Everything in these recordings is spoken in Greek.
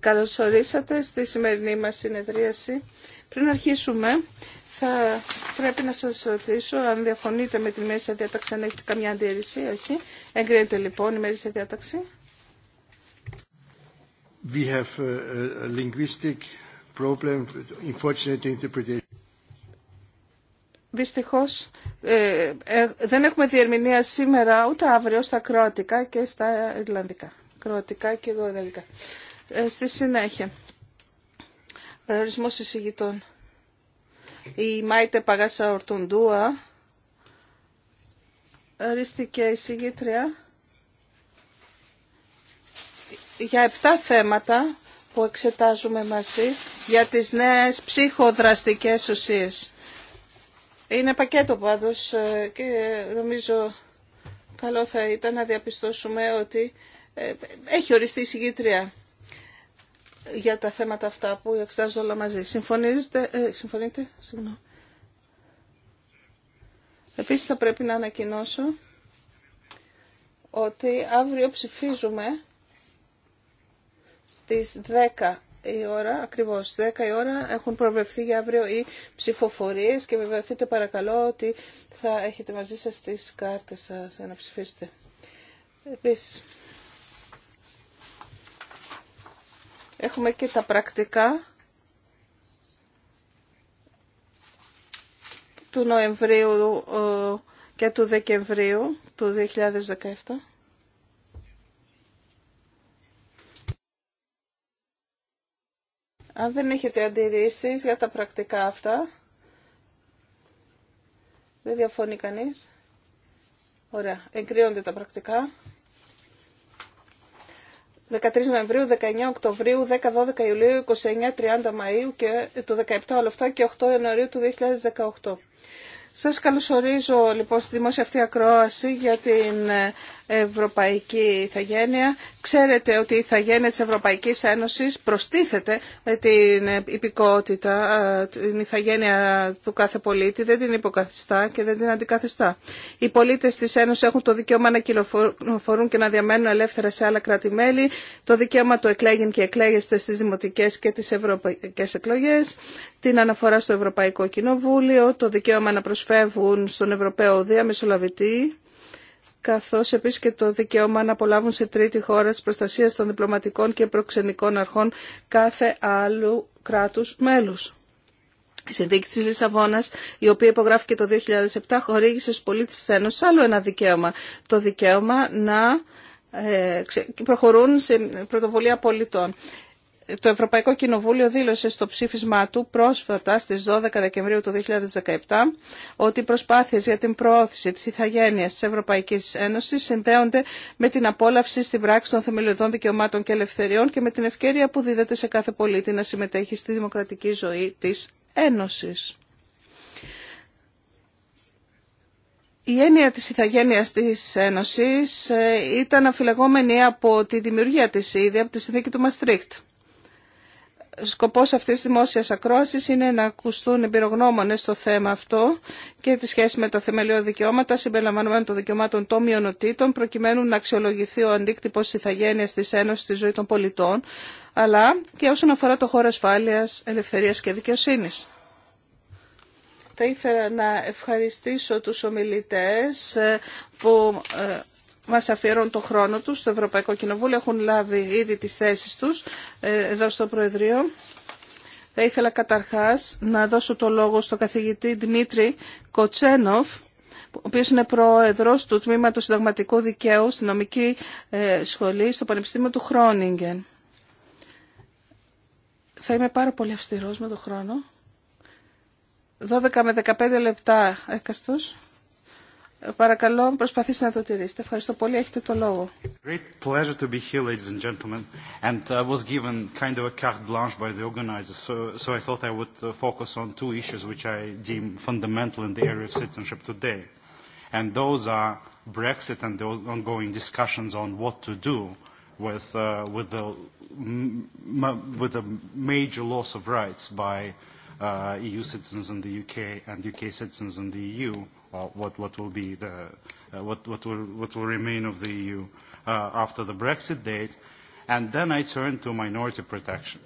Καλώς ορίσατε στη σημερινή μας συνεδρίαση. Πριν αρχίσουμε, θα πρέπει να σας ρωτήσω αν διαφωνείτε με τη ημερήσια διάταξη, αν έχετε καμιά αντίρρηση, όχι. Εγκρίνεται λοιπόν η ημερήσια διάταξη. We have a linguistic problem, unfortunate interpretation. Δυστυχώς ε, ε, δεν έχουμε διερμηνία σήμερα ούτε αύριο στα κροατικά και στα Ιρλανδικά. Κροατικά και γοδελικά. Ε, στη συνέχεια, ορισμός εισηγητών. Η Μάιτε Παγάσα Ορτουντούα ορίστηκε εισηγήτρια για επτά θέματα που εξετάζουμε μαζί για τις νέες ψυχοδραστικές ουσίες. Είναι πακέτο πάντως ε, και νομίζω καλό θα ήταν να διαπιστώσουμε ότι ε, έχει οριστεί η συγκήτρια για τα θέματα αυτά που εξετάζω όλα μαζί. Συμφωνείτε, ε, συμφωνείτε, συγγνώμη. Επίσης θα πρέπει να ανακοινώσω ότι αύριο ψηφίζουμε στις 10 η ώρα, ακριβώς 10 η ώρα, έχουν προβλεφθεί για αύριο οι ψηφοφορίε και βεβαιωθείτε παρακαλώ ότι θα έχετε μαζί σας τις κάρτες σας να ψηφίσετε. Επίσης, έχουμε και τα πρακτικά του Νοεμβρίου ε, και του Δεκεμβρίου του 2017. Αν δεν έχετε αντιρρήσεις για τα πρακτικά αυτά, δεν διαφωνεί κανείς. Ωραία, εγκρίνονται τα πρακτικά. 13 Νοεμβρίου, 19 Οκτωβρίου, 10-12 Ιουλίου, 29-30 Μαΐου και του 17 όλα αυτά και 8 Ιανουαρίου του 2018. Σας καλωσορίζω λοιπόν στη δημόσια αυτή ακρόαση για την ε, ευρωπαϊκή ηθαγένεια. Ξέρετε ότι η ηθαγένεια της Ευρωπαϊκής Ένωσης προστίθεται με την υπηκότητα, την ηθαγένεια του κάθε πολίτη, δεν την υποκαθιστά και δεν την αντικαθιστά. Οι πολίτες της Ένωσης έχουν το δικαίωμα να κυλοφορούν και να διαμένουν ελεύθερα σε άλλα κράτη-μέλη, το δικαίωμα του εκλέγην και εκλέγεστε στις δημοτικές και τις ευρωπαϊκές εκλογές, την αναφορά στο Ευρωπαϊκό Κοινοβούλιο, το δικαίωμα να προσφεύγουν στον Ευρωπαίο Μεσολαβητή, καθώς επίσης και το δικαίωμα να απολάβουν σε τρίτη χώρα της προστασίας των διπλωματικών και προξενικών αρχών κάθε άλλου κράτους μέλους. Η συνθήκη τη Λισαβόνα, η οποία υπογράφηκε το 2007, χορήγησε στου πολίτε τη Ένωση άλλο ένα δικαίωμα. Το δικαίωμα να ε, προχωρούν σε πρωτοβουλία πολιτών το Ευρωπαϊκό Κοινοβούλιο δήλωσε στο ψήφισμά του πρόσφατα στις 12 Δεκεμβρίου του 2017 ότι οι προσπάθειες για την προώθηση της ηθαγένειας της Ευρωπαϊκής Ένωσης συνδέονται με την απόλαυση στην πράξη των θεμελιωδών δικαιωμάτων και ελευθεριών και με την ευκαιρία που δίδεται σε κάθε πολίτη να συμμετέχει στη δημοκρατική ζωή της Ένωσης. Η έννοια της ηθαγένειας της Ένωσης ε, ήταν αφιλεγόμενη από τη δημιουργία της ήδη από τη συνθήκη του Μαστρίχτ σκοπός αυτής της δημόσιας ακρόασης είναι να ακουστούν εμπειρογνώμονες στο θέμα αυτό και τη σχέση με τα θεμελιώδη δικαιώματα συμπεριλαμβανομένων των δικαιωμάτων των μειονοτήτων προκειμένου να αξιολογηθεί ο αντίκτυπος της ηθαγένειας της Ένωσης στη ζωή των πολιτών αλλά και όσον αφορά το χώρο ασφάλειας, ελευθερίας και δικαιοσύνης. Θα ήθελα να ευχαριστήσω τους ομιλητές ε, που ε, μας αφιερώνουν το χρόνο τους στο Ευρωπαϊκό Κοινοβούλιο. Έχουν λάβει ήδη τις θέσεις τους ε, εδώ στο Προεδρείο. Θα ήθελα καταρχάς να δώσω το λόγο στον καθηγητή Δημήτρη Κοτσένοφ, ο οποίος είναι πρόεδρος του Τμήματος Συνταγματικού Δικαίου στη Νομική ε, Σχολή στο Πανεπιστήμιο του Χρόνιγκεν. Θα είμαι πάρα πολύ αυστηρός με το χρόνο. 12 με 15 λεπτά έκαστος. Παρακαλώ, προσπαθήστε να το τηρήσετε. Ευχαριστώ πολύ. Έχετε το λόγο. Great pleasure to be here, ladies and gentlemen. And I was given kind of a carte blanche by the organizers, so, so I thought I would focus on two issues which I deem fundamental in the area of citizenship today. And those are Brexit and the ongoing discussions on what to do with, uh, with, the, with the major loss of rights by uh, EU citizens in the UK and UK citizens in the EU what what will be the what what will what will remain of the EU after the Brexit date, and then I turn to minority protection.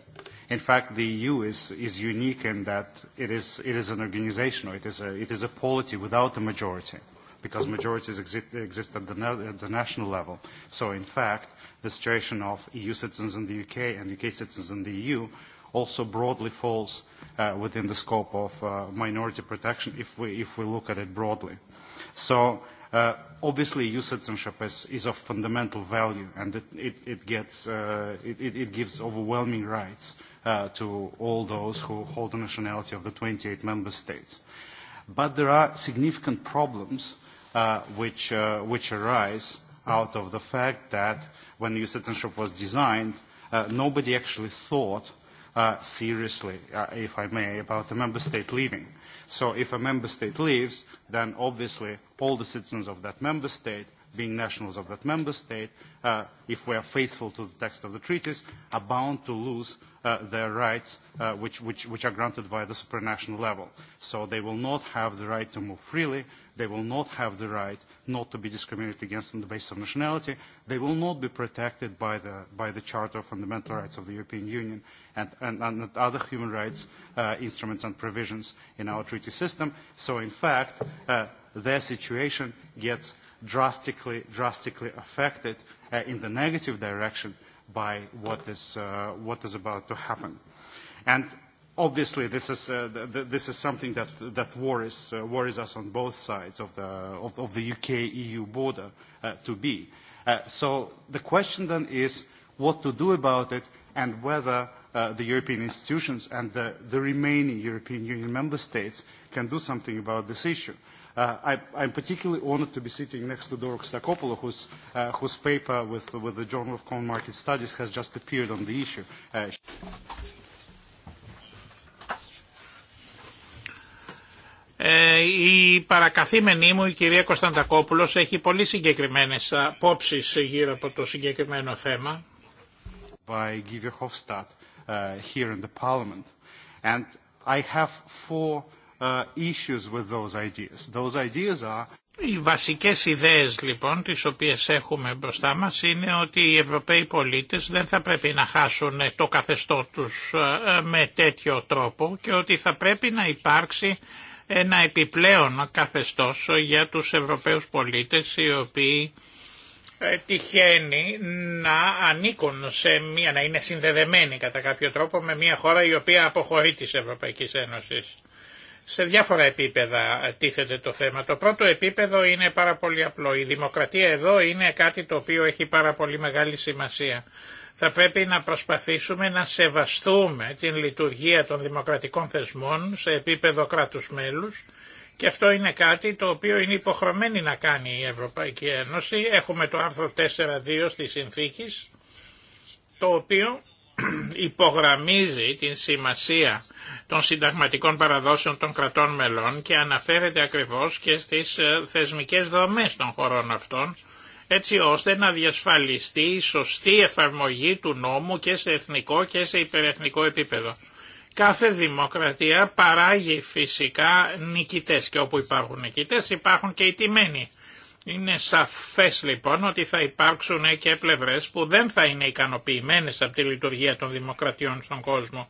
In fact, the EU is is unique in that it is it is an organisation or it is a it is a polity without a majority, because majorities exist at the national level. So in fact, the situation of EU citizens in the UK and UK citizens in the EU also broadly falls within the scope of minority protection if we look at it broadly. So obviously EU citizenship is of fundamental value and it gives overwhelming rights to all those who hold the nationality of the 28 member states. But there are significant problems which arise out of the fact that when EU citizenship was designed, nobody actually thought seriously, if I may, about a member state leaving. So if a member state leaves, then obviously all the citizens of that member state, being nationals of that member state, if we are faithful to the text of the treaties, are bound to lose their rights which are granted by the supranational level. So they will not have the right to move freely, they will not have the right not to be discriminated against on the basis of nationality. They will not be protected by the Charter of Fundamental Rights of the European Union and other human rights instruments and provisions in our treaty system. So, in fact, their situation gets drastically drastically affected in the negative direction by what is about to happen. And Obviously, this is something that worries us on both sides of the UK-EU border to be. So the question then is what to do about it and whether the European institutions and the remaining European Union member states can do something about this issue. I I'm particularly honored to be sitting next to Dorok Stakopoulou, whose paper with the Journal of Common Market Studies has just appeared on the issue. Ε, η παρακαθήμενή μου, η κυρία Κωνσταντακόπουλος, έχει πολύ συγκεκριμένες απόψεις γύρω από το συγκεκριμένο θέμα. Οι βασικές ιδέες λοιπόν τις οποίες έχουμε μπροστά μας είναι ότι οι Ευρωπαίοι πολίτες δεν θα πρέπει να χάσουν το καθεστώ τους ε, ε, με τέτοιο τρόπο και ότι θα πρέπει να υπάρξει ένα επιπλέον καθεστώς για τους Ευρωπαίους πολίτες οι οποίοι ε, τυχαίνει να ανήκουν σε μία, να είναι συνδεδεμένοι κατά κάποιο τρόπο με μια χώρα η οποία αποχωρεί της Ευρωπαϊκής Ένωσης. Σε διάφορα επίπεδα ε, τίθεται το θέμα. Το πρώτο επίπεδο είναι πάρα πολύ απλό. Η δημοκρατία εδώ είναι κάτι το οποίο έχει πάρα πολύ μεγάλη σημασία θα πρέπει να προσπαθήσουμε να σεβαστούμε την λειτουργία των δημοκρατικών θεσμών σε επίπεδο κράτους μέλους και αυτό είναι κάτι το οποίο είναι υποχρεωμένη να κάνει η Ευρωπαϊκή Ένωση. Έχουμε το άρθρο 4.2 στη συνθήκη, το οποίο υπογραμμίζει την σημασία των συνταγματικών παραδόσεων των κρατών μελών και αναφέρεται ακριβώς και στις ε, θεσμικές δομές των χωρών αυτών έτσι ώστε να διασφαλιστεί η σωστή εφαρμογή του νόμου και σε εθνικό και σε υπερεθνικό επίπεδο. Κάθε δημοκρατία παράγει φυσικά νικητές και όπου υπάρχουν νικητές υπάρχουν και οι τιμένοι. Είναι σαφές λοιπόν ότι θα υπάρξουν και πλευρές που δεν θα είναι ικανοποιημένες από τη λειτουργία των δημοκρατιών στον κόσμο.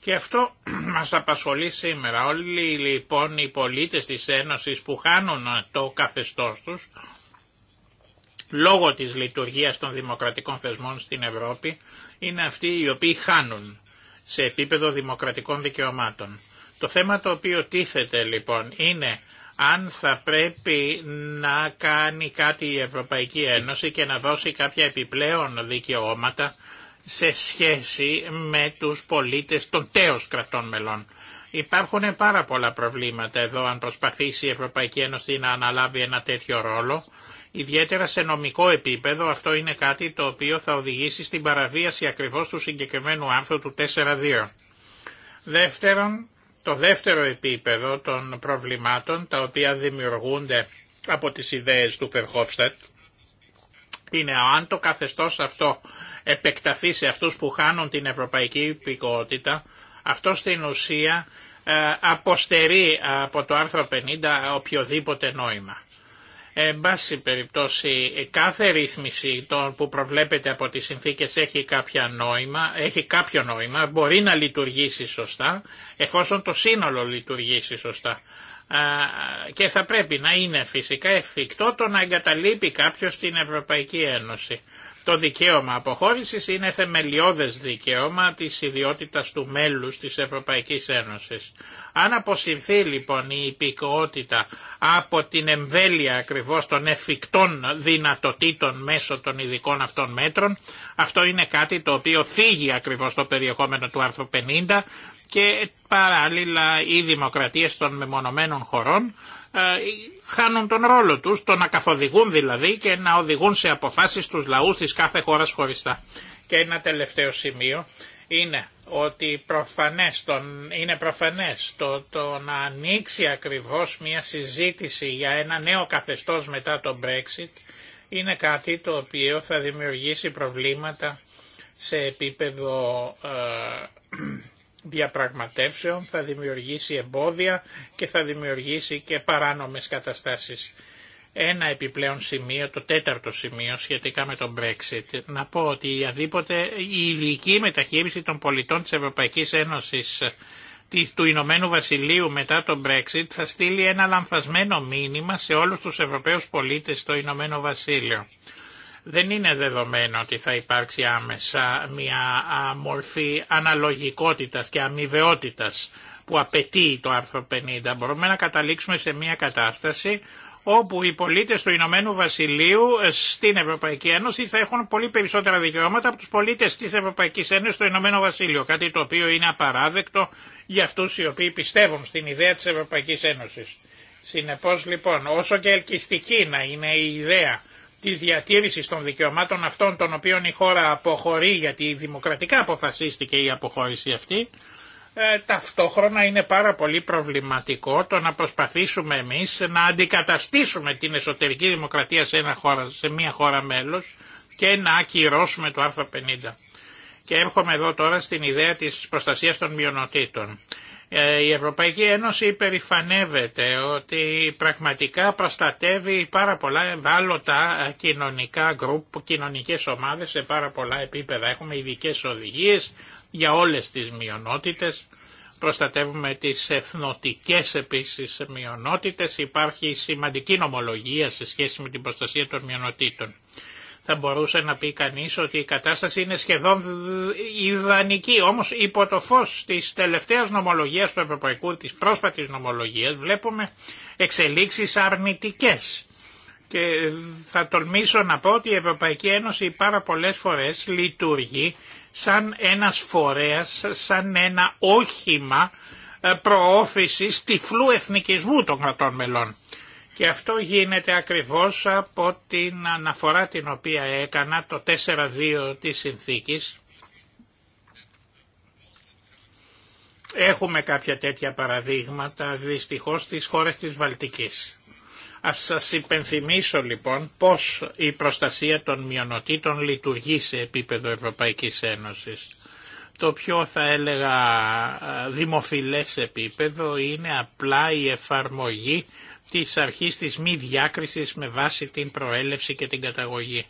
Και αυτό μας απασχολεί σήμερα. Όλοι λοιπόν οι πολίτες της Ένωσης που χάνουν το καθεστώς τους, λόγω της λειτουργίας των δημοκρατικών θεσμών στην Ευρώπη είναι αυτοί οι οποίοι χάνουν σε επίπεδο δημοκρατικών δικαιωμάτων. Το θέμα το οποίο τίθεται λοιπόν είναι αν θα πρέπει να κάνει κάτι η Ευρωπαϊκή Ένωση και να δώσει κάποια επιπλέον δικαιώματα σε σχέση με τους πολίτες των τέος κρατών μελών. Υπάρχουν πάρα πολλά προβλήματα εδώ αν προσπαθήσει η Ευρωπαϊκή Ένωση να αναλάβει ένα τέτοιο ρόλο Ιδιαίτερα σε νομικό επίπεδο αυτό είναι κάτι το οποίο θα οδηγήσει στην παραβίαση ακριβώς του συγκεκριμένου άρθρου του 4.2. Δεύτερον, το δεύτερο επίπεδο των προβλημάτων τα οποία δημιουργούνται από τις ιδέες του Φερχόφστατ είναι αν το καθεστώς αυτό επεκταθεί σε αυτούς που χάνουν την ευρωπαϊκή υπηκότητα, αυτό στην ουσία ε, αποστερεί από το άρθρο 50 οποιοδήποτε νόημα. Εν πάση περιπτώσει κάθε ρύθμιση που προβλέπεται από τις συνθήκες έχει, κάποια νόημα, έχει κάποιο νόημα, μπορεί να λειτουργήσει σωστά εφόσον το σύνολο λειτουργήσει σωστά. Και θα πρέπει να είναι φυσικά εφικτό το να εγκαταλείπει κάποιος την Ευρωπαϊκή Ένωση. Το δικαίωμα αποχώρησης είναι θεμελιώδες δικαίωμα της ιδιότητας του μέλους της Ευρωπαϊκής Ένωσης. Αν αποσυρθεί λοιπόν η υπηκότητα από την εμβέλεια ακριβώς των εφικτών δυνατοτήτων μέσω των ειδικών αυτών μέτρων, αυτό είναι κάτι το οποίο φύγει ακριβώς το περιεχόμενο του άρθρου 50 και παράλληλα οι δημοκρατίες των μεμονωμένων χωρών ε, χάνουν τον ρόλο τους, το να καθοδηγούν δηλαδή και να οδηγούν σε αποφάσεις τους λαούς της κάθε χώρας χωριστά. Και ένα τελευταίο σημείο είναι ότι είναι προφανές το, το να ανοίξει ακριβώς μια συζήτηση για ένα νέο καθεστώς μετά το Brexit είναι κάτι το οποίο θα δημιουργήσει προβλήματα σε επίπεδο ε, διαπραγματεύσεων, θα δημιουργήσει εμπόδια και θα δημιουργήσει και παράνομες καταστάσεις. Ένα επιπλέον σημείο, το τέταρτο σημείο σχετικά με τον Brexit. Να πω ότι η, αδίποτε, η ειδική μεταχείριση των πολιτών της Ευρωπαϊκής Ένωσης του Ηνωμένου Βασιλείου μετά τον Brexit θα στείλει ένα λανθασμένο μήνυμα σε όλους τους Ευρωπαίους πολίτες στο Ηνωμένο Βασίλειο. Δεν είναι δεδομένο ότι θα υπάρξει άμεσα μια μορφή αναλογικότητας και αμοιβαιότητας που απαιτεί το άρθρο 50. Μπορούμε να καταλήξουμε σε μια κατάσταση όπου οι πολίτες του Ηνωμένου Βασιλείου ε, στην Ευρωπαϊκή Ένωση θα έχουν πολύ περισσότερα δικαιώματα από τους πολίτες της Ευρωπαϊκής Ένωσης στο Ηνωμένο Βασίλειο, κάτι το οποίο είναι απαράδεκτο για αυτούς οι οποίοι πιστεύουν στην ιδέα της Ευρωπαϊκής Ένωσης. Συνεπώς λοιπόν, όσο και ελκυστική να είναι η ιδέα της διατήρησης των δικαιωμάτων αυτών των οποίων η χώρα αποχωρεί γιατί δημοκρατικά αποφασίστηκε η αποχώρηση αυτή ε, ταυτόχρονα είναι πάρα πολύ προβληματικό το να προσπαθήσουμε εμείς να αντικαταστήσουμε την εσωτερική δημοκρατία σε, χώρα, σε μια χώρα μέλος και να ακυρώσουμε το άρθρο 50. Και έρχομαι εδώ τώρα στην ιδέα της προστασίας των μειονοτήτων. Ε, η Ευρωπαϊκή Ένωση υπερηφανεύεται ότι πραγματικά προστατεύει πάρα πολλά ευάλωτα ε, κοινωνικά γκρουπ, κοινωνικές ομάδες σε πάρα πολλά επίπεδα. Έχουμε ειδικέ οδηγίες για όλες τις μειονότητες. Προστατεύουμε τις εθνοτικές επίσης μειονότητες. Υπάρχει σημαντική νομολογία σε σχέση με την προστασία των μειονοτήτων θα μπορούσε να πει κανείς ότι η κατάσταση είναι σχεδόν ιδανική. Όμως υπό το φως της τελευταίας νομολογίας του Ευρωπαϊκού, της πρόσφατης νομολογίας, βλέπουμε εξελίξεις αρνητικές. Και θα τολμήσω να πω ότι η Ευρωπαϊκή Ένωση πάρα πολλές φορές λειτουργεί σαν ένας φορέας, σαν ένα όχημα ε, προώθησης τυφλού εθνικισμού των κρατών μελών. Και αυτό γίνεται ακριβώς από την αναφορά την οποία έκανα το 4-2 της συνθήκης. Έχουμε κάποια τέτοια παραδείγματα δυστυχώς στις χώρες της Βαλτικής. Ας σας υπενθυμίσω λοιπόν πώς η προστασία των μειονοτήτων λειτουργεί σε επίπεδο Ευρωπαϊκής Ένωσης. Το πιο θα έλεγα δημοφιλές επίπεδο είναι απλά η εφαρμογή της αρχής της μη διάκρισης με βάση την προέλευση και την καταγωγή.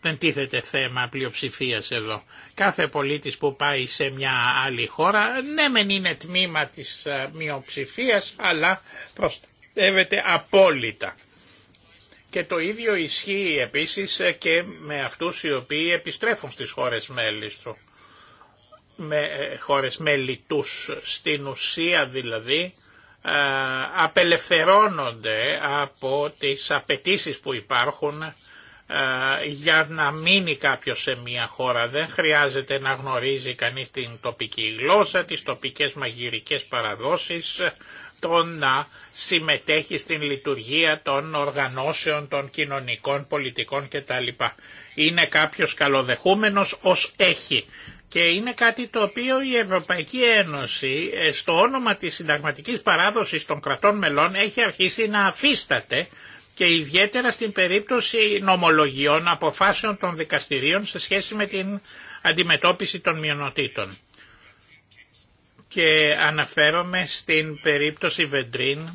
Δεν τίθεται θέμα πλειοψηφία εδώ. Κάθε πολίτης που πάει σε μια άλλη χώρα, ναι μεν είναι τμήμα της ε, μειοψηφία, αλλά προστατεύεται απόλυτα. Και το ίδιο ισχύει επίσης ε, και με αυτούς οι οποίοι επιστρέφουν στις χώρες μέλη του. Με ε, χώρες μέλη Στην ουσία δηλαδή ε, απελευθερώνονται από τις απαιτήσει που υπάρχουν ε, για να μείνει κάποιος σε μια χώρα. Δεν χρειάζεται να γνωρίζει κανείς την τοπική γλώσσα, τις τοπικές μαγειρικές παραδόσεις, το να συμμετέχει στην λειτουργία των οργανώσεων, των κοινωνικών, πολιτικών κτλ. Είναι κάποιος καλοδεχούμενος ως έχει και είναι κάτι το οποίο η Ευρωπαϊκή Ένωση ε, στο όνομα της συνταγματικής παράδοσης των κρατών μελών έχει αρχίσει να αφίσταται και ιδιαίτερα στην περίπτωση νομολογιών αποφάσεων των δικαστηρίων σε σχέση με την αντιμετώπιση των μειονοτήτων. Και αναφέρομαι στην περίπτωση Βεντρίν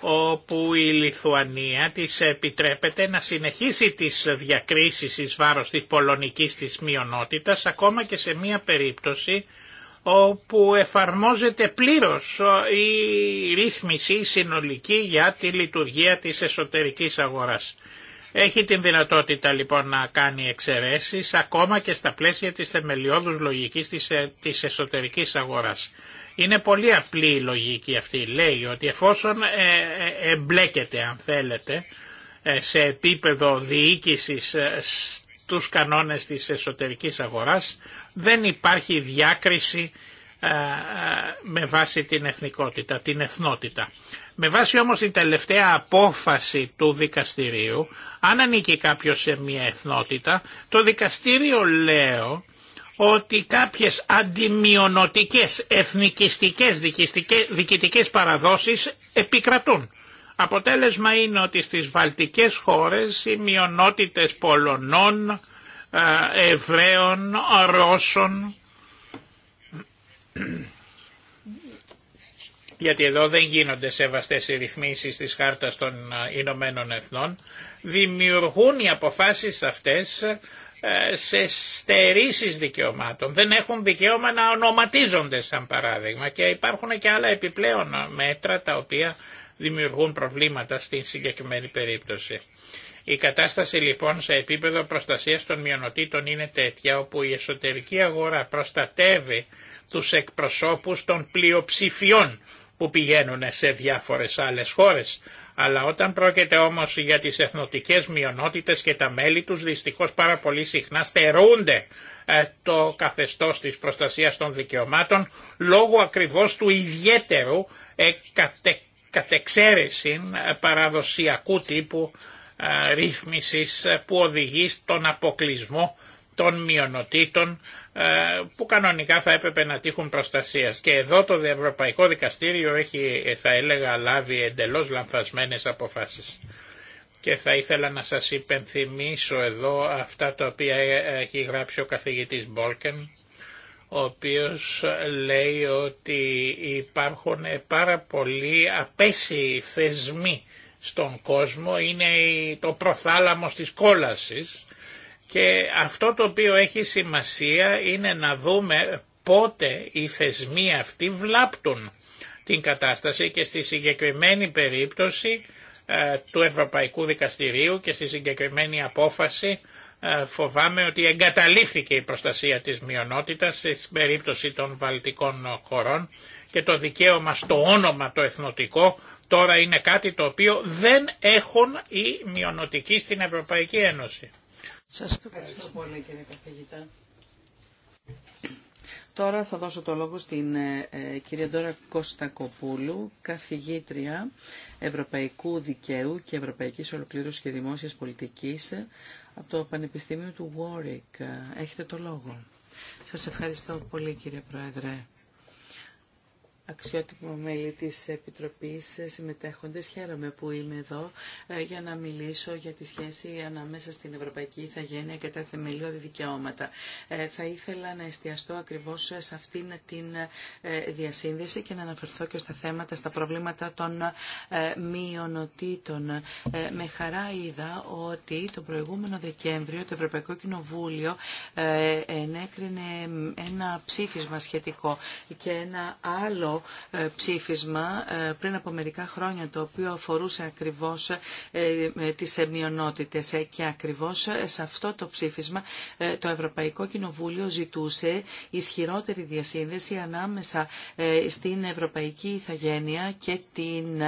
όπου η Λιθουανία της επιτρέπεται να συνεχίσει τις διακρίσεις εις βάρος της πολωνικής της μειονότητας ακόμα και σε μια περίπτωση όπου εφαρμόζεται πλήρως η ρύθμιση συνολική για τη λειτουργία της εσωτερικής αγοράς. Έχει την δυνατότητα λοιπόν να κάνει εξαιρέσει ακόμα και στα πλαίσια της θεμελιώδους λογικής της ε, εσωτερικής αγοράς. Είναι πολύ απλή η λογική αυτή. Λέει ότι εφόσον ε, ε, εμπλέκεται αν θέλετε ε, σε επίπεδο διοίκησης τους κανόνες της εσωτερικής αγοράς δεν υπάρχει διάκριση με βάση την εθνικότητα, την εθνότητα. Με βάση όμως την τελευταία απόφαση του δικαστηρίου, αν ανήκει κάποιος σε μια εθνότητα, το δικαστήριο λέω ότι κάποιες αντιμειονοτικές, εθνικιστικές, δικητικές παραδόσεις επικρατούν. Αποτέλεσμα είναι ότι στις βαλτικές χώρες οι μειονότητες Πολωνών, Εβραίων, Ρώσων, γιατί εδώ δεν γίνονται σεβαστές οι ρυθμίσεις της Χάρτας των Ηνωμένων Εθνών, δημιουργούν οι αποφάσεις αυτές ε, σε στερήσεις δικαιωμάτων. Δεν έχουν δικαίωμα να ονοματίζονται σαν παράδειγμα και υπάρχουν και άλλα επιπλέον μέτρα τα οποία δημιουργούν προβλήματα στην συγκεκριμένη περίπτωση. Η κατάσταση λοιπόν σε επίπεδο προστασίας των μειονοτήτων είναι τέτοια όπου η εσωτερική αγορά προστατεύει τους εκπροσώπους των πλειοψηφιών που πηγαίνουν σε διάφορες άλλες χώρες αλλά όταν πρόκειται όμως για τις εθνοτικές μειονότητες και τα μέλη τους δυστυχώς πάρα πολύ συχνά στερούνται ε, το καθεστώς της προστασίας των δικαιωμάτων λόγω ακριβώς του ιδιαίτερου ε, κατε, κατεξαίρεση ε, παραδοσιακού τύπου ρύθμισης που οδηγεί στον αποκλεισμό των μειονοτήτων ε, που κανονικά θα έπρεπε να τύχουν προστασίας. Και εδώ το Ευρωπαϊκό Δικαστήριο έχει, ε, θα έλεγα, λάβει εντελώς λανθασμένες αποφάσεις. Και θα ήθελα να σας υπενθυμίσω εδώ αυτά τα οποία ε, έχει γράψει ο καθηγητής Μπόλκεν, ο οποίος λέει ότι υπάρχουν πάρα πολλοί απέσιοι θεσμοί στον κόσμο, είναι το προθάλαμος της κόλασης, και αυτό το οποίο έχει σημασία είναι να δούμε πότε οι θεσμοί αυτοί βλάπτουν την κατάσταση και στη συγκεκριμένη περίπτωση ε, του Ευρωπαϊκού Δικαστηρίου και στη συγκεκριμένη απόφαση ε, φοβάμαι ότι εγκαταλείφθηκε η προστασία της μειονότητας σε περίπτωση των βαλτικών χωρών και το δικαίωμα στο όνομα το εθνοτικό τώρα είναι κάτι το οποίο δεν έχουν οι μειονοτικοί στην Ευρωπαϊκή Ένωση. Σας ευχαριστώ πολύ κύριε καθηγητά. Τώρα θα δώσω το λόγο στην ε, ε, κυρία Ντόρα Κωνστακοπούλου, καθηγήτρια Ευρωπαϊκού Δικαίου και Ευρωπαϊκής Ολοκλήρωσης και Δημόσιας Πολιτικής από το Πανεπιστήμιο του Warwick. Έχετε το λόγο. Σας ευχαριστώ πολύ κύριε Πρόεδρε αξιότιμο μέλη της Επιτροπής συμμετέχοντες. Χαίρομαι που είμαι εδώ ε, για να μιλήσω για τη σχέση ανάμεσα στην Ευρωπαϊκή Ιθαγένεια και τα θεμελιώδη δικαιώματα. Ε, θα ήθελα να εστιαστώ ακριβώς σε αυτήν την ε, διασύνδεση και να αναφερθώ και στα θέματα, στα προβλήματα των μειονοτήτων. Με χαρά είδα ότι το προηγούμενο Δεκέμβριο το Ευρωπαϊκό Κοινοβούλιο ενέκρινε ένα ψήφισμα σχετικό και ένα άλλο ε, ψήφισμα ε, πριν από μερικά χρόνια το οποίο αφορούσε ακριβώς ε, τις μειονότητες και ακριβώς σε αυτό το ψήφισμα το Ευρωπαϊκό Κοινοβούλιο ζητούσε ισχυρότερη διασύνδεση ανάμεσα στην Ευρωπαϊκή Ιθαγένεια και την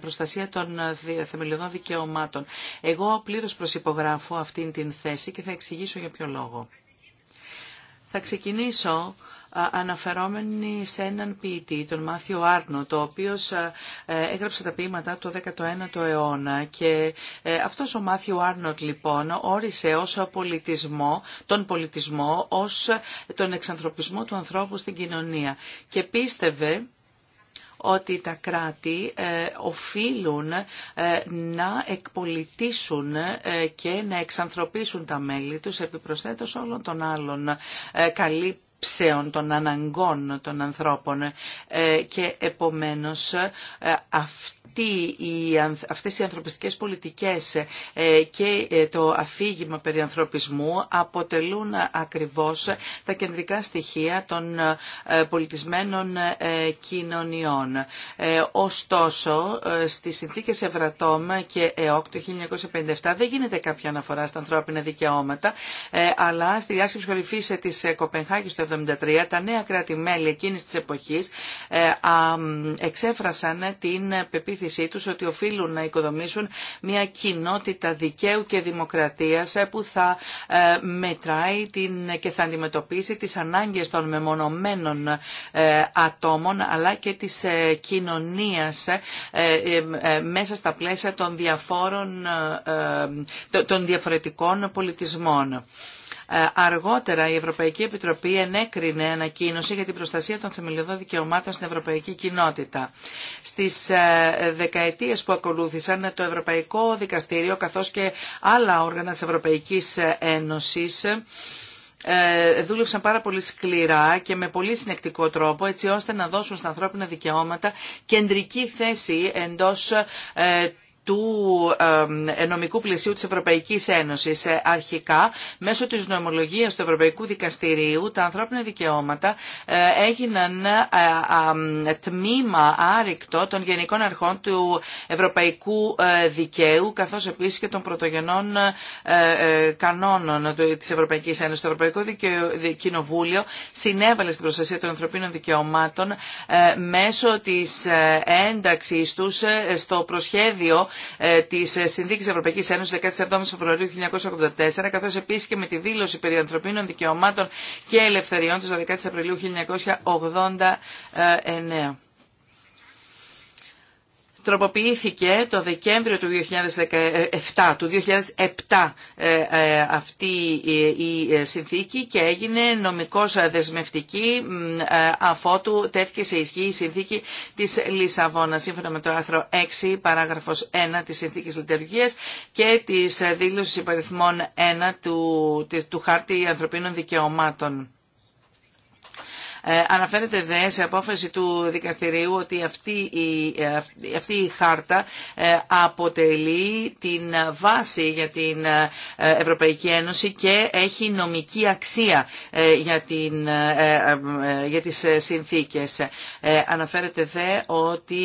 προστασία των θεμελιωδών δικαιωμάτων. Εγώ πλήρως προσυπογράφω αυτήν την θέση και θα εξηγήσω για ποιο λόγο. Θα ξεκινήσω αναφερόμενη σε έναν ποιητή, τον Μάθιο Άρνο, το οποίος ε, έγραψε τα ποίηματά του 19ο αιώνα και ε, αυτός ο Μάθιο Άρνοτ μαθιο λοιπόν, αρνο όρισε πολιτισμό, τον πολιτισμό ως ε, τον εξανθρωπισμό του ανθρώπου στην κοινωνία και πίστευε ότι τα κράτη οφείλουν να εκπολιτήσουν και να εξανθρωπίσουν τα μέλη τους επιπροσθέτως όλων των άλλων. Καλή ψέων, των αναγκών των ανθρώπων ε, και επομένως ε, τι οι αυτές οι ανθρωπιστικές πολιτικές ε, και το αφήγημα περί ανθρωπισμού αποτελούν ακριβώς τα κεντρικά στοιχεία των πολιτισμένων κοινωνιών. Ωστόσο, στις συνθήκες Ευρατόμ και ΕΟΚ το 1957 δεν γίνεται κάποια αναφορά στα ανθρώπινα δικαιώματα, αλλά στη διάσκεψη κορυφή της Κοπενχάγης το τα νέα κράτη-μέλη εκείνης της εποχής ε, εξέφρασαν την πεποίθησή τους ότι οφείλουν να οικοδομήσουν μια κοινότητα δικαίου και δημοκρατίας ε, που θα ε, μετράει την και θα αντιμετωπίσει τις ανάγκες των μεμονωμένων ατόμων αλλά και της κοινωνίας μέσα στα πλαίσια των διαφόρων των διαφορετικών πολιτισμών. Ε, αργότερα η Ευρωπαϊκή Επιτροπή ενέκρινε ανακοίνωση για την προστασία των θεμελιωδών δικαιωμάτων στην Ευρωπαϊκή Κοινότητα. Στις ε, δεκαετίες που ακολούθησαν το Ευρωπαϊκό Δικαστήριο καθώς και άλλα όργανα της Ευρωπαϊκής Ένωσης ε, δούλεψαν πάρα πολύ σκληρά και με πολύ συνεκτικό τρόπο έτσι ώστε να δώσουν στα ανθρώπινα δικαιώματα κεντρική θέση εντός του νομικού πλαισίου της Ευρωπαϊκής Ένωσης. Ε, αρχικά, μέσω της νομολογίας του Ευρωπαϊκού Δικαστηρίου, τα ανθρώπινα δικαιώματα ε, έγιναν ε, τμήμα άρρηκτο των γενικών αρχών του Ευρωπαϊκού Δικαίου, καθώς επίσης και των πρωτογενών κανόνων της Ευρωπαϊκής Ένωσης. Το Ευρωπαϊκό Κοινοβούλιο συνέβαλε στην προστασία των ανθρωπίνων δικαιωμάτων μέσω της ένταξης τους στο προσχέδιο ε, της ε, συνδικη Ευρωπαϊκής Ένωσης 17 Φεβρουαρίου 1984, καθώς επίση και με τη δήλωση περί ανθρωπίνων δικαιωμάτων και ελευθεριών της 12 Απριλίου 1989 τροποποιήθηκε το Δεκέμβριο του 2007, του 2007 ε, ε, αυτή η συνθήκη και έγινε νομικώς δεσμευτική ε, αφότου τέθηκε σε ισχύ η συνθήκη της Λισαβόνα σύμφωνα με το άρθρο 6 παράγραφος 1 της συνθήκης λειτουργίας και της δήλωσης υπαριθμών 1 του, του χάρτη ανθρωπίνων δικαιωμάτων. Ε, αναφέρεται δε σε απόφαση του δικαστηρίου ότι αυτή η, ε, αυτή χάρτα ε, αποτελεί την βάση για την Ευρωπαϊκή Ένωση και έχει νομική αξία για, την, για τις συνθήκες. Αναφέρεται δε ότι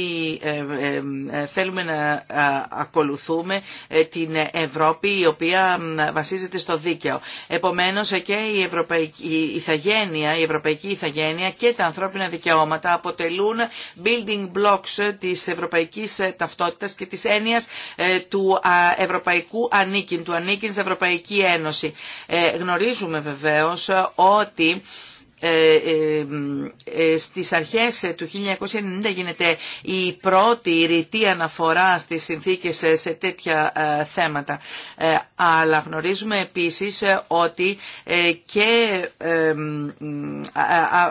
θέλουμε να ακολουθούμε την Ευρώπη η οποία βασίζεται στο δίκαιο. Επομένως και η, Ευρωπαϊκή, η, ηθαγένεια, η Ευρωπαϊκή οικογένεια και τα ανθρώπινα δικαιώματα αποτελούν building blocks της ευρωπαϊκής ε, ταυτότητας και της έννοιας ε, του ευρωπαϊκού ανήκειν, του ανήκειν στην Ευρωπαϊκή Ένωση. Ε, γνωρίζουμε βεβαίως ότι ε, ε, ε, στις αρχές του 1990 γίνεται η πρώτη ρητή αναφορά στις συνθήκες σε τέτοια θέματα. Αλλά γνωρίζουμε επίσης ότι και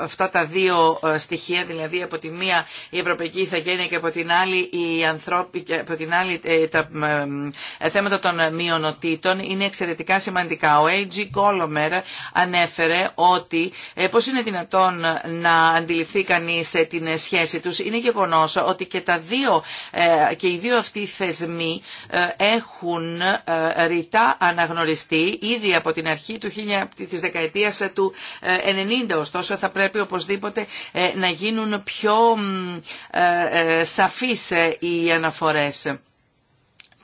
αυτά τα δύο στοιχεία, δηλαδή από τη μία η Ευρωπαϊκή Ιθαγένεια και από την άλλη, η από την άλλη τα θέματα των μειονοτήτων είναι εξαιρετικά σημαντικά. Ο A.G. Κόλομερ ανέφερε ότι Πώς είναι δυνατόν να αντιληφθεί κανείς ε, την ε, σχέση τους. Είναι γεγονός ότι και, τα δύο, ε, και οι δύο αυτοί θεσμοί έχουν ρητά αναγνωριστεί ήδη από την αρχή του, της δεκαετίας του 90. Ωστόσο θα πρέπει οπωσδήποτε να γίνουν πιο σαφείς οι αναφορές.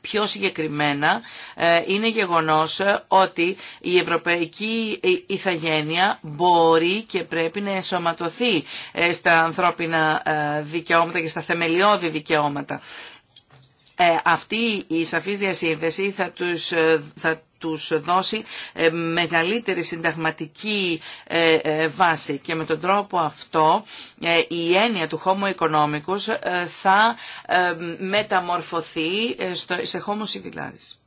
Πιο συγκεκριμένα ε, είναι γεγονός ότι η ευρωπαϊκή ε, ηθαγένεια μπορεί και πρέπει να ενσωματωθεί ε, στα ανθρώπινα δικαιώματα και στα θεμελιώδη δικαιώματα. Ε, αυτή η σαφής διασύνδεση θα τους, ε, θα τους δώσει ε, μεγαλύτερη συνταγματική βάση και με τον τρόπο αυτό η έννοια του homo economicus θα μεταμορφωθεί σε homo civilaris.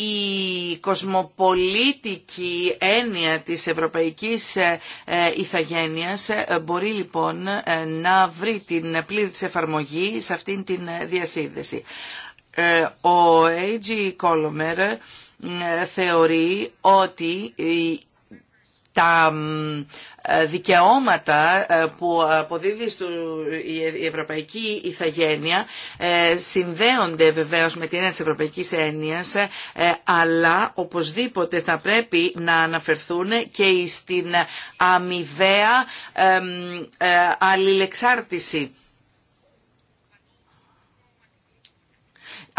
η κοσμοπολίτικη έννοια της ευρωπαϊκής ε, ε, ηθαγένειας ε, μπορεί λοιπόν να βρει την πλήρη της εφαρμογή σε αυτήν την διασύνδεση. Ο A.G. Κόλομερ θεωρεί ότι τα ε, δικαιώματα ε, που αποδίδει η Ευρωπαϊκή Ιθαγένεια ε, συνδέονται βεβαίως με την έννοια της Ευρωπαϊκής Έννοιας αλλά οπωσδήποτε θα πρέπει να αναφερθούν και στην αμοιβαία αλληλεξάρτηση.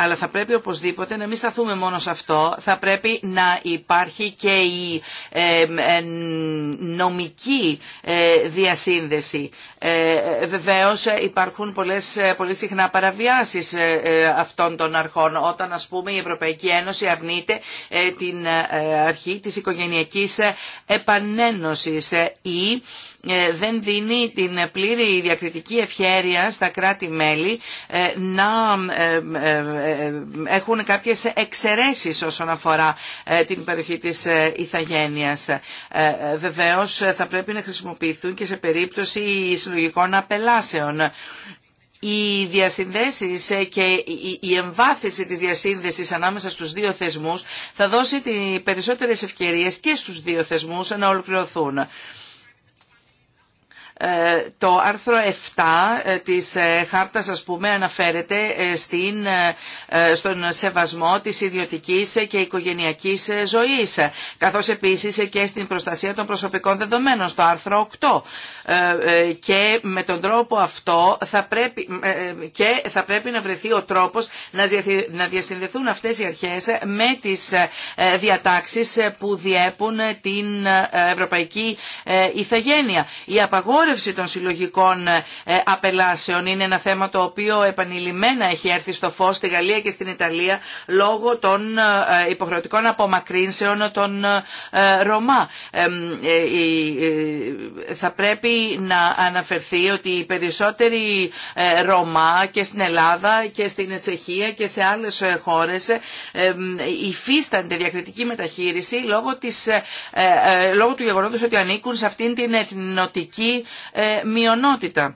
αλλά θα πρέπει οπωσδήποτε να μην σταθούμε μόνο σε αυτό. Θα πρέπει να υπάρχει και η νομική ε, διασύνδεση. Ε, βεβαίως ε, υπάρχουν πολλές, πολύ συχνά παραβιάσεις αυτών των αρχών όταν ας πούμε η Ευρωπαϊκή Ένωση αρνείται την αρχή της οικογενειακής επανένωσης ή δεν δίνει την πλήρη διακριτική ευχέρεια στα κράτη-μέλη να ε, έχουν κάποιες εξαιρέσεις όσον αφορά ε, την περιοχή της ηθαγένειας. Ε, βεβαίως θα πρέπει να χρησιμοποιηθούν και σε περίπτωση συλλογικών απελάσεων. Οι διασυνδέσεις και η εμβάθυνση της διασύνδεσης ανάμεσα στους δύο θεσμούς θα δώσει περισσότερες ευκαιρίες και στους δύο θεσμούς να ολοκληρωθούν. Ε, το άρθρο 7 ε, της ε, χάρτας ας πούμε αναφέρεται στην, στον σεβασμό της ιδιωτικής και οικογενειακής ζωής καθώς επίσης και στην προστασία των προσωπικών δεδομένων στο άρθρο 8 και με τον τρόπο αυτό θα πρέπει, και θα πρέπει να βρεθεί ο τρόπος να διασυνδεθούν αυτές οι αρχές με τις διατάξεις που διέπουν την ευρωπαϊκή ηθαγένεια. Η απαγόρευση απαγόρευση των συλλογικών ε, ε, απελάσεων είναι ένα θέμα το οποίο επανειλημμένα έχει έρθει στο φως στη Γαλλία και στην Ιταλία λόγω των ε, υποχρεωτικών απομακρύνσεων των Ρωμά. Θα πρέπει να αναφερθεί ότι οι περισσότεροι Ρωμά και στην Ελλάδα και στην Τσεχία και σε άλλες χώρες υφίστανται διακριτική μεταχείριση λόγω, της, λόγω του γεγονότος ότι ανήκουν σε αυτήν την εθνοτική ε, μειονότητα.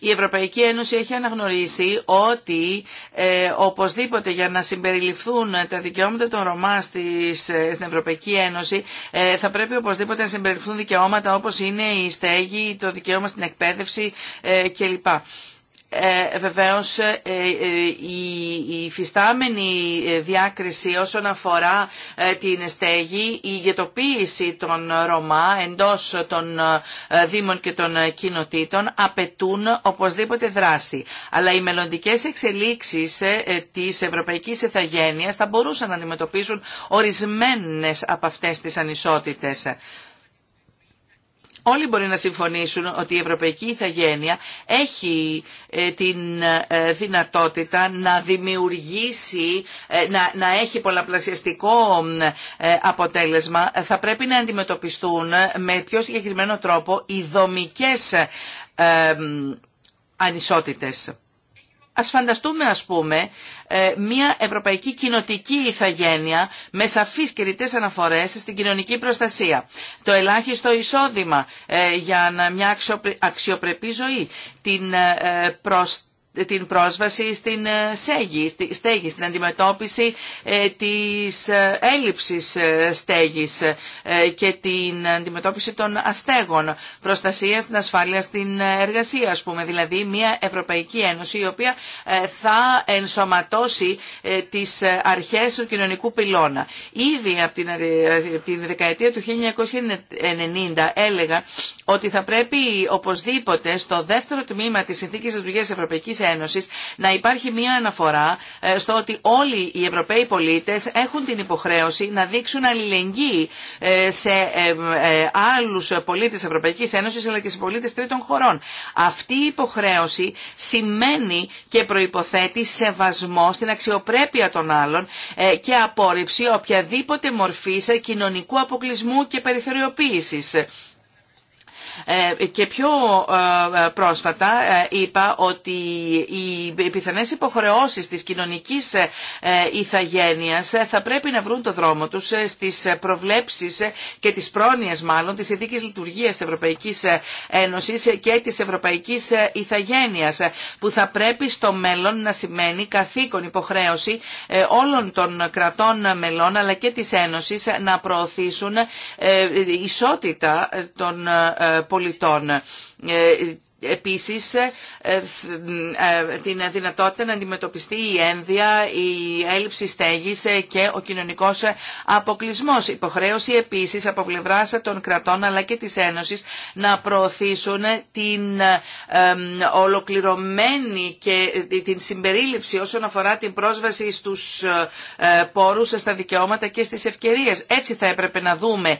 Η Ευρωπαϊκή Ένωση έχει αναγνωρίσει ότι ε, οπωσδήποτε για να συμπεριληφθούν τα δικαιώματα των Ρωμά στις, ε, στην Ευρωπαϊκή Ένωση θα πρέπει οπωσδήποτε να συμπεριληφθούν δικαιώματα όπως είναι η στέγη, το δικαίωμα στην εκπαίδευση κλπ. Ε, βεβαίως ε, ε, η, η φυστάμενη διάκριση όσον αφορά ε, την στέγη, η ηγετοποίηση των Ρωμά εντός των Δήμων και των κοινοτήτων απαιτούν οπωσδήποτε δράση. Αλλά οι μελλοντικέ εξελίξεις της Ευρωπαϊκής Εθαγένεια θα μπορούσαν να αντιμετωπίσουν ορισμένες από αυτές τις ανισότητες. Όλοι μπορεί να συμφωνήσουν ότι η Ευρωπαϊκή Ιθαγένεια έχει ε, την ε, δυνατότητα να δημιουργήσει, ε, να, να έχει πολλαπλασιαστικό αποτέλεσμα. Θα πρέπει να αντιμετωπιστούν με πιο συγκεκριμένο τρόπο οι δομικές ανισότητες. Ας φανταστούμε ας πούμε ε, μια ευρωπαϊκή κοινοτική ηθαγένεια με σαφείς και ρητές αναφορές στην κοινωνική προστασία. Το ελάχιστο εισόδημα ε, για μια αξιοπρεπή ζωή. Την ε, προστασία την πρόσβαση στην ε, σέγη, στη στέγη, στην αντιμετώπιση ε, της ε, έλλειψης στέγης και την αντιμετώπιση των αστέγων, προστασία στην ασφάλεια στην εργασία, ας πούμε, δηλαδή μια Ευρωπαϊκή Ένωση η οποία θα ενσωματώσει τις αρχές του κοινωνικού πυλώνα. Ήδη από την, την δεκαετία του 1990 έλεγα ότι θα πρέπει οπωσδήποτε στο δεύτερο τμήμα της Συνθήκης Λειτουργίας Ευρωπαϊκής να υπάρχει μία αναφορά ε, στο ότι όλοι οι Ευρωπαίοι πολίτες έχουν την υποχρέωση να δείξουν αλληλεγγύη ε, σε ε, άλλους πολίτες Ευρωπαϊκής Ένωσης αλλά και σε πολίτες τρίτων χωρών. Αυτή η υποχρέωση σημαίνει και προϋποθέτει σεβασμό στην αξιοπρέπεια των άλλων και απόρριψη οποιαδήποτε σε κοινωνικού αποκλεισμού και περιθωριοποίησης. Ε, και πιο ε, πρόσφατα ε, είπα ότι οι πιθανές υποχρεώσεις της κοινωνικής ηθαγένειας θα πρέπει να βρουν το δρόμο τους στις προβλέψεις και τις πρόνοιες μάλλον της ειδικής λειτουργίας της Ευρωπαϊκής Ένωσης και της Ευρωπαϊκής Ιθαγένειας που θα πρέπει στο μέλλον να σημαίνει καθήκον υποχρέωση όλων των κρατών μελών αλλά και της Ένωσης να προωθήσουν ισότητα των πολιτών πολιτών ε, επίσης ε, ε, την δυνατότητα να αντιμετωπιστεί η ένδια, η έλλειψη στέγης ε, και ο κοινωνικός αποκλεισμός. Υποχρέωση επίσης από πλευρά των κρατών αλλά και της Ένωσης να προωθήσουν την ολοκληρωμένη και την συμπερίληψη όσον αφορά την πρόσβαση στους πόρους, στα δικαιώματα και στις ευκαιρίες. Έτσι θα έπρεπε να δούμε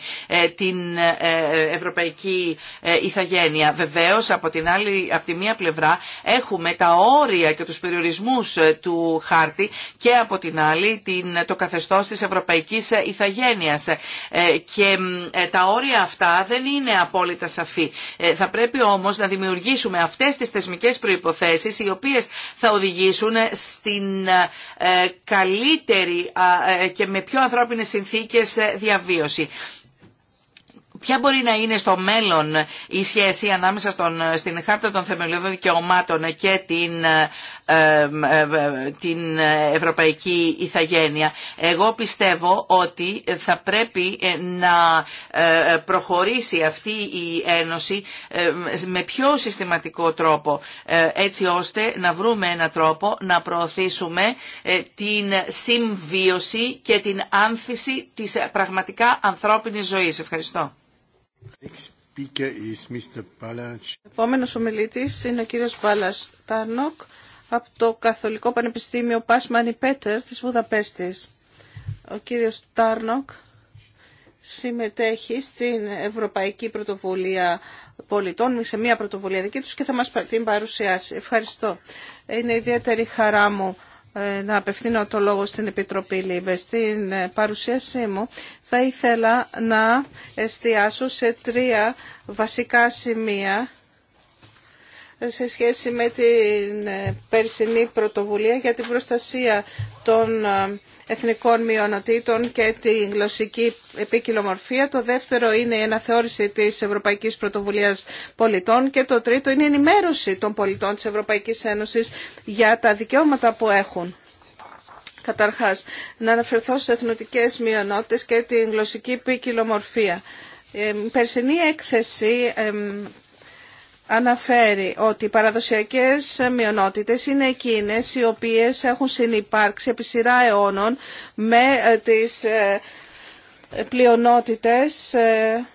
την ευρωπαϊκή ηθαγένεια. Βεβαίως από την άλλη, από τη μία πλευρά έχουμε τα όρια και τους περιορισμούς ε, του χάρτη και από την άλλη την, το καθεστώς της ευρωπαϊκής ηθαγένειας. Ε, ε, και τα όρια αυτά δεν είναι απόλυτα σαφή. Θα πρέπει όμως να δημιουργήσουμε αυτές τις θεσμικές προϋποθέσεις οι οποίες θα οδηγήσουν στην καλύτερη και με πιο ανθρώπινες συνθήκες διαβίωση. Ποια μπορεί να είναι στο μέλλον η σχέση ανάμεσα στον, στην Χάρτα των Θεμελιωδών Δικαιωμάτων και την ε, την ευρωπαϊκή ηθαγένεια. Εγώ πιστεύω ότι θα πρέπει ε, να ε, προχωρήσει αυτή η Ένωση με πιο συστηματικό τρόπο ε, έτσι ώστε να βρούμε ένα τρόπο να προωθήσουμε την συμβίωση και την άνθηση της πραγματικά ανθρώπινης ζωής. Ευχαριστώ. Επόμενος ομιλητής είναι ο κύριος Παλάς Τάνοκ από το Καθολικό Πανεπιστήμιο Πάσμανι Πέτερ της Βουδαπέστης. Ο κύριος Τάρνοκ συμμετέχει στην Ευρωπαϊκή Πρωτοβουλία Πολιτών, σε μια πρωτοβουλία δική τους και θα μας την παρουσιάσει. Ευχαριστώ. Είναι ιδιαίτερη χαρά μου ε, να απευθύνω το λόγο στην Επιτροπή Λίμπε. Στην ε, παρουσίασή μου θα ήθελα να εστιάσω σε τρία βασικά σημεία σε σχέση με την ε, περσινή πρωτοβουλία για την προστασία των ε, εθνικών μειονοτήτων και τη γλωσσική επικοινομορφία. Το δεύτερο είναι η αναθεώρηση της Ευρωπαϊκής Πρωτοβουλίας Πολιτών και το τρίτο είναι η ενημέρωση των πολιτών της Ευρωπαϊκής Ένωσης για τα δικαιώματα που έχουν. Καταρχάς, να αναφερθώ σε εθνοτικές μειονότητες και τη γλωσσική ποικιλομορφία. Ε, η περσινή έκθεση αναφέρει ότι οι παραδοσιακές μειονότητες είναι εκείνες οι οποίες έχουν συνυπάρξει επί σειρά αιώνων με ε, τις ε, πλειονότητες ε,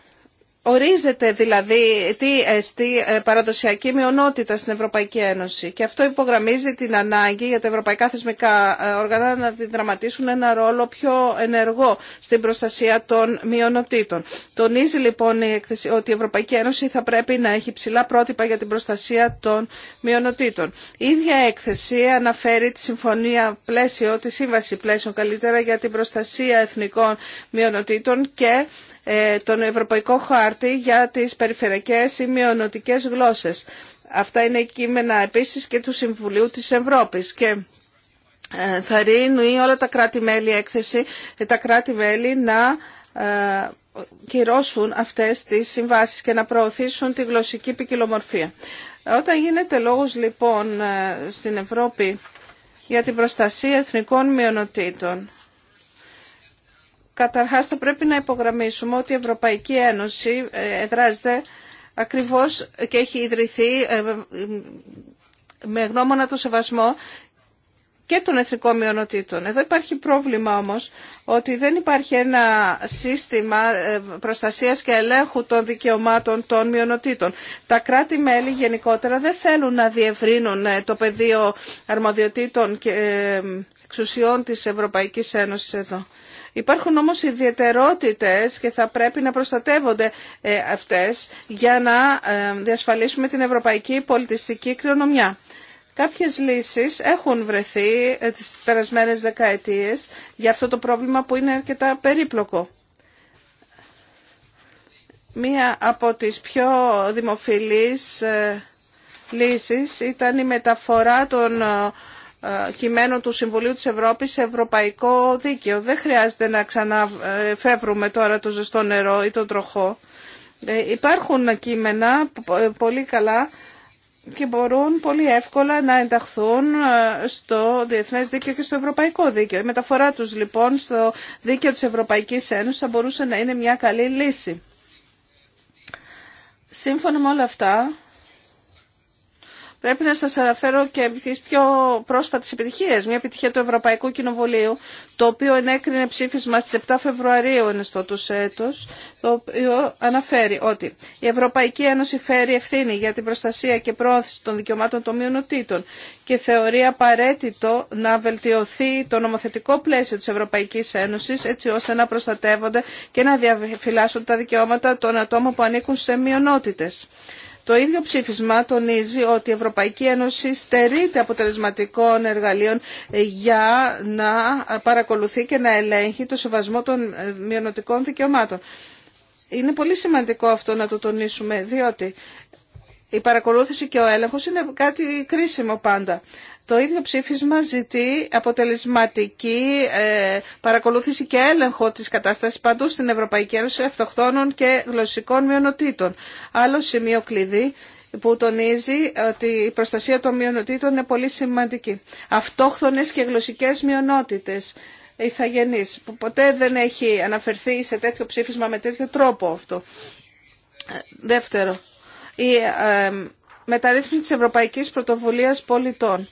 Ορίζεται δηλαδή τι εστί ε, παραδοσιακή μειονότητα στην Ευρωπαϊκή Ένωση και αυτό υπογραμμίζει την ανάγκη για τα ευρωπαϊκά θεσμικά ε, όργανα να διδραματίσουν ένα ρόλο πιο ενεργό στην προστασία των μειονοτήτων. Τονίζει λοιπόν έκθεση ότι η Ευρωπαϊκή Ένωση θα πρέπει να έχει ψηλά πρότυπα για την προστασία των μειονοτήτων. Η ίδια έκθεση αναφέρει τη συμφωνία πλαίσιο, τη σύμβαση πλαίσιο καλύτερα για την προστασία εθνικών μειονοτήτων και ε, τον Ευρωπαϊκό Χάρτη για τις περιφερειακές ή μειονοτικές γλώσσες. Αυτά είναι κείμενα επίσης και του Συμβουλίου της Ευρώπης και ε, θα ρίνει όλα τα κράτη-μέλη έκθεση, ε, τα κράτη-μέλη να κυρώσουν αυτές τις συμβάσεις και να προωθήσουν τη γλωσσική ποικιλομορφία. Όταν γίνεται λόγος λοιπόν στην Ευρώπη για την προστασία εθνικών μειονοτήτων Καταρχάς θα πρέπει να υπογραμμίσουμε ότι η Ευρωπαϊκή Ένωση ε, εδράζεται ακριβώς και έχει ιδρυθεί ε, με γνώμονα το σεβασμό και των εθνικών μειονοτήτων. Εδώ υπάρχει πρόβλημα όμως ότι δεν υπάρχει ένα σύστημα ε, προστασίας και ελέγχου των δικαιωμάτων των μειονοτήτων. Τα κράτη-μέλη γενικότερα δεν θέλουν να διευρύνουν το πεδίο αρμοδιοτήτων και εξουσιών της Ευρωπαϊκής Ένωσης εδώ. Υπάρχουν όμως ιδιαιτερότητες και θα πρέπει να προστατεύονται ε, αυτές για να ε, διασφαλίσουμε την ευρωπαϊκή πολιτιστική κληρονομιά. Κάποιες λύσεις έχουν βρεθεί ε, τις περασμένες δεκαετίες για αυτό το πρόβλημα που είναι αρκετά περίπλοκο. Μία από τις πιο δημοφιλείς λύσεις ήταν η μεταφορά των ε, κειμένο του Συμβουλίου της Ευρώπης σε ευρωπαϊκό δίκαιο. Δεν χρειάζεται να ξαναφεύρουμε τώρα το ζεστό νερό ή το τροχό. Ε, υπάρχουν κείμενα ε, πολύ καλά και μπορούν πολύ εύκολα να ενταχθούν στο διεθνές δίκαιο και στο ευρωπαϊκό δίκαιο. Η μεταφορά τους λοιπόν στο δίκαιο της Ευρωπαϊκής Ένωσης θα μπορούσε να είναι μια καλή λύση. Σύμφωνα με όλα αυτά, Πρέπει να σας αναφέρω και τις πιο πρόσφατες επιτυχίες. Μια επιτυχία του Ευρωπαϊκού Κοινοβουλίου, το οποίο ενέκρινε ψήφισμα στις 7 Φεβρουαρίου ενιστότους έτους, το οποίο αναφέρει ότι η Ευρωπαϊκή Ένωση φέρει ευθύνη για την προστασία και πρόθεση των δικαιωμάτων των μειονοτήτων και θεωρεί απαραίτητο να βελτιωθεί το νομοθετικό πλαίσιο της Ευρωπαϊκής Ένωσης έτσι ώστε να προστατεύονται και να διαφυλάσσουν τα δικαιώματα των ατόμων που ανήκουν σε μειονότητες. Το ίδιο ψήφισμα τονίζει ότι η Ευρωπαϊκή Ένωση στερείται αποτελεσματικών εργαλείων για να παρακολουθεί και να ελέγχει το σεβασμό των ε, μειονοτικών δικαιωμάτων. Είναι πολύ σημαντικό αυτό να το τονίσουμε, διότι η παρακολούθηση και ο έλεγχος είναι κάτι κρίσιμο πάντα. Το ίδιο ψήφισμα ζητεί αποτελεσματική ε, παρακολούθηση και έλεγχο της κατάστασης παντού στην Ευρωπαϊκή Ένωση αυτοχθόνων και γλωσσικών μειονοτήτων. Άλλο σημείο κλειδί που τονίζει ότι η προστασία των μειονοτήτων είναι πολύ σημαντική. Αυτόχθονες και γλωσσικές μειονότητες ηθαγενείς, που ποτέ δεν έχει αναφερθεί σε τέτοιο ψήφισμα με τέτοιο τρόπο αυτό. Δεύτερο, η ε, μεταρρύθμιση της Ευρωπαϊκής Πολιτών.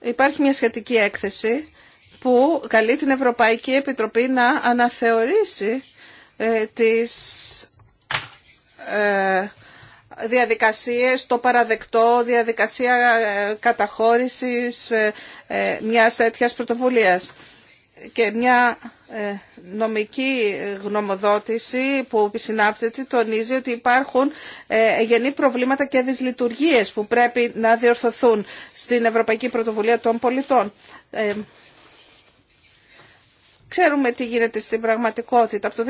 Υπάρχει μια σχετική έκθεση που καλεί την Ευρωπαϊκή Επιτροπή να αναθεωρήσει ε, τις ε, διαδικασίες, το παραδεκτό, διαδικασία ε, καταχώρησης μιας τέτοιας πρωτοβουλίας και μια ε, νομική γνωμοδότηση που συνάπτεται τονίζει ότι υπάρχουν ε, γενή προβλήματα και δυσλειτουργίες που πρέπει να διορθωθούν στην Ευρωπαϊκή Πρωτοβουλία των Πολιτών. Ε, Ξέρουμε τι γίνεται στην πραγματικότητα. Από το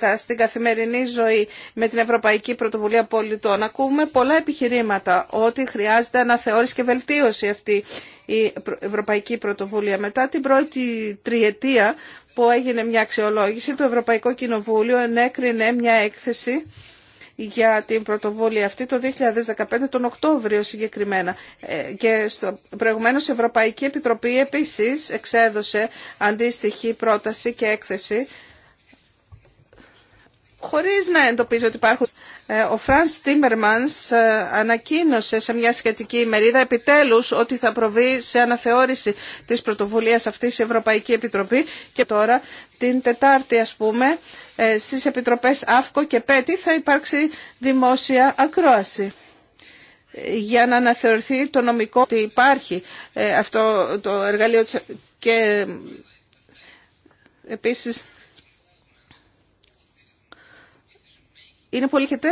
2012 στην καθημερινή ζωή με την Ευρωπαϊκή Πρωτοβουλία Πολιτών ακούμε πολλά επιχειρήματα ότι χρειάζεται αναθεώρηση και βελτίωση αυτή η Ευρωπαϊκή Πρωτοβουλία. Μετά την πρώτη τριετία που έγινε μια αξιολόγηση, το Ευρωπαϊκό Κοινοβούλιο ενέκρινε μια έκθεση για την πρωτοβουλία αυτή το 2015, τον Οκτώβριο συγκεκριμένα. Ε, και στο προηγουμένως η Ευρωπαϊκή Επιτροπή επίσης εξέδωσε αντίστοιχη πρόταση και έκθεση χωρίς να εντοπίζει ότι υπάρχουν. Ε, ο Φρανς Τίμερμανς ε, ανακοίνωσε σε μια σχετική ημερίδα επιτέλους ότι θα προβεί σε αναθεώρηση της πρωτοβουλίας αυτής η Ευρωπαϊκή Επιτροπή και τώρα την Τετάρτη ας πούμε ε, στις Επιτροπές ΑΦΚΟ και ΠΕΤΗ θα υπάρξει δημόσια ακρόαση για να αναθεωρηθεί το νομικό ότι υπάρχει ε, αυτό το εργαλείο και επίσης είναι πολύ τε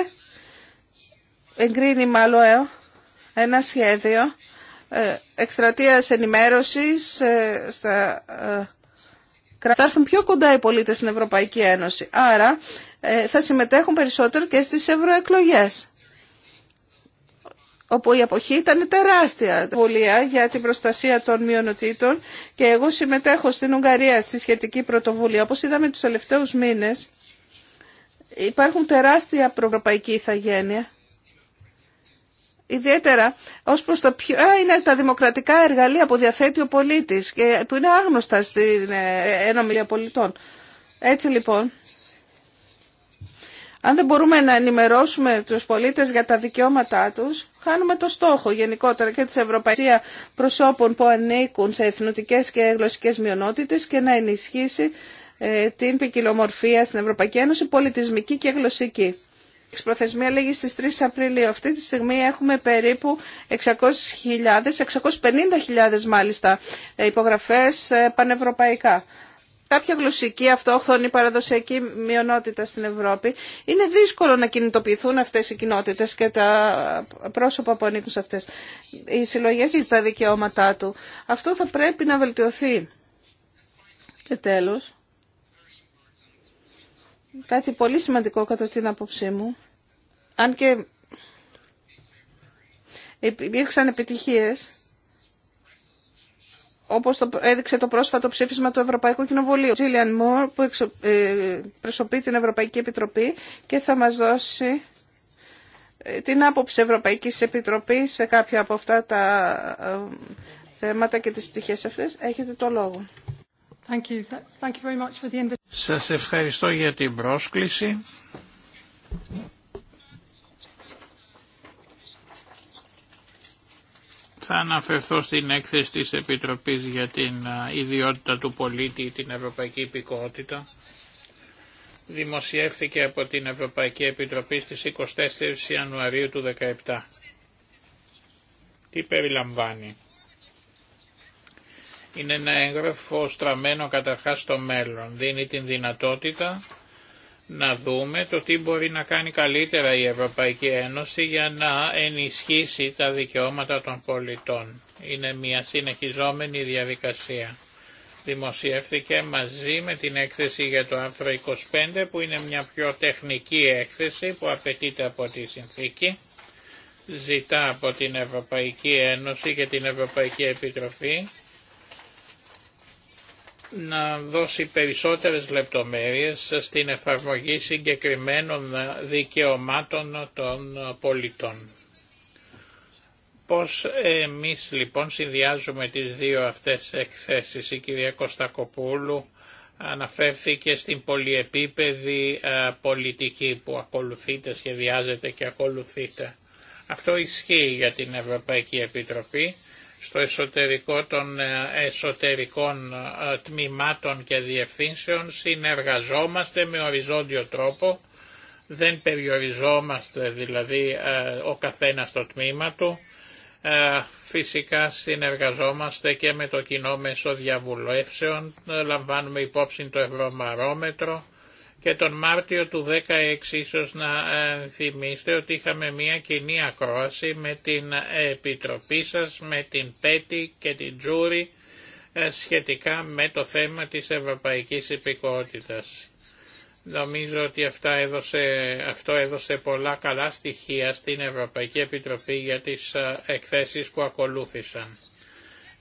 εγκρίνει μάλλον ένα σχέδιο ε, εκστρατείας ενημέρωσης στα θα έρθουν πιο κοντά οι πολίτες στην Ευρωπαϊκή Ένωση. Άρα ε, θα συμμετέχουν περισσότερο και στις ευρωεκλογές όπου η αποχή ήταν τεράστια πρωτοβουλία για την προστασία των μειονοτήτων και εγώ συμμετέχω στην Ουγγαρία στη σχετική πρωτοβουλία. Όπως είδαμε τους τελευταίους μήνες υπάρχουν τεράστια προευρωπαϊκή ηθαγένεια ιδιαίτερα ως προς το ποιο είναι τα δημοκρατικά εργαλεία που διαθέτει ο πολίτης και που είναι άγνωστα στην ε, Ένωμη Πολιτών. Έτσι λοιπόν, αν δεν μπορούμε να ενημερώσουμε τους πολίτες για τα δικαιώματά τους, χάνουμε το στόχο γενικότερα και της Ευρωπαϊκής προσώπων που ανήκουν σε εθνοτικές και γλωσσικές μειονότητες και να ενισχύσει ε, την ποικιλομορφία στην Ευρωπαϊκή Ένωση, πολιτισμική και γλωσσική εξ προθεσμία λέγει στις 3 Απριλίου. Αυτή τη στιγμή έχουμε περίπου 600.000, 650.000 μάλιστα ε, υπογραφές ε, πανευρωπαϊκά. Κάποια γλωσσική αυτόχθονη παραδοσιακή μειονότητα στην Ευρώπη. Είναι δύσκολο να κινητοποιηθούν αυτές οι κοινότητε και τα πρόσωπα που ανήκουν σε αυτές. Οι συλλογές στα δικαιώματά του. Αυτό θα πρέπει να βελτιωθεί. Και τέλος κάτι πολύ σημαντικό κατά την άποψή μου. Αν και υπήρξαν επιτυχίες, όπως το έδειξε το πρόσφατο ψήφισμα του Ευρωπαϊκού Κοινοβουλίου. Τζίλιαν Μουρ, που ε, προσωπεί την Ευρωπαϊκή Επιτροπή και θα μας δώσει ε, την άποψη Ευρωπαϊκής Επιτροπής σε κάποια από αυτά τα ε, θέματα και τις πτυχές αυτές. Έχετε το λόγο. Thank Σας ευχαριστώ για την πρόσκληση. Θα αναφερθώ στην έκθεση της Επιτροπής για την ιδιότητα του πολίτη, την Ευρωπαϊκή Υπηκότητα. Δημοσιεύθηκε από την Ευρωπαϊκή Επιτροπή στις 24 Ιανουαρίου του 2017. Τι περιλαμβάνει. Είναι ένα έγγραφο στραμμένο καταρχάς στο μέλλον. Δίνει την δυνατότητα να δούμε το τι μπορεί να κάνει καλύτερα η Ευρωπαϊκή Ένωση για να ενισχύσει τα δικαιώματα των πολιτών. Είναι μια συνεχιζόμενη διαδικασία. Δημοσιεύθηκε μαζί με την έκθεση για το άρθρο 25 που είναι μια πιο τεχνική έκθεση που απαιτείται από τη συνθήκη. Ζητά από την Ευρωπαϊκή Ένωση και την Ευρωπαϊκή Επιτροπή να δώσει περισσότερες λεπτομέρειες στην εφαρμογή συγκεκριμένων δικαιωμάτων των πολιτών. Πώς εμείς λοιπόν συνδυάζουμε τις δύο αυτές εκθέσεις. Η κυρία Κωνστακοπούλου αναφέρθηκε στην πολυεπίπεδη πολιτική που ακολουθείται, σχεδιάζεται και ακολουθείτε. Αυτό ισχύει για την Ευρωπαϊκή Επιτροπή στο εσωτερικό των ε, εσωτερικών ε, τμήματων και διευθύνσεων συνεργαζόμαστε με οριζόντιο τρόπο, δεν περιοριζόμαστε δηλαδή ε, ο καθένας στο τμήμα του, φυσικά συνεργαζόμαστε και με το κοινό μέσο διαβουλεύσεων, λαμβάνουμε υπόψη το ευρωμαρόμετρο, και τον Μάρτιο του 16 ίσως να ε, θυμίστε ότι είχαμε μια κοινή ακρόαση με την ε, Επιτροπή σας, με την Πέτη και την Τζούρι ε, σχετικά με το θέμα της ευρωπαϊκής υπηκότητας. Νομίζω ότι αυτά έδωσε, αυτό έδωσε πολλά καλά στοιχεία στην Ευρωπαϊκή Επιτροπή για τις εκθέσεις που ακολούθησαν.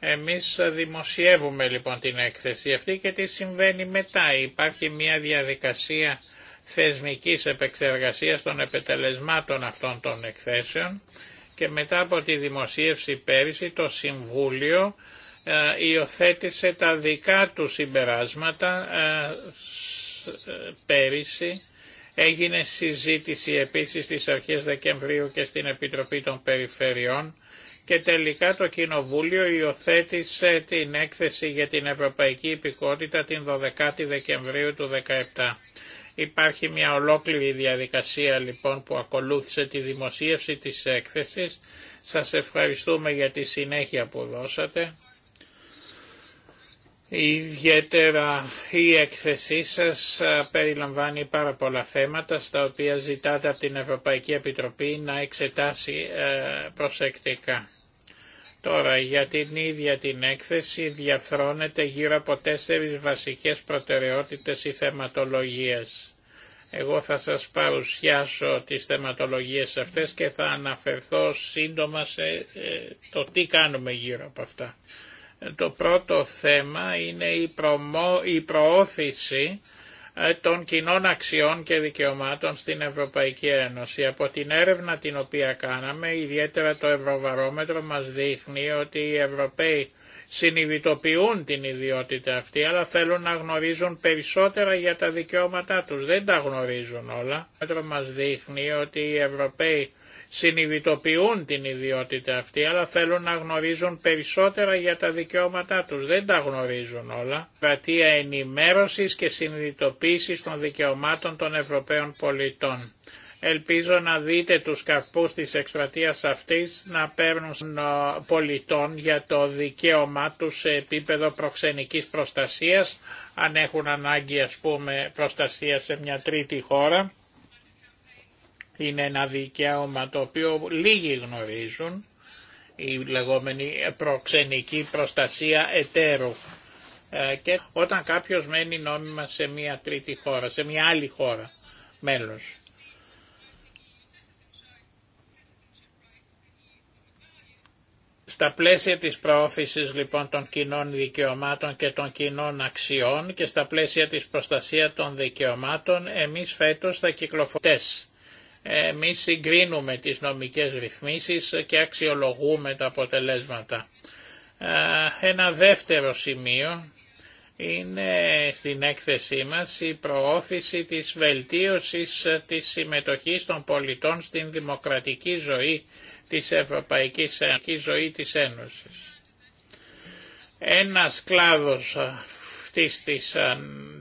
Εμείς δημοσιεύουμε λοιπόν την έκθεση αυτή και τι συμβαίνει μετά. Υπάρχει μια διαδικασία θεσμικής επεξεργασίας των επιτελεσμάτων αυτών των εκθέσεων και μετά από τη δημοσίευση πέρυσι το Συμβούλιο ε, υιοθέτησε τα δικά του συμπεράσματα ε, ε, πέρυσι. Έγινε συζήτηση επίσης στις αρχές Δεκεμβρίου και στην Επιτροπή των Περιφερειών και τελικά το Κοινοβούλιο υιοθέτησε την έκθεση για την Ευρωπαϊκή Υπηκότητα την 12η Δεκεμβρίου του 2017. Υπάρχει μια ολόκληρη διαδικασία λοιπόν που ακολούθησε τη δημοσίευση της έκθεσης. Σας ευχαριστούμε για τη συνέχεια που δώσατε. Ιδιαίτερα η έκθεσή σας ε, περιλαμβάνει πάρα πολλά θέματα στα οποία ζητάτε από την Ευρωπαϊκή Επιτροπή να εξετάσει ε, προσεκτικά. Τώρα για την ίδια την έκθεση διαφρώνεται γύρω από τέσσερις βασικές προτεραιότητες ή θεματολογίες. Εγώ θα σας παρουσιάσω τις θεματολογίες αυτές και θα αναφερθώ σύντομα σε ε, το τι κάνουμε γύρω από αυτά. Το πρώτο θέμα είναι η, προμό, η προώθηση ε, των κοινών αξιών και δικαιωμάτων στην Ευρωπαϊκή Ένωση. Από την έρευνα την οποία κάναμε, ιδιαίτερα το Ευρωβαρόμετρο μας δείχνει ότι οι Ευρωπαίοι συνειδητοποιούν την ιδιότητα αυτή, αλλά θέλουν να γνωρίζουν περισσότερα για τα δικαιώματά τους. Δεν τα γνωρίζουν όλα. Το μας δείχνει ότι οι Ευρωπαίοι συνειδητοποιούν την ιδιότητα αυτή, αλλά θέλουν να γνωρίζουν περισσότερα για τα δικαιώματά τους. Δεν τα γνωρίζουν όλα. Κρατία ενημέρωσης και συνειδητοποίησης των δικαιωμάτων των Ευρωπαίων πολιτών. Ελπίζω να δείτε τους καρπούς της εκστρατείας αυτής να παίρνουν ε, πολιτών για το δικαίωμά τους σε επίπεδο προξενικής προστασίας, αν έχουν ανάγκη ας πούμε προστασία σε μια τρίτη χώρα είναι ένα δικαίωμα το οποίο λίγοι γνωρίζουν, η λεγόμενη προξενική προστασία εταίρου. Ε, και όταν κάποιος μένει νόμιμα σε μια τρίτη χώρα, σε μια άλλη χώρα μέλος. Στα πλαίσια της προώθησης λοιπόν των κοινών δικαιωμάτων και των κοινών αξιών και στα πλαίσια της προστασία των δικαιωμάτων εμείς φέτος θα κυκλοφορήσουμε εμείς συγκρίνουμε τις νομικές ρυθμίσεις και αξιολογούμε τα αποτελέσματα. Ένα δεύτερο σημείο είναι στην έκθεσή μας η προώθηση της βελτίωσης της συμμετοχής των πολιτών στην δημοκρατική ζωή της Ευρωπαϊκής Ζωής της Ένωσης. Ένας κλάδος αυτής της,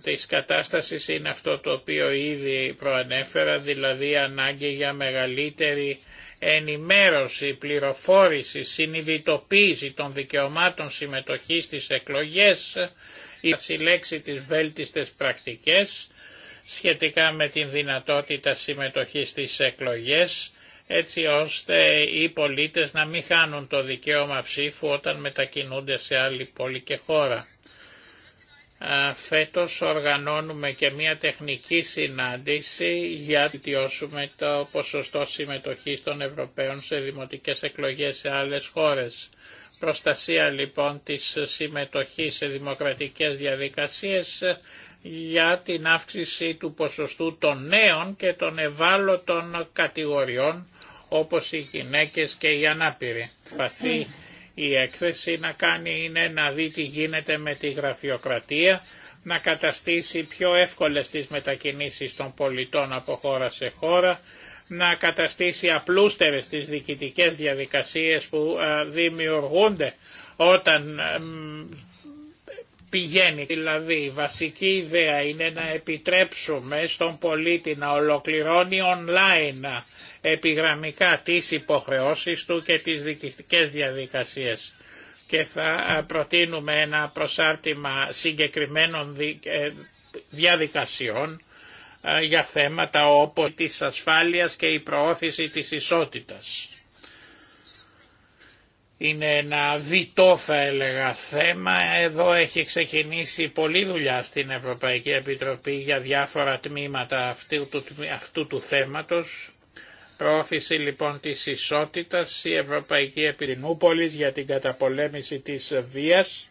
της κατάστασης είναι αυτό το οποίο ήδη προανέφερα, δηλαδή ανάγκη για μεγαλύτερη ενημέρωση, πληροφόρηση, συνειδητοποίηση των δικαιωμάτων συμμετοχής στις εκλογές, η συλλέξη της βέλτιστες πρακτικές σχετικά με την δυνατότητα συμμετοχής στις εκλογές, έτσι ώστε οι πολίτες να μην χάνουν το δικαίωμα ψήφου όταν μετακινούνται σε άλλη πόλη και χώρα. Φέτος οργανώνουμε και μια τεχνική συνάντηση για να βελτιώσουμε το ποσοστό συμμετοχής των Ευρωπαίων σε δημοτικές εκλογές σε άλλες χώρες. Προστασία λοιπόν της συμμετοχής σε δημοκρατικές διαδικασίες για την αύξηση του ποσοστού των νέων και των ευάλωτων κατηγοριών όπως οι γυναίκες και οι ανάπηροι η έκθεση να κάνει είναι να δει τι γίνεται με τη γραφειοκρατία, να καταστήσει πιο εύκολες τις μετακινήσεις των πολιτών από χώρα σε χώρα, να καταστήσει απλούστερες τις διοικητικές διαδικασίες που ε, δημιουργούνται όταν ε, πηγαίνει. Δηλαδή η βασική ιδέα είναι να επιτρέψουμε στον πολίτη να ολοκληρώνει online επιγραμμικά τις υποχρεώσεις του και τις δικηστικές διαδικασίες και θα προτείνουμε ένα προσάρτημα συγκεκριμένων ε, διαδικασιών για θέματα όπως της ασφάλειας και η προώθηση της ισότητας είναι ένα διτό θα έλεγα θέμα. Εδώ έχει ξεκινήσει πολλή δουλειά στην Ευρωπαϊκή Επιτροπή για διάφορα τμήματα αυτού του, αυτού του θέματος. Προώθηση λοιπόν της ισότητας, η Ευρωπαϊκή Επιρρηνούπολης για την καταπολέμηση της βίας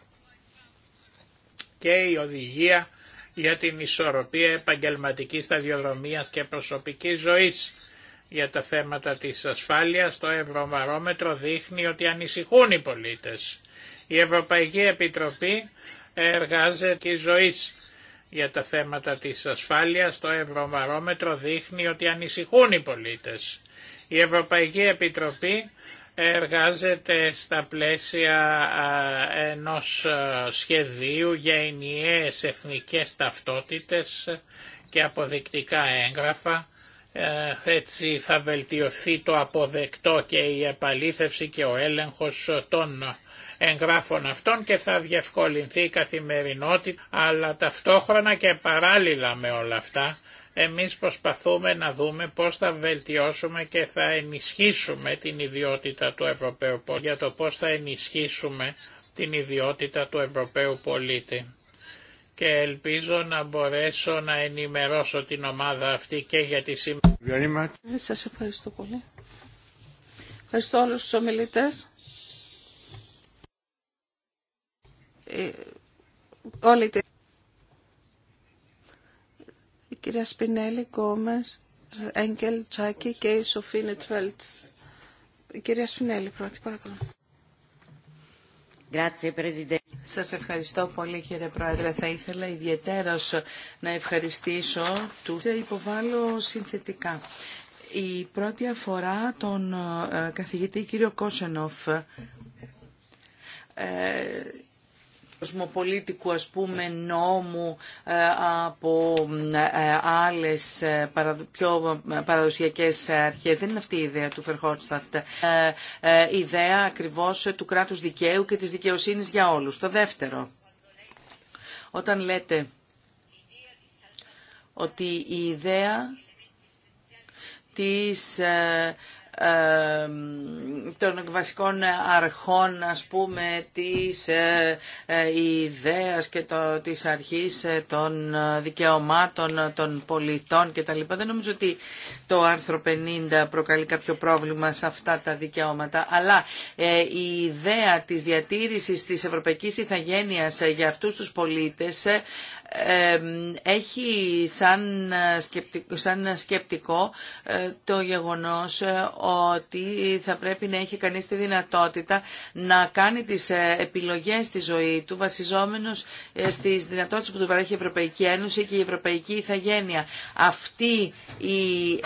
και η οδηγία για την ισορροπία επαγγελματικής σταδιοδρομίας και προσωπικής ζωής για τα θέματα της ασφάλειας, το Ευρωβαρόμετρο δείχνει ότι ανησυχούν οι πολίτες. Η Ευρωπαϊκή Επιτροπή εργάζεται τη ζωής για τα θέματα της ασφάλειας, το Ευρωβαρόμετρο δείχνει ότι ανησυχούν οι πολίτες. Η Ευρωπαϊκή Επιτροπή εργάζεται στα πλαίσια ενός σχεδίου για ενιαίες εθνικές ταυτότητες και αποδεικτικά έγγραφα ε, έτσι θα βελτιωθεί το αποδεκτό και η επαλήθευση και ο έλεγχος των εγγράφων αυτών και θα διευκολυνθεί η καθημερινότητα, αλλά ταυτόχρονα και παράλληλα με όλα αυτά, εμείς προσπαθούμε να δούμε πώς θα βελτιώσουμε και θα ενισχύσουμε την ιδιότητα του Ευρωπαίου πολίτη, για το πώς θα ενισχύσουμε την ιδιότητα του Ευρωπαίου πολίτη και ελπίζω να μπορέσω να ενημερώσω την ομάδα αυτή και για τη σήμερα. Σας ευχαριστώ πολύ. Ευχαριστώ όλους τους ομιλητές. Ε, όλη τη... Η κυρία Σπινέλη, Κόμες, Έγκελ, Τσάκη και η Σοφή Νετφέλτς. Η κυρία Σπινέλη πρώτη, παρακαλώ. Σας ευχαριστώ πολύ κύριε Πρόεδρε. Θα ήθελα ιδιαίτερος να ευχαριστήσω του. Θα υποβάλω συνθετικά. Η πρώτη αφορά τον ε, καθηγητή κύριο Κόσενοφ ε, κοσμοπολίτικου ας πούμε νόμου ε, από ε, άλλες ε, πιο παραδοσιακές αρχές. Δεν είναι αυτή η ιδέα του Φερχότσταρτ. Η ιδέα ακριβώς του κράτους δικαίου και της δικαιοσύνης για όλους. Το δεύτερο, όταν λέτε ότι η ιδέα της των βασικών αρχών ας πούμε της ε, ε, ιδέας και το, της αρχής ε, των δικαιωμάτων των πολιτών λοιπά Δεν νομίζω ότι το άρθρο 50 προκαλεί κάποιο πρόβλημα σε αυτά τα δικαιώματα, αλλά η ιδέα της διατήρησης της ευρωπαϊκής ηθαγένειας για αυτούς τους πολίτες έχει σαν σκεπτικό, σκεπτικό το γεγονός ε, ότι θα πρέπει να έχει κανείς τη δυνατότητα να κάνει τις ε, επιλογές στη ζωή του βασιζόμενος ε, στις δυνατότητες που του παρέχει η Ευρωπαϊκή Ένωση και η Ευρωπαϊκή Ιθαγένεια. Αυτή η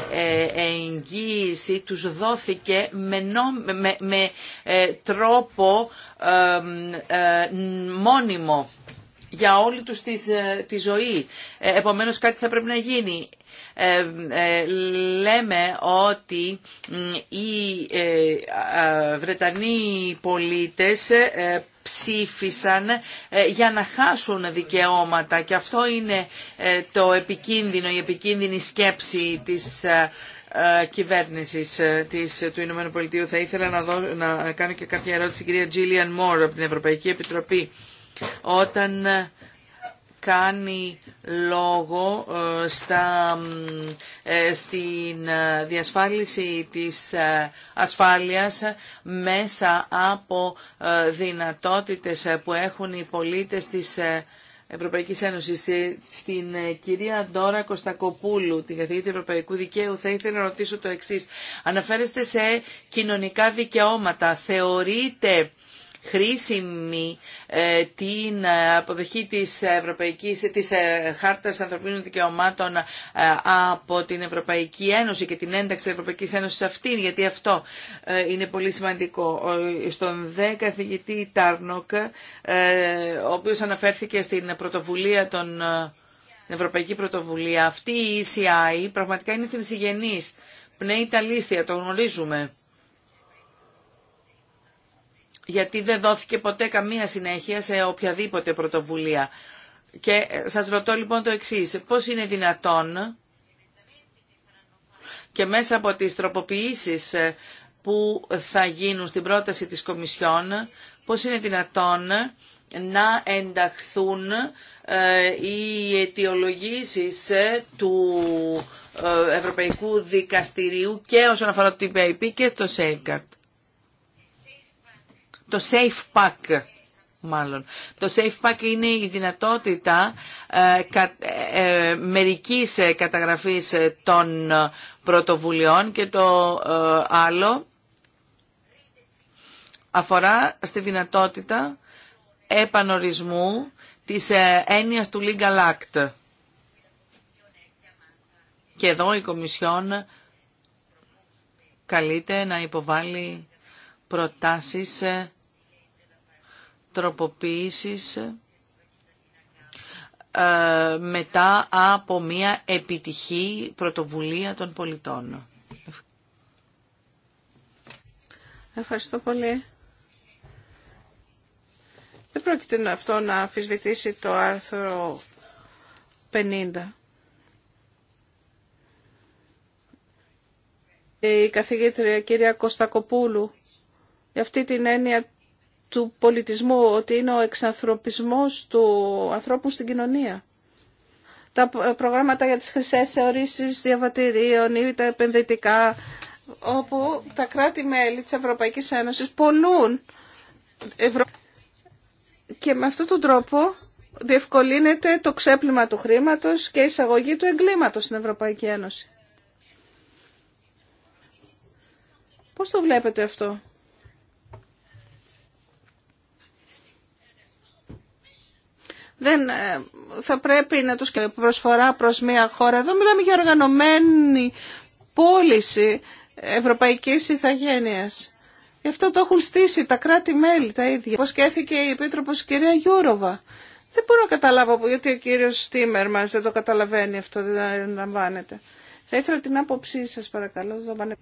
εγγύηση τους δόθηκε με, τρόπο μόνιμο για όλη τους τη, ε, τη ζωή. Ε, επομένως κάτι θα πρέπει να γίνει. Ε, λέμε ότι οι ε, Βρετανοί πολίτες ψήφισαν για να χάσουν δικαιώματα και αυτό είναι το επικίνδυνο, η επικίνδυνη σκέψη της κυβέρνησης της, του Ηνωμένου Πολιτείου. Θα ήθελα να, να κάνω και κάποια ερώτηση στην κυρία Τζίλιαν Μόρ από την Ευρωπαϊκή Επιτροπή όταν ε, κάνει λόγο ε, στα, ε, στην διασφάλιση της ασφάλειας μέσα από δυνατότητες που έχουν οι πολίτες της Ευρωπαϊκής Ένωσης. Στην κυρία Ντόρα Κωστακοπούλου, την καθηγήτρια Ευρωπαϊκού Δικαίου, θα ήθελα να ρωτήσω το εξής. Αναφέρεστε σε κοινωνικά δικαιώματα. Θεωρείτε χρήσιμη ε, την ε, αποδοχή της, Ευρωπαϊκής, της ε, Χάρτας Ανθρωπίνων Δικαιωμάτων από την Ευρωπαϊκή Ένωση και την ένταξη της Ευρωπαϊκής Ένωσης αυτήν, γιατί αυτό είναι πολύ σημαντικό. Στον 10 καθηγητή Τάρνοκ, ο οποίος αναφέρθηκε στην πρωτοβουλία των Ευρωπαϊκή Πρωτοβουλία, αυτή η ECI πραγματικά είναι θρησιγενής. Πνέει τα λίστια, το γνωρίζουμε γιατί δεν δόθηκε ποτέ καμία συνέχεια σε οποιαδήποτε πρωτοβουλία. Και σας ρωτώ λοιπόν το εξής, πώς είναι δυνατόν και μέσα από τις τροποποιήσεις που θα γίνουν στην πρόταση της Κομισιόν, πώς είναι δυνατόν να ενταχθούν ε, οι αιτιολογήσεις ε, του ε, Ευρωπαϊκού Δικαστηρίου και όσον αφορά το TPIP και το ΣΕΚΑΤ το Safe Pack μάλλον. Το Safe Pack είναι η δυνατότητα ε, ε, ε, μερικής καταγραφής των πρωτοβουλειών και το άλλο αφορά στη δυνατότητα επανορισμού της έννοιας του Legal Act. Και εδώ η Κομισιόν καλείται να υποβάλει προτάσεις τροποποίησης ε, μετά από μια επιτυχή πρωτοβουλία των πολιτών. Ευχαριστώ πολύ. Δεν πρόκειται αυτό να αφισβητήσει το άρθρο 50. Η καθηγήτρια κυρία Κωνστακοπούλου, για αυτή την έννοια του πολιτισμού, ότι είναι ο εξανθρωπισμός του ανθρώπου στην κοινωνία. Τα ε, προγράμματα για τις χρυσές θεωρήσεις διαβατηρίων ή τα επενδυτικά, όπου τα κράτη-μέλη της Ευρωπαϊκής Ένωσης πολλούν και με αυτόν τον τρόπο διευκολύνεται το ξέπλυμα του χρήματος και η εισαγωγή του εγκλήματος στην Ευρωπαϊκή Ένωση. Πώς το βλέπετε αυτό. δεν ε, θα πρέπει να τους προσφορά προς μια χώρα. Εδώ μιλάμε για οργανωμένη πώληση ευρωπαϊκής ηθαγένειας. Γι' αυτό το έχουν στήσει τα κράτη-μέλη τα ίδια. Πώς σκέφτηκε η Επίτροπος κυρία Γιούροβα. Δεν μπορώ να καταλάβω γιατί ο κύριος Στίμερ μας δεν το καταλαβαίνει αυτό, δεν αναλαμβάνεται. Θα ήθελα την άποψή σας παρακαλώ, Ζωβάνε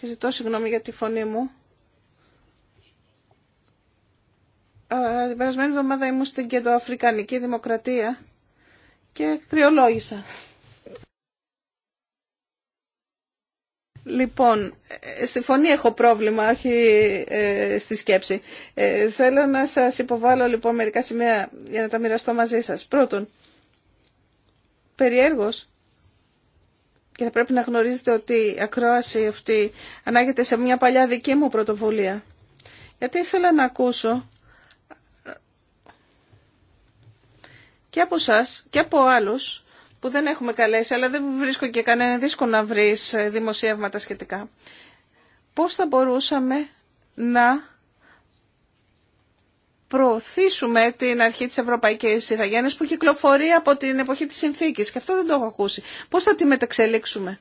και ζητώ συγγνώμη για τη φωνή μου. Την περασμένη εβδομάδα ήμουν στην Κεντροαφρικανική Δημοκρατία και κρυολόγησα. Λοιπόν, ε, στη φωνή έχω πρόβλημα, όχι ε, στη σκέψη. Ε, θέλω να σας υποβάλω λοιπόν μερικά σημεία για να τα μοιραστώ μαζί σας. Πρώτον, περιέργως, και θα πρέπει να γνωρίζετε ότι η ακρόαση αυτή ανάγεται σε μια παλιά δική μου πρωτοβουλία. Γιατί ήθελα να ακούσω και από εσά και από άλλους που δεν έχουμε καλέσει, αλλά δεν βρίσκω και κανένα δύσκολο να βρει ε, δημοσιεύματα σχετικά. Πώς θα μπορούσαμε να προωθήσουμε την αρχή της Ευρωπαϊκής Ιθαγένειας που κυκλοφορεί από την εποχή της συνθήκης και αυτό δεν το έχω ακούσει. Πώς θα τη μεταξελίξουμε.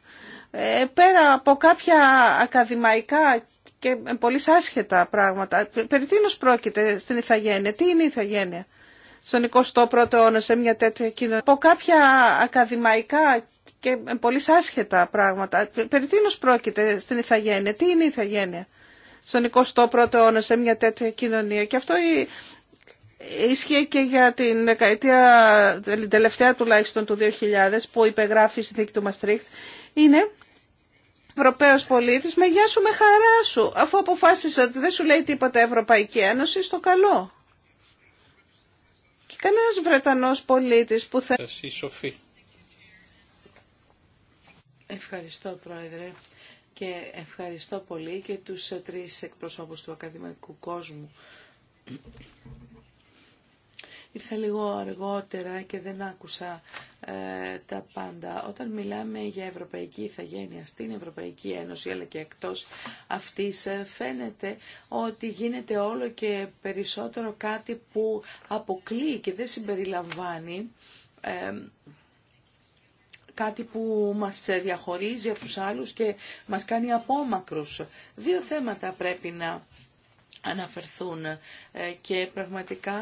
Ε, πέρα από κάποια ακαδημαϊκά και πολύ άσχετα πράγματα. Περί τίνος πρόκειται στην Ιθαγένεια. Τι είναι η Ιθαγένεια στον 21ο αιώνα σε μια τέτοια κοινωνία. Από κάποια ακαδημαϊκά και πολύ άσχετα πράγματα. Περί τίνος πρόκειται στην Ιθαγένεια Τι είναι η Ιθαγένεια στον 21ο αιώνα σε μια τέτοια κοινωνία. Και αυτό ίσχυε και για την δεκαετία, την τελευταία τουλάχιστον του 2000 που υπεγράφει η συνθήκη του Μαστρίχτ. Είναι Ευρωπαίος πολίτης με γεια σου με χαρά σου αφού αποφάσισε ότι δεν σου λέει τίποτα Ευρωπαϊκή Ένωση στο καλό. Κανένας Βρετανός πολίτης που θα... Ευχαριστώ, Πρόεδρε. Και ευχαριστώ πολύ και τους τρεις εκπροσώπους του ακαδημαϊκού κόσμου. Ήρθα λίγο αργότερα και δεν άκουσα ε, τα πάντα. Όταν μιλάμε για ευρωπαϊκή Ιθαγένεια στην Ευρωπαϊκή Ένωση αλλά και εκτός αυτής ε, φαίνεται ότι γίνεται όλο και περισσότερο κάτι που αποκλείει και δεν συμπεριλαμβάνει ε, κάτι που μας διαχωρίζει από τους άλλους και μας κάνει απόμακρους. Δύο θέματα πρέπει να αναφερθούν. Ε, και πραγματικά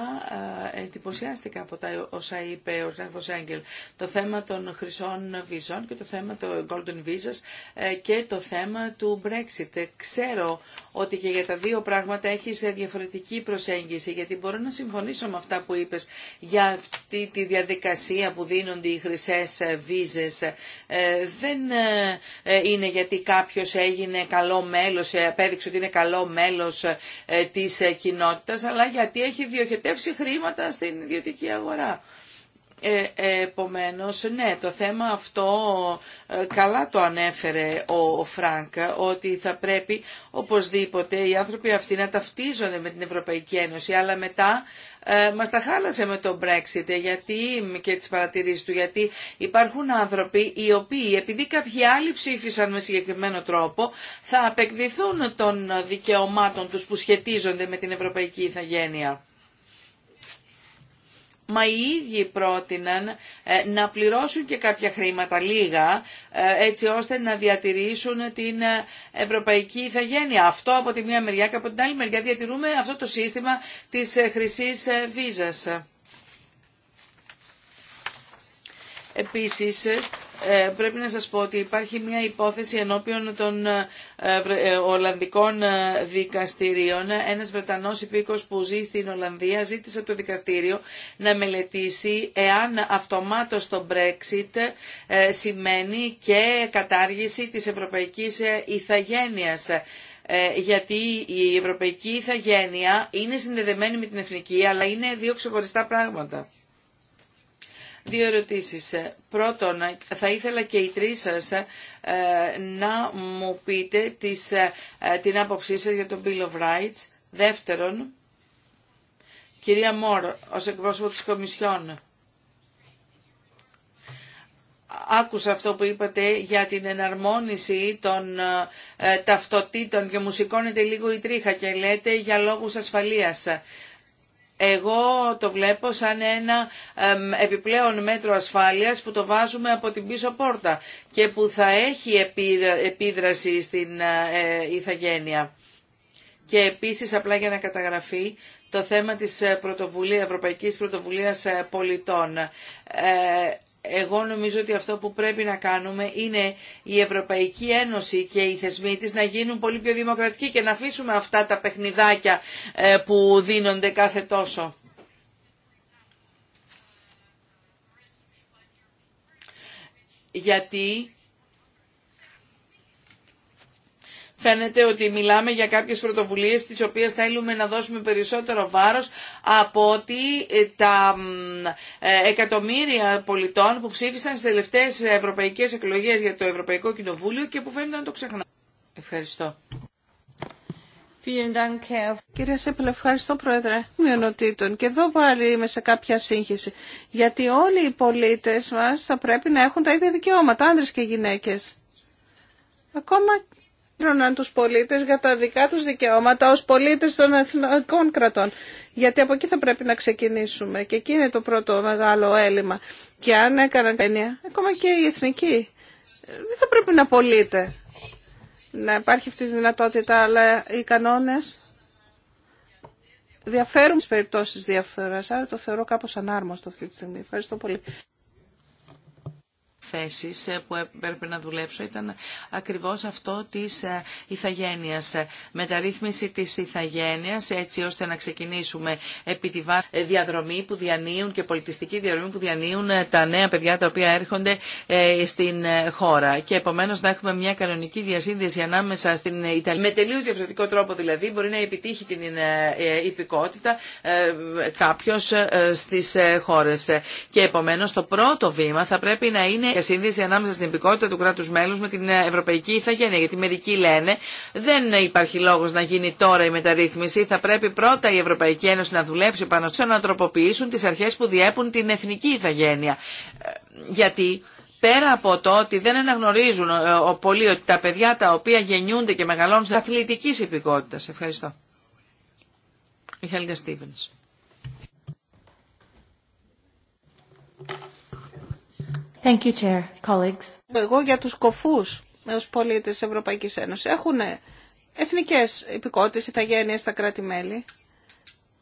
ε, εντυπωσιάστηκα από τα όσα είπε ο Ρέφος Έγγελ. Το θέμα των χρυσών βίζων και το θέμα των golden visas ε, και το θέμα του Brexit. Ξέρω ότι και για τα δύο πράγματα έχεις διαφορετική προσέγγιση γιατί μπορώ να συμφωνήσω με αυτά που είπες για αυτή τη διαδικασία που δίνονται οι χρυσές βίζες. Δεν είναι γιατί κάποιος έγινε καλό μέλος, απέδειξε ότι είναι καλό μέλος της κοινότητας αλλά γιατί έχει διοχετεύσει χρήματα στην ιδιωτική αγορά. Ε, επομένως, ναι, το θέμα αυτό ε, καλά το ανέφερε ο, ο Φρανκ, ότι θα πρέπει οπωσδήποτε οι άνθρωποι αυτοί να ταυτίζονται με την Ευρωπαϊκή Ένωση, αλλά μετά ε, μας τα χάλασε με το Brexit ε, γιατί, και τις παρατηρήσεις του, γιατί υπάρχουν άνθρωποι οι οποίοι επειδή κάποιοι άλλοι ψήφισαν με συγκεκριμένο τρόπο θα απεκδηθούν των δικαιωμάτων τους που σχετίζονται με την Ευρωπαϊκή Ιθαγένεια. Μα οι ίδιοι πρότειναν ε, να πληρώσουν και κάποια χρήματα, λίγα, ε, έτσι ώστε να διατηρήσουν την ε, ευρωπαϊκή ηθαγένεια. Αυτό από τη μία μεριά και από την άλλη μεριά διατηρούμε αυτό το σύστημα της χρυσή βίζας. Επίσης, ε, πρέπει να σας πω ότι υπάρχει μια υπόθεση ενώπιον των ε, ε, Ολλανδικών δικαστηρίων. Ένας Βρετανός υπήκος που ζει στην Ολλανδία ζήτησε από το δικαστήριο να μελετήσει εάν αυτομάτως το Brexit σημαίνει και κατάργηση της ευρωπαϊκής ηθαγένειας γιατί η ευρωπαϊκή ηθαγένεια είναι συνδεδεμένη με την εθνική αλλά είναι δύο ξεχωριστά πράγματα. Δύο ερωτήσεις. Ε, πρώτον, θα ήθελα και οι τρεις σας ε, να μου πείτε ε, την άποψή σας για τον Bill of Rights. Δεύτερον, κυρία Μόρ, ως εκπρόσωπο της Κομισιόν, άκουσα αυτό που είπατε για την εναρμόνιση των ταυτοτήτων και μου σηκώνεται λίγο η τρίχα και λέτε για λόγους ασφαλείας. Εγώ το βλέπω σαν ένα επιπλέον μέτρο ασφάλειας που το βάζουμε από την πίσω πόρτα και που θα έχει επίδραση στην ε, ε, ηθαγένεια. Και επίσης, απλά για να καταγραφεί, το θέμα της πρωτοβουλία, Ευρωπαϊκής Πρωτοβουλίας ε, Πολιτών εγώ νομίζω ότι αυτό που πρέπει να κάνουμε είναι η Ευρωπαϊκή Ένωση και οι θεσμοί της να γίνουν πολύ πιο δημοκρατικοί και να αφήσουμε αυτά τα παιχνιδάκια ε, που δίνονται κάθε τόσο. Γιατί φαίνεται ότι μιλάμε για κάποιες πρωτοβουλίες τις οποίες θέλουμε να δώσουμε περισσότερο βάρος από ότι ε, τα ε, εκατομμύρια πολιτών που ψήφισαν στις τελευταίες ευρωπαϊκές εκλογές για το Ευρωπαϊκό Κοινοβούλιο και που φαίνεται να το ξεχνά. Ευχαριστώ. Κυρία Σέπελ, ευχαριστώ Πρόεδρε Μειονοτήτων. Και εδώ πάλι είμαι σε κάποια σύγχυση. Γιατί όλοι οι πολίτες μας θα πρέπει να έχουν τα ίδια δικαιώματα, άνδρες και γυναίκες. Ακόμα πλήρωναν τους πολίτες για τα δικά τους δικαιώματα ως πολίτες των εθνικών κρατών. Γιατί από εκεί θα πρέπει να ξεκινήσουμε και εκεί είναι το πρώτο μεγάλο έλλειμμα. Και αν έκαναν ταινία, ακόμα και οι εθνικοί. δεν θα πρέπει να πωλείται. Να υπάρχει αυτή η δυνατότητα, αλλά οι κανόνες διαφέρουν στις περιπτώσεις διαφθοράς, άρα το θεωρώ κάπως ανάρμοστο αυτή τη στιγμή. Ευχαριστώ πολύ θέσεις ε, που έπρεπε να δουλέψω ήταν ακριβώς αυτό της ε, ηθαγένειας. Ε, μεταρρύθμιση της ηθαγένειας έτσι ώστε να ξεκινήσουμε επί τη διαδρομή που διανύουν και πολιτιστική διαδρομή που διανύουν τα νέα παιδιά τα οποία έρχονται στην χώρα. Και επομένως να έχουμε μια κανονική διασύνδεση ανάμεσα στην Ιταλία. Με τελείως διαφορετικό τρόπο δηλαδή μπορεί να επιτύχει την υπηκότητα κάποιος στις χώρες. Και επομένως το πρώτο βήμα θα πρέπει να είναι κάποια σύνδεση ανάμεσα στην υπηκότητα του κράτου μέλους με την ε, ευρωπαϊκή ηθαγένεια. Γιατί μερικοί λένε δεν υπάρχει λόγο να γίνει τώρα η μεταρρύθμιση. Θα πρέπει πρώτα η Ευρωπαϊκή Ένωση να δουλέψει πάνω στο να τροποποιήσουν τι αρχέ που διέπουν την εθνική ηθαγένεια. Ε, γιατί πέρα από το ότι δεν αναγνωρίζουν ε, πολύ ότι τα παιδιά τα οποία γεννιούνται και μεγαλώνουν σε υπηκότητα. υπηκότητας. Ευχαριστώ. Η Εγώ για τους κοφούς ως πολίτες της Ευρωπαϊκής Ένωσης έχουν εθνικές υπηκότητες, ηθαγένειες στα κράτη-μέλη.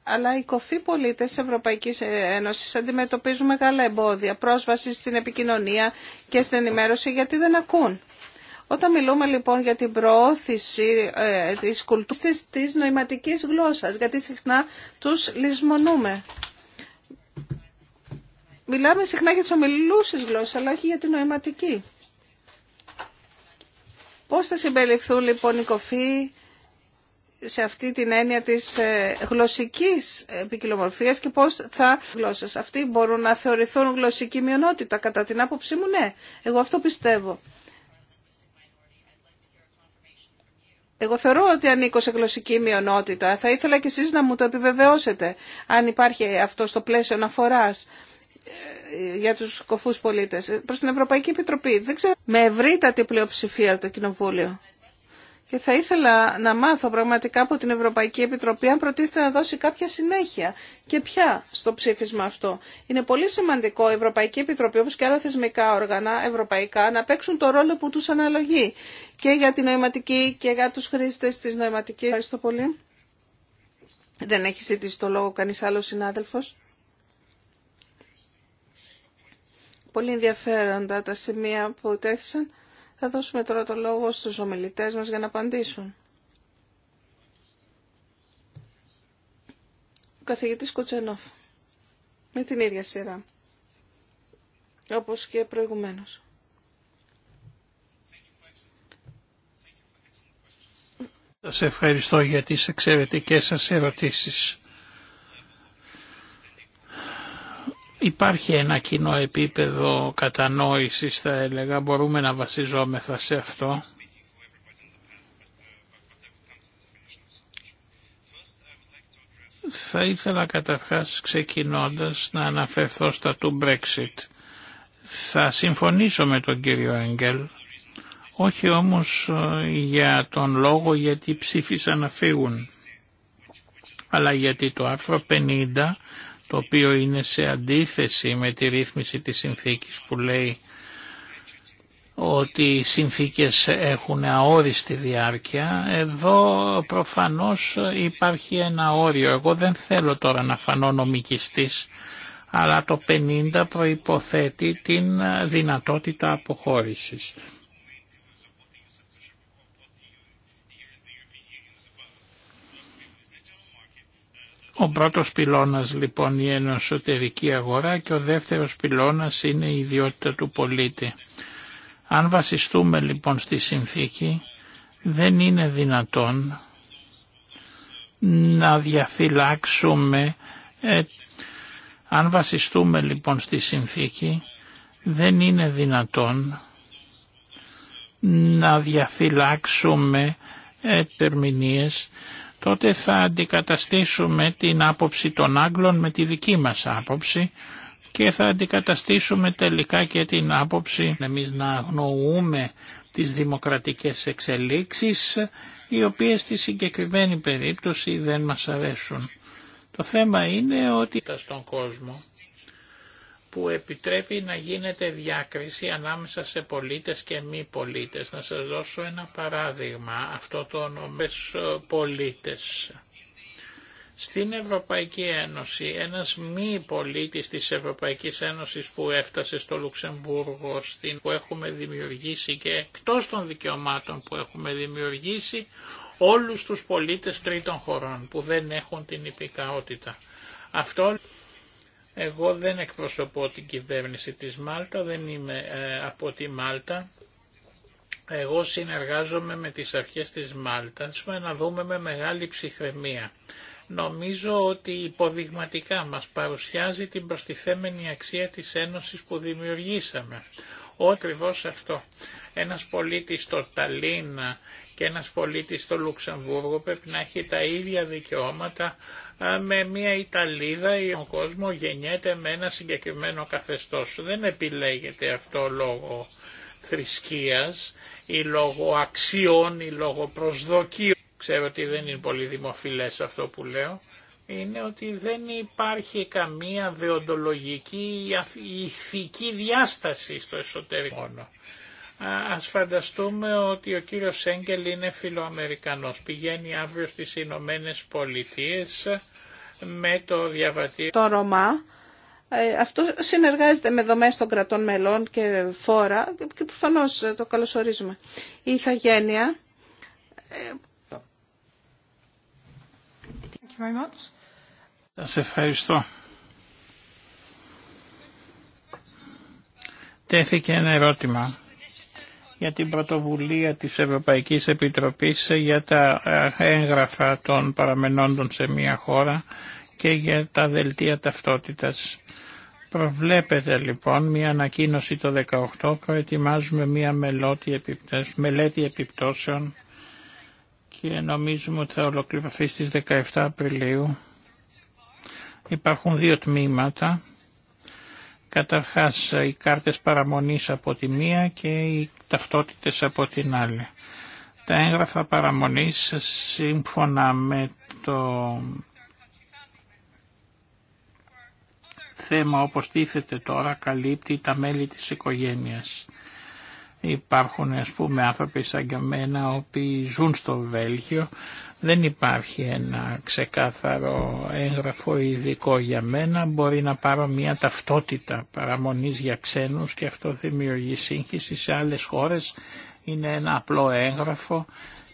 Αλλά οι κοφοί πολίτες της Ευρωπαϊκής Ένωσης αντιμετωπίζουν μεγάλα εμπόδια, πρόσβαση στην επικοινωνία και στην ενημέρωση γιατί δεν ακούν. Όταν μιλούμε λοιπόν για την προώθηση ε, της κουλτούρας της νοηματικής γλώσσας, γιατί συχνά τους λησμονούμε. Μιλάμε συχνά για τις ομιλούσες γλώσσες, αλλά όχι για την νοηματική. Πώς θα συμπεριληφθούν λοιπόν οι κοφοί σε αυτή την έννοια της ε, γλωσσικής επικοινομορφίας και πώς θα γλώσσες. Αυτοί μπορούν να θεωρηθούν γλωσσική μειονότητα. Κατά την άποψή μου, ναι. Εγώ αυτό πιστεύω. Εγώ θεωρώ ότι ανήκω σε γλωσσική μειονότητα. Θα ήθελα κι εσείς να μου το επιβεβαιώσετε, αν υπάρχει αυτό στο πλαίσιο αναφοράς ε, για τους κοφούς πολίτες ε, προς την Ευρωπαϊκή Επιτροπή. Δεν ξέρω. Με ευρύτατη πλειοψηφία το Κοινοβούλιο. Και θα ήθελα να μάθω πραγματικά από την Ευρωπαϊκή Επιτροπή αν προτίθεται να δώσει κάποια συνέχεια και ποια στο ψήφισμα αυτό. Είναι πολύ σημαντικό η Ευρωπαϊκή Επιτροπή όπως και άλλα θεσμικά όργανα ευρωπαϊκά να παίξουν το ρόλο που τους αναλογεί και για την νοηματική και για τους χρήστες της νοηματικής. Ευχαριστώ πολύ. Δεν έχει ζητήσει το λόγο κανείς άλλος συνάδελφος. Πολύ ενδιαφέροντα τα σημεία που τέθησαν. Θα δώσουμε τώρα το λόγο στους ομιλητές μας για να απαντήσουν. Ο καθηγητής Κουτσενόφ. Με την ίδια σειρά. Όπως και προηγουμένως. Σας ευχαριστώ για τις εξαιρετικές σας ερωτήσεις. Υπάρχει ένα κοινό επίπεδο κατανόησης θα έλεγα, μπορούμε να βασιζόμεθα σε αυτό. Θα ήθελα καταρχάς ξεκινώντας να αναφερθώ στα του Brexit. Θα συμφωνήσω με τον κύριο Έγγελ, όχι όμως ε, για τον λόγο γιατί ψήφισαν να φύγουν, αλλά γιατί το άρθρο 50 το οποίο είναι σε αντίθεση με τη ρύθμιση της συνθήκης που λέει ότι οι συνθήκες έχουν αόριστη διάρκεια. Εδώ προφανώς υπάρχει ένα όριο. Εγώ δεν θέλω τώρα να φανώ νομικιστής, αλλά το 50 προϋποθέτει την δυνατότητα αποχώρησης. Ο πρώτος πυλώνας λοιπόν είναι η εσωτερική αγορά και ο δεύτερος πυλώνας είναι η ιδιότητα του πολίτη. Αν βασιστούμε λοιπόν στη συνθήκη δεν είναι δυνατόν να διαφυλάξουμε, ε, αν βασιστούμε λοιπόν στη συνθήκη δεν είναι δυνατόν να διαφυλάξουμε ε, τερμηνίες τότε θα αντικαταστήσουμε την άποψη των Άγγλων με τη δική μας άποψη και θα αντικαταστήσουμε τελικά και την άποψη εμείς να αγνοούμε τις δημοκρατικές εξελίξεις οι οποίες στη συγκεκριμένη περίπτωση δεν μας αρέσουν. Το θέμα είναι ότι στον κόσμο που επιτρέπει να γίνεται διάκριση ανάμεσα σε πολίτες και μη πολίτες. Να σας δώσω ένα παράδειγμα, αυτό το ονομές πολίτες. Στην Ευρωπαϊκή Ένωση, ένας μη πολίτης της Ευρωπαϊκής Ένωσης που έφτασε στο Λουξεμβούργο, στην που έχουμε δημιουργήσει και εκτός των δικαιωμάτων που έχουμε δημιουργήσει, όλους τους πολίτες τρίτων χωρών που δεν έχουν την υπηκαότητα. Αυτό εγώ δεν εκπροσωπώ την κυβέρνηση της Μάλτα, δεν είμαι ε, από τη Μάλτα. Εγώ συνεργάζομαι με τις αρχές της Μάλτα. να δούμε με μεγάλη ψυχραιμία. Νομίζω ότι υποδειγματικά μας παρουσιάζει την προστιθέμενη αξία της Ένωσης που δημιουργήσαμε. Ο ακριβώς αυτό. Ένας πολίτης στο Ταλίνα και ένας πολίτης στο Λουξεμβούργο πρέπει να έχει τα ίδια δικαιώματα με μια Ιταλίδα ή ο κόσμο γεννιέται με ένα συγκεκριμένο καθεστώς. Δεν επιλέγεται αυτό λόγο θρησκείας ή λόγω αξιών ή λόγω προσδοκίων. Ξέρω ότι δεν είναι πολύ δημοφιλές αυτό που λέω. Είναι ότι δεν υπάρχει καμία δεοντολογική ή ηθική διάσταση στο εσωτερικό. Ας φανταστούμε ότι ο κύριος Σέγγελ είναι φιλοαμερικανός. Πηγαίνει αύριο στις Ηνωμένε Πολιτείες με το διαβατήριο. Το Ρωμά. Ε, αυτό συνεργάζεται με δομές των κρατών μελών και φόρα και προφανώς ε, το καλωσορίζουμε. Η Ιθαγένεια. Ε, Σας ευχαριστώ. Τέθηκε ένα ερώτημα για την πρωτοβουλία της Ευρωπαϊκής Επιτροπής για τα ε, έγγραφα των παραμενόντων σε μια χώρα και για τα δελτία ταυτότητας. Προβλέπεται λοιπόν μια ανακοίνωση το 18, προετοιμάζουμε μια μελέτη επιπτώσεων και νομίζουμε ότι θα ολοκληρωθεί στις 17 Απριλίου. Υπάρχουν δύο τμήματα. Καταρχάς οι κάρτες παραμονής από τη μία και οι ταυτότητες από την άλλη. Τα έγγραφα παραμονής σύμφωνα με το θέμα όπως τίθεται τώρα καλύπτει τα μέλη της οικογένειας. Υπάρχουν ας πούμε άνθρωποι σαν και εμένα οποίοι ζουν στο Βέλγιο. Δεν υπάρχει ένα ξεκάθαρο έγγραφο ειδικό για μένα. Μπορεί να πάρω μια ταυτότητα παραμονής για ξένους και αυτό δημιουργεί σύγχυση σε άλλες χώρες. Είναι ένα απλό έγγραφο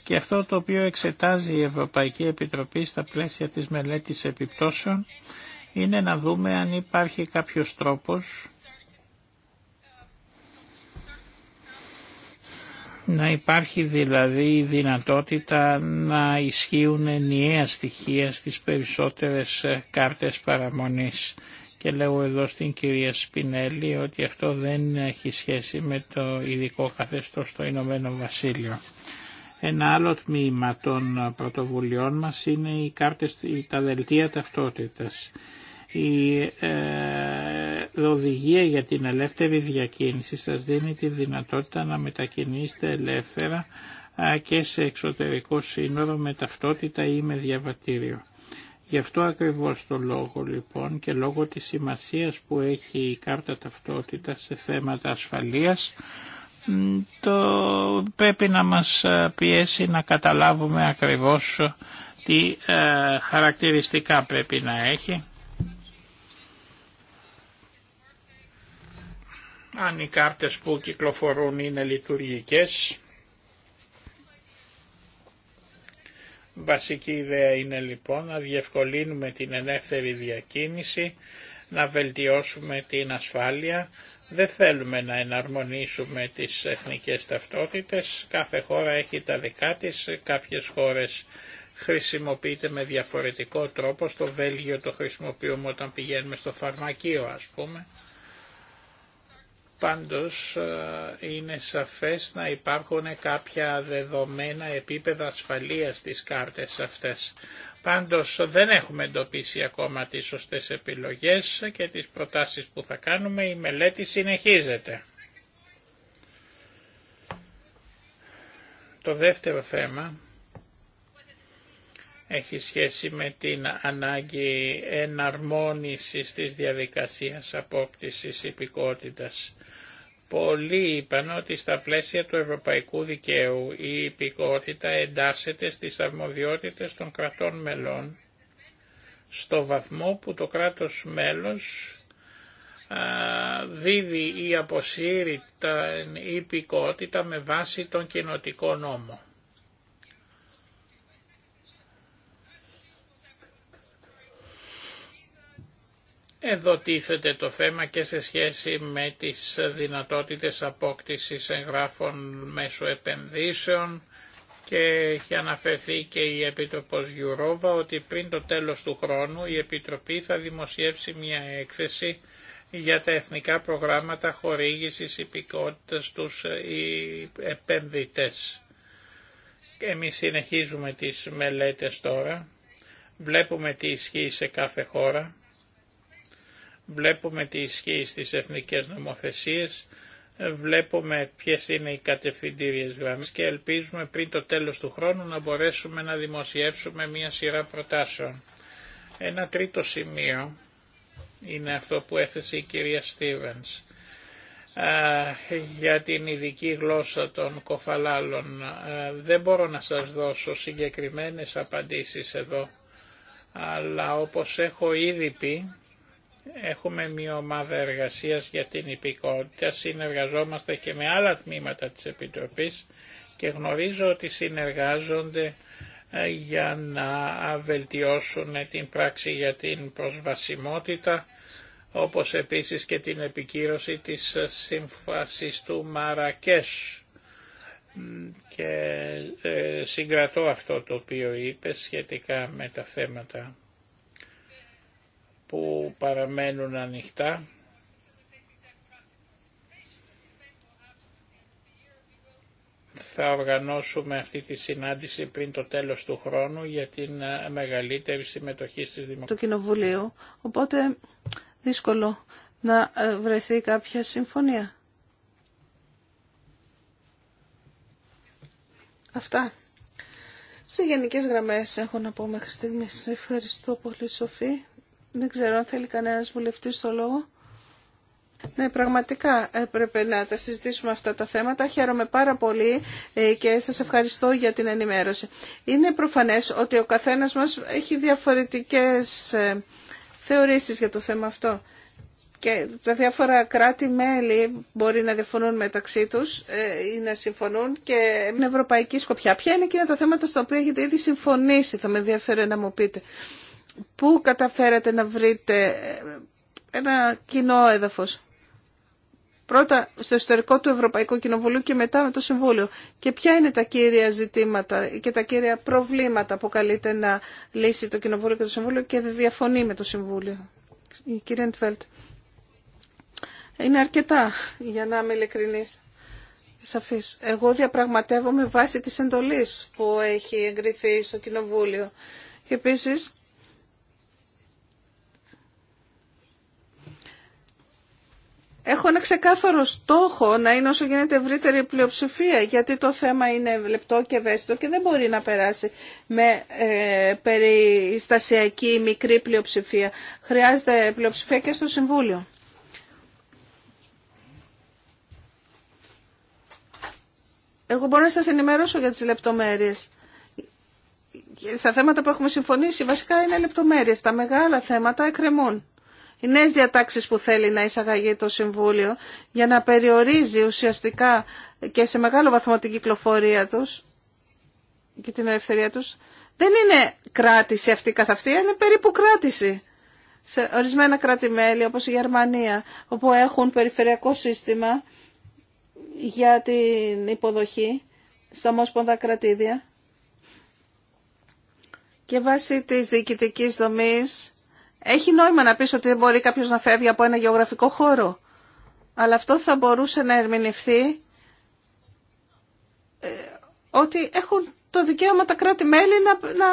και αυτό το οποίο εξετάζει η Ευρωπαϊκή Επιτροπή στα πλαίσια της μελέτης επιπτώσεων είναι να δούμε αν υπάρχει κάποιος τρόπος Να υπάρχει δηλαδή η δυνατότητα να ισχύουν ενιαία στοιχεία στις περισσότερες ε, κάρτες παραμονής. Και λέω εδώ στην κυρία Σπινέλη ότι αυτό δεν έχει σχέση με το ειδικό καθεστώς στο Ηνωμένο Βασίλειο. Ένα άλλο τμήμα των πρωτοβουλειών μας είναι οι κάρτες, τα δελτία ταυτότητας. Η ε, οδηγία για την ελεύθερη διακίνηση σας δίνει τη δυνατότητα να μετακινήσετε ελεύθερα και σε εξωτερικό σύνορο με ταυτότητα ή με διαβατήριο. Γι' αυτό ακριβώς το λόγο λοιπόν και λόγω της σημασίας που έχει η κάρτα ταυτότητα σε θέματα ασφαλείας το πρέπει να μας πιέσει να καταλάβουμε ακριβώς τι χαρακτηριστικά πρέπει να έχει αν οι κάρτες που κυκλοφορούν είναι λειτουργικές. Βασική ιδέα είναι λοιπόν να διευκολύνουμε την ελεύθερη διακίνηση, να βελτιώσουμε την ασφάλεια. Δεν θέλουμε να εναρμονίσουμε τις εθνικές ταυτότητες. Κάθε χώρα έχει τα δικά της, κάποιες χώρες χρησιμοποιείται με διαφορετικό τρόπο. Στο Βέλγιο το χρησιμοποιούμε όταν πηγαίνουμε στο φαρμακείο ας πούμε. Πάντως ε, είναι σαφές να υπάρχουν κάποια δεδομένα επίπεδα ασφαλείας στις κάρτες αυτές. Πάντως δεν έχουμε εντοπίσει ακόμα τις σωστές επιλογές και τις προτάσεις που θα κάνουμε. Η μελέτη συνεχίζεται. Το δεύτερο θέμα έχει σχέση με την ανάγκη εναρμόνισης της διαδικασίας απόκτησης υπηκότητας. Πολλοί είπαν ότι στα πλαίσια του ευρωπαϊκού δικαίου η υπηκότητα εντάσσεται στις αρμοδιότητες των κρατών μελών στο βαθμό που το κράτος μέλος δίδει ή αποσύρει την υπηκότητα με βάση τον κοινοτικό νόμο. Εδώ τίθεται το θέμα και σε σχέση με τις δυνατότητες απόκτησης εγγράφων μέσω επενδύσεων και έχει αναφερθεί και η Επιτροπός Γιουρόβα ότι πριν το τέλος του χρόνου η Επιτροπή θα δημοσιεύσει μια έκθεση για τα εθνικά προγράμματα χορήγησης υπηκότητας στους επενδυτές. Εμείς συνεχίζουμε τις μελέτες τώρα, βλέπουμε τι ισχύει σε κάθε χώρα βλέπουμε τι ισχύει στις εθνικές νομοθεσίες, βλέπουμε ποιες είναι οι κατευθυντήριες γραμμές και ελπίζουμε πριν το τέλος του χρόνου να μπορέσουμε να δημοσιεύσουμε μία σειρά προτάσεων. Ένα τρίτο σημείο είναι αυτό που έθεσε η κυρία Στίβενς για την ειδική γλώσσα των κοφαλάλων. Δεν μπορώ να σας δώσω συγκεκριμένες απαντήσεις εδώ, αλλά όπως έχω ήδη πει, Έχουμε μια ομάδα εργασίας για την υπηκότητα, συνεργαζόμαστε και με άλλα τμήματα της Επιτροπής και γνωρίζω ότι συνεργάζονται ε, για να βελτιώσουν την πράξη για την προσβασιμότητα, όπως επίσης και την επικύρωση της σύμφασης του Μαρακές. Και ε, συγκρατώ αυτό το οποίο είπε σχετικά με τα θέματα που παραμένουν ανοιχτά. Θα οργανώσουμε αυτή τη συνάντηση πριν το τέλος του χρόνου για την ε, μεγαλύτερη συμμετοχή στις δημοκρατίες. ...του Κοινοβουλίου, οπότε δύσκολο να ε, βρεθεί κάποια συμφωνία. Αυτά. Σε γενικές γραμμές έχω να πω μέχρι στιγμής. Ευχαριστώ πολύ Σοφή. Δεν ξέρω αν θέλει κανένας βουλευτής το λόγο. Ναι, πραγματικά έπρεπε να τα συζητήσουμε αυτά τα θέματα. Χαίρομαι πάρα πολύ ε, και σας ευχαριστώ για την ενημέρωση. Είναι προφανές ότι ο καθένας μας έχει διαφορετικές ε, θεωρήσεις για το θέμα αυτό. Και τα διάφορα κράτη-μέλη μπορεί να διαφωνούν μεταξύ τους ε, ή να συμφωνούν και με ευρωπαϊκή σκοπιά. Ποια είναι εκείνα τα θέματα στα οποία έχετε ήδη συμφωνήσει, θα με ενδιαφέρει να μου πείτε. Πού καταφέρατε να βρείτε ε, ένα κοινό έδαφος. Πρώτα στο εσωτερικό του Ευρωπαϊκού Κοινοβουλίου και μετά με το Συμβούλιο. Και ποια είναι τα κύρια ζητήματα και τα κύρια προβλήματα που καλείται να λύσει το Κοινοβούλιο και το Συμβούλιο και δεν διαφωνεί με το Συμβούλιο. Η κυρία Ντφέλτ. Είναι αρκετά για να είμαι ειλικρινής. Σαφής. Εγώ διαπραγματεύομαι βάσει της εντολής που έχει εγκριθεί στο Κοινοβούλιο. έχω ένα ξεκάθαρο στόχο να είναι όσο γίνεται ευρύτερη πλειοψηφία, γιατί το θέμα είναι λεπτό και ευαίσθητο και δεν μπορεί να περάσει με ε, περιστασιακή μικρή πλειοψηφία. Χρειάζεται πλειοψηφία και στο Συμβούλιο. Εγώ μπορώ να σας ενημερώσω για τις λεπτομέρειες. Στα θέματα που έχουμε συμφωνήσει βασικά είναι λεπτομέρειες. Τα μεγάλα θέματα εκκρεμούν οι νέε διατάξεις που θέλει να εισαγαγεί το Συμβούλιο για να περιορίζει ουσιαστικά και σε μεγάλο βαθμό την κυκλοφορία τους και την ελευθερία τους, δεν είναι κράτηση αυτή καθ' αυτή, είναι περίπου κράτηση. Σε ορισμένα κράτη-μέλη, όπως η Γερμανία, όπου έχουν περιφερειακό σύστημα για την υποδοχή στα ομόσπονδα κρατήδια και βάσει της διοικητικής δομής έχει νόημα να πεις ότι δεν μπορεί κάποιος να φεύγει από ένα γεωγραφικό χώρο. Αλλά αυτό θα μπορούσε να ερμηνευθεί ε, ότι έχουν το δικαίωμα τα κράτη-μέλη να, να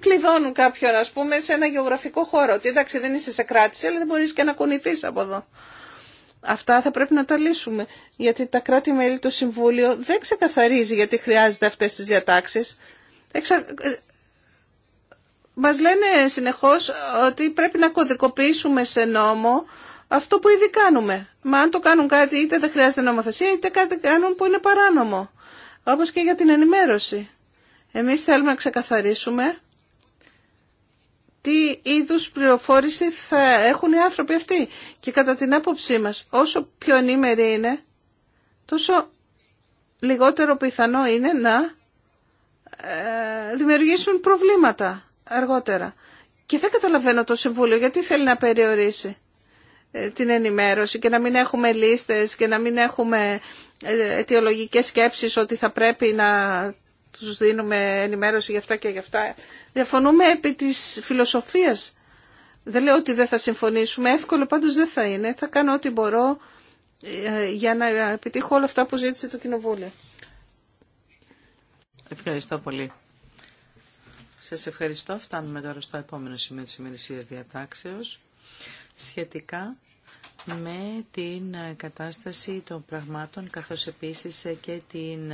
κλειδώνουν κάποιον, ας πούμε, σε ένα γεωγραφικό χώρο. Ότι εντάξει δεν είσαι σε κράτηση, αλλά δεν μπορείς και να κουνηθείς από εδώ. Αυτά θα πρέπει να τα λύσουμε, γιατί τα κράτη-μέλη το Συμβούλιο δεν ξεκαθαρίζει γιατί χρειάζεται αυτές τις διατάξεις. Ε, μας λένε συνεχώς ότι πρέπει να κωδικοποιήσουμε σε νόμο αυτό που ήδη κάνουμε. Μα αν το κάνουν κάτι είτε δεν χρειάζεται νομοθεσία είτε κάτι κάνουν που είναι παράνομο. Όπως και για την ενημέρωση. Εμείς θέλουμε να ξεκαθαρίσουμε τι είδους πληροφόρηση θα έχουν οι άνθρωποι αυτοί. Και κατά την άποψή μας, όσο πιο ενήμεροι είναι, τόσο λιγότερο πιθανό είναι να ε, δημιουργήσουν προβλήματα αργότερα. Και δεν καταλαβαίνω το Συμβούλιο γιατί θέλει να περιορίσει ε, την ενημέρωση και να μην έχουμε λίστες και να μην έχουμε ε, αιτιολογικές σκέψεις ότι θα πρέπει να τους δίνουμε ενημέρωση για αυτά και για αυτά. Διαφωνούμε επί της φιλοσοφίας. Δεν λέω ότι δεν θα συμφωνήσουμε, εύκολο πάντως δεν θα είναι. Θα κάνω ό,τι μπορώ ε, για να επιτύχω όλα αυτά που ζήτησε το Κοινοβούλιο. Ευχαριστώ πολύ. Σας ευχαριστώ. Φτάνουμε τώρα στο επόμενο σημείο της ημερησίας διατάξεως σχετικά με την κατάσταση των πραγμάτων καθώς επίσης και την,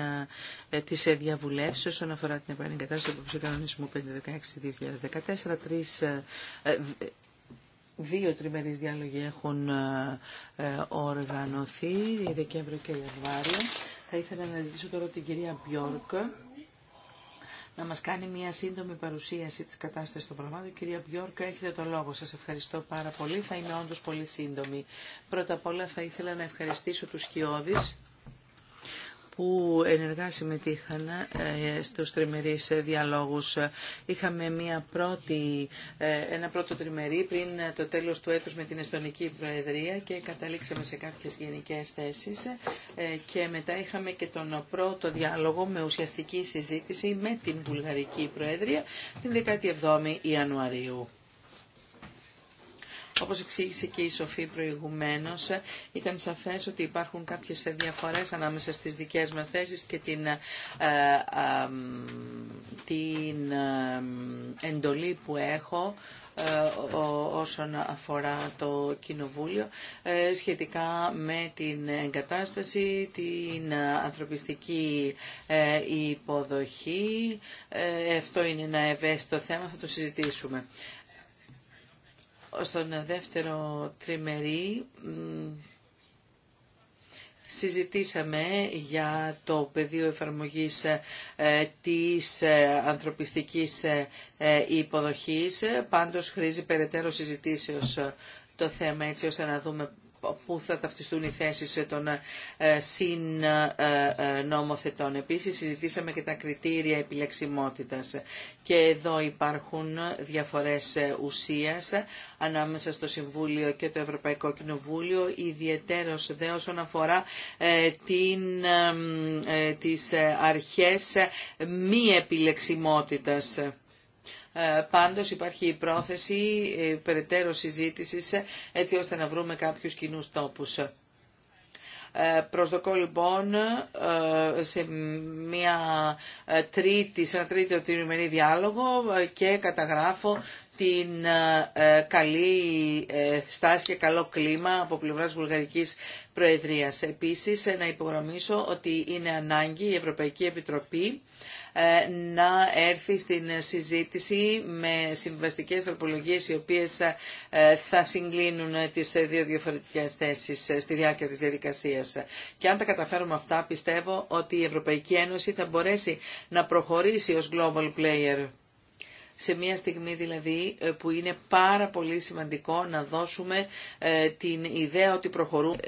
ε, τις διαβουλεύσεις όσον αφορά την επανεγκατάσταση του Ψηφιακού Κανονισμού 516-2014. Τρεις, ε, ε, δύο τριμερείς διάλογοι έχουν οργανωθεί, Δεκέμβριο και Ιανουάριο. Θα ήθελα να ζητήσω τώρα την κυρία Μπιόρκ να μας κάνει μια σύντομη παρουσίαση της κατάστασης των πραγμάτων. Κυρία Μπιόρκα, έχετε το λόγο. Σας ευχαριστώ πάρα πολύ. Θα είμαι όντως πολύ σύντομη. Πρώτα απ' όλα θα ήθελα να ευχαριστήσω τους Κιώδης που ενεργά συμμετείχαν ε, στους τριμερείς διαλόγους. Είχαμε μια πρώτη, ε, ένα πρώτο τριμερί πριν το τέλος του έτους με την Εστονική Προεδρία και καταλήξαμε σε κάποιες γενικές θέσεις ε, και μετά είχαμε και τον πρώτο διάλογο με ουσιαστική συζήτηση με την Βουλγαρική Προεδρία την 17η Ιανουαρίου. Όπως εξήγησε και η Σοφή προηγουμένως, ήταν σαφές ότι υπάρχουν κάποιες διαφορές ανάμεσα στις δικές μας θέσεις και την, ε, ε, την ε, εντολή που έχω όσον αφορά το Κοινοβούλιο σχετικά με την εγκατάσταση, την ανθρωπιστική υποδοχή. Αυτό είναι ένα ευαίσθητο θέμα, θα το συζητήσουμε στον δεύτερο τριμερί συζητήσαμε για το πεδίο εφαρμογής ε, της ε, ανθρωπιστικής ε, υποδοχής. Πάντως χρήζει περαιτέρω συζητήσεως το θέμα έτσι ώστε να δούμε που θα ταυτιστούν οι θέσεις των ε, συνομοθετών. Επίσης, συζητήσαμε και τα κριτήρια επιλεξιμότητας. Και εδώ υπάρχουν διαφορές ε, ουσίας ανάμεσα στο Συμβούλιο και το Ευρωπαϊκό Κοινοβούλιο, ιδιαίτερος δε όσον αφορά ε, την, τις αρχές μη επιλεξιμότητας. Ε, πάντως υπάρχει η πρόθεση περαιτέρω συζήτησης έτσι ώστε να βρούμε κάποιους κοινού τόπους. Ε, προσδοκώ λοιπόν ε, σε, μια τρίτη, σε ένα τρίτο τριμερή διάλογο και καταγράφω την καλή στάση και καλό κλίμα από πλευράς Βουλγαρικής Προεδρίας. Επίσης, να υπογραμμίσω ότι είναι ανάγκη η Ευρωπαϊκή Επιτροπή ε, να έρθει στην συζήτηση με συμβαστικές τροπολογίες οι οποίες ε, θα συγκλίνουν τις δύο διαφορετικές θέσεις ε, στη διάρκεια της διαδικασίας. Και αν τα καταφέρουμε αυτά πιστεύω ότι η Ευρωπαϊκή Ένωση θα μπορέσει να προχωρήσει ως global player σε μια στιγμή δηλαδή που είναι πάρα πολύ σημαντικό να δώσουμε την ιδέα ότι προχωρούμε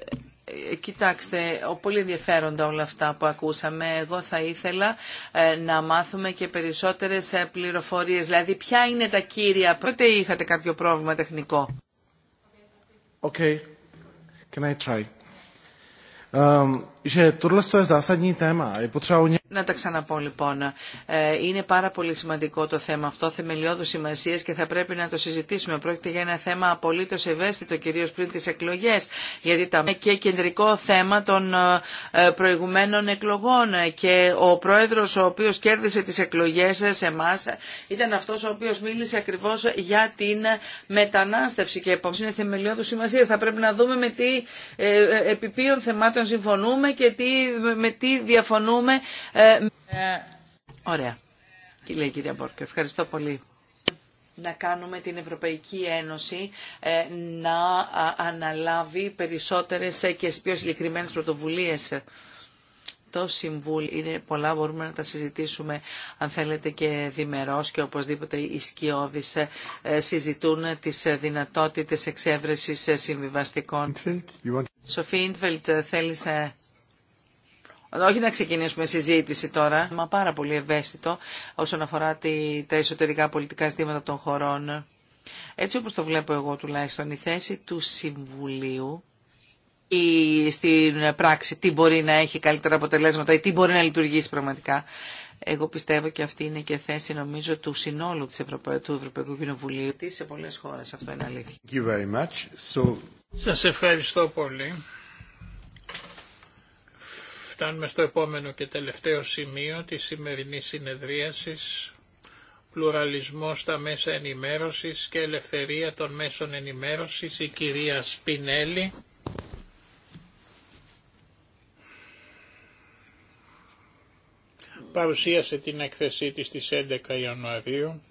ε, κοιτάξτε, πολύ ενδιαφέροντα όλα αυτά που ακούσαμε. Εγώ θα ήθελα ε, να μάθουμε και περισσότερες ε, πληροφορίες. Δηλαδή, ποια είναι τα κύρια... Πότε είχατε κάποιο πρόβλημα τεχνικό. Okay. Can I try? Um, να τα ξαναπώ λοιπόν. Ε, είναι πάρα πολύ σημαντικό το θέμα αυτό, θεμελιώδου σημασία και θα πρέπει να το συζητήσουμε. Πρόκειται για ένα θέμα απολύτω ευαίσθητο, κυρίω πριν τι εκλογέ. Γιατί ήταν και κεντρικό θέμα των ε, προηγουμένων εκλογών. Και ο πρόεδρο ο οποίο κέρδισε τι εκλογέ σε εμά ήταν αυτό ο οποίο μίλησε ακριβώ για την μετανάστευση. Και επομένω είναι θεμελιώδου σημασία. Θα πρέπει να δούμε με τι ε, επιπίων θεμάτων συμφωνούμε και τι, με τι διαφωνούμε. Ε, Ωραία. Και λέει κυρία Μπόρκο, ευχαριστώ πολύ να κάνουμε την Ευρωπαϊκή Ένωση ε, να αναλάβει περισσότερες ε, και πιο συγκεκριμένες πρωτοβουλίες. Το Συμβούλιο είναι πολλά, μπορούμε να τα συζητήσουμε αν θέλετε και διμερώς και οπωσδήποτε οι σκιώδεις συζητούν τις δυνατότητες εξέβρεσης συμβιβαστικών. Σοφή Ιντβελτ, θέλεις όχι να ξεκινήσουμε συζήτηση τώρα, μα πάρα πολύ ευαίσθητο όσον αφορά τη, τα εσωτερικά πολιτικά ζητήματα των χωρών. Έτσι όπως το βλέπω εγώ τουλάχιστον, η θέση του Συμβουλίου ή στην πράξη τι μπορεί να έχει καλύτερα αποτελέσματα ή τι μπορεί να λειτουργήσει πραγματικά. Εγώ πιστεύω και αυτή είναι και θέση νομίζω του συνόλου της του Ευρωπαϊκού Κοινοβουλίου της σε πολλές χώρες. Αυτό είναι αλήθεια. ευχαριστώ πολύ. Φτάνουμε στο επόμενο και τελευταίο σημείο της σημερινής συνεδρίασης, πλουραλισμό στα μέσα ενημέρωσης και ελευθερία των μέσων ενημέρωσης, η κυρία Σπινέλη. Παρουσίασε την έκθεσή της στις 11 Ιανουαρίου.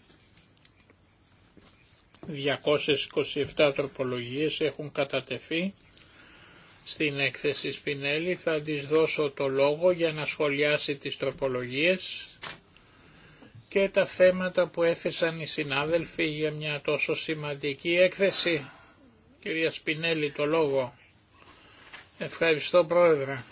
227 τροπολογίες έχουν κατατεθεί στην έκθεση Σπινέλη. Θα της δώσω το λόγο για να σχολιάσει τις τροπολογίες και τα θέματα που έθεσαν οι συνάδελφοι για μια τόσο σημαντική έκθεση. Κυρία Σπινέλη, το λόγο. Ευχαριστώ Πρόεδρε.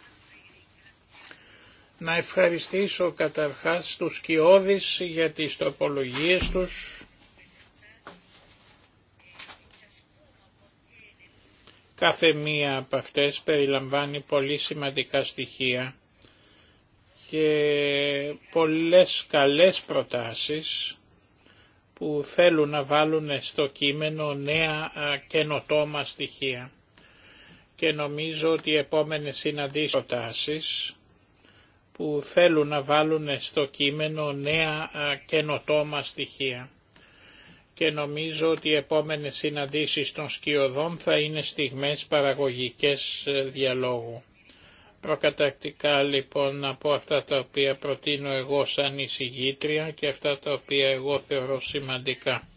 Να ευχαριστήσω καταρχάς τους κοιόδης για τις τροπολογίες τους Κάθε μία από αυτές περιλαμβάνει πολύ σημαντικά στοιχεία και πολλές καλές προτάσεις που θέλουν να βάλουν στο κείμενο νέα καινοτόμα στοιχεία. Και νομίζω ότι οι επόμενες συναντήσεις προτάσεις που θέλουν να βάλουν στο κείμενο νέα καινοτόμα στοιχεία και νομίζω ότι οι επόμενες συναντήσεις των σκιωδών θα είναι στιγμές παραγωγικές ε, διαλόγου. Προκατακτικά λοιπόν πω αυτά τα οποία προτείνω εγώ σαν εισηγήτρια και αυτά τα οποία εγώ θεωρώ σημαντικά.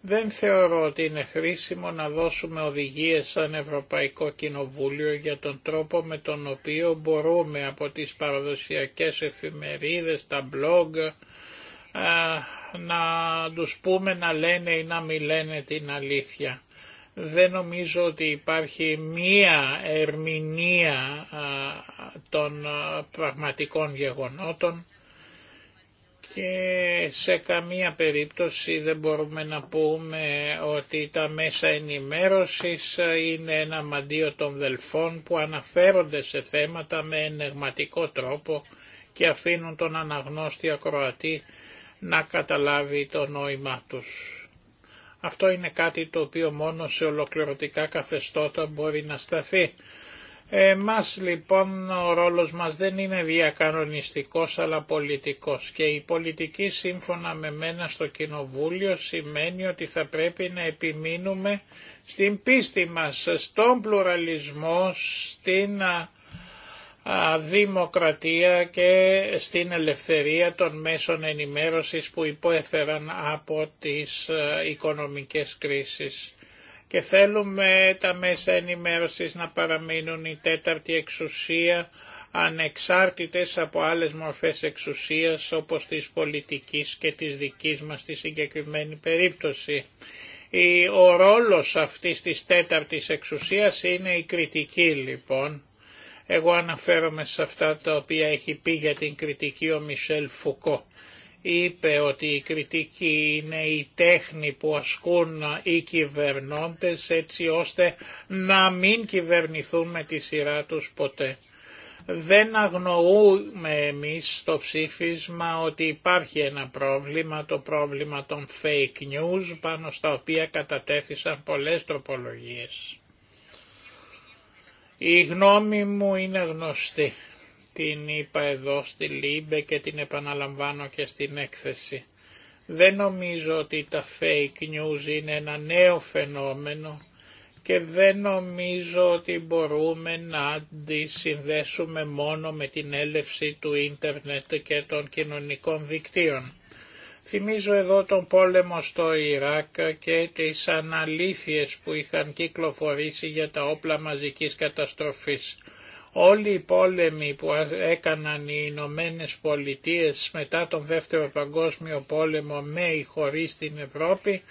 Δεν θεωρώ ότι είναι χρήσιμο να δώσουμε οδηγίες σαν Ευρωπαϊκό Κοινοβούλιο για τον τρόπο με τον οποίο μπορούμε από τις παραδοσιακές εφημερίδες, τα blog, να τους πούμε να λένε ή να μην λένε την αλήθεια. Δεν νομίζω ότι υπάρχει μία ερμηνεία των πραγματικών γεγονότων και σε καμία περίπτωση δεν μπορούμε να πούμε ότι τα μέσα ενημέρωσης είναι ένα μαντίο των δελφών που αναφέρονται σε θέματα με ενεργματικό τρόπο και αφήνουν τον αναγνώστη ακροατή να καταλάβει το νόημά τους. Αυτό είναι κάτι το οποίο μόνο σε ολοκληρωτικά καθεστώτα μπορεί να σταθεί. Εμάς λοιπόν ο ρόλος μας δεν είναι διακανονιστικός αλλά πολιτικός και η πολιτική σύμφωνα με μένα στο Κοινοβούλιο σημαίνει ότι θα πρέπει να επιμείνουμε στην πίστη μας, στον πλουραλισμό, στην δημοκρατία και στην ελευθερία των μέσων ενημέρωσης που υπόεφεραν από τις ε, οικονομικές κρίσεις. Και θέλουμε τα μέσα ενημέρωσης να παραμείνουν η τέταρτη εξουσία ανεξάρτητες από άλλες μορφές εξουσίας όπως της πολιτικής και της δικής μας στη συγκεκριμένη περίπτωση. Ο ρόλος αυτής της τέταρτης εξουσίας είναι η κριτική λοιπόν εγώ αναφέρομαι σε αυτά τα οποία έχει πει για την κριτική ο Μισελ Φουκό. Είπε ότι η κριτική είναι η τέχνη που ασκούν οι κυβερνώντες έτσι ώστε να μην κυβερνηθούν με τη σειρά τους ποτέ. Δεν αγνοούμε εμείς στο ψήφισμα ότι υπάρχει ένα πρόβλημα, το πρόβλημα των fake news πάνω στα οποία κατατέθησαν πολλές τροπολογίες. Η γνώμη μου είναι γνωστή. Την είπα εδώ στη Λίμπε και την επαναλαμβάνω και στην έκθεση. Δεν νομίζω ότι τα fake news είναι ένα νέο φαινόμενο και δεν νομίζω ότι μπορούμε να αντισυνδέσουμε συνδέσουμε μόνο με την έλευση του ίντερνετ και των κοινωνικών δικτύων. Θυμίζω εδώ τον πόλεμο στο Ιράκ και τις αναλήθειες που είχαν κυκλοφορήσει για τα όπλα μαζικής καταστροφής. Όλοι οι πόλεμοι που έκαναν οι Ηνωμένε Πολιτείε μετά τον Δεύτερο Παγκόσμιο Πόλεμο με ή χωρίς την Ευρώπη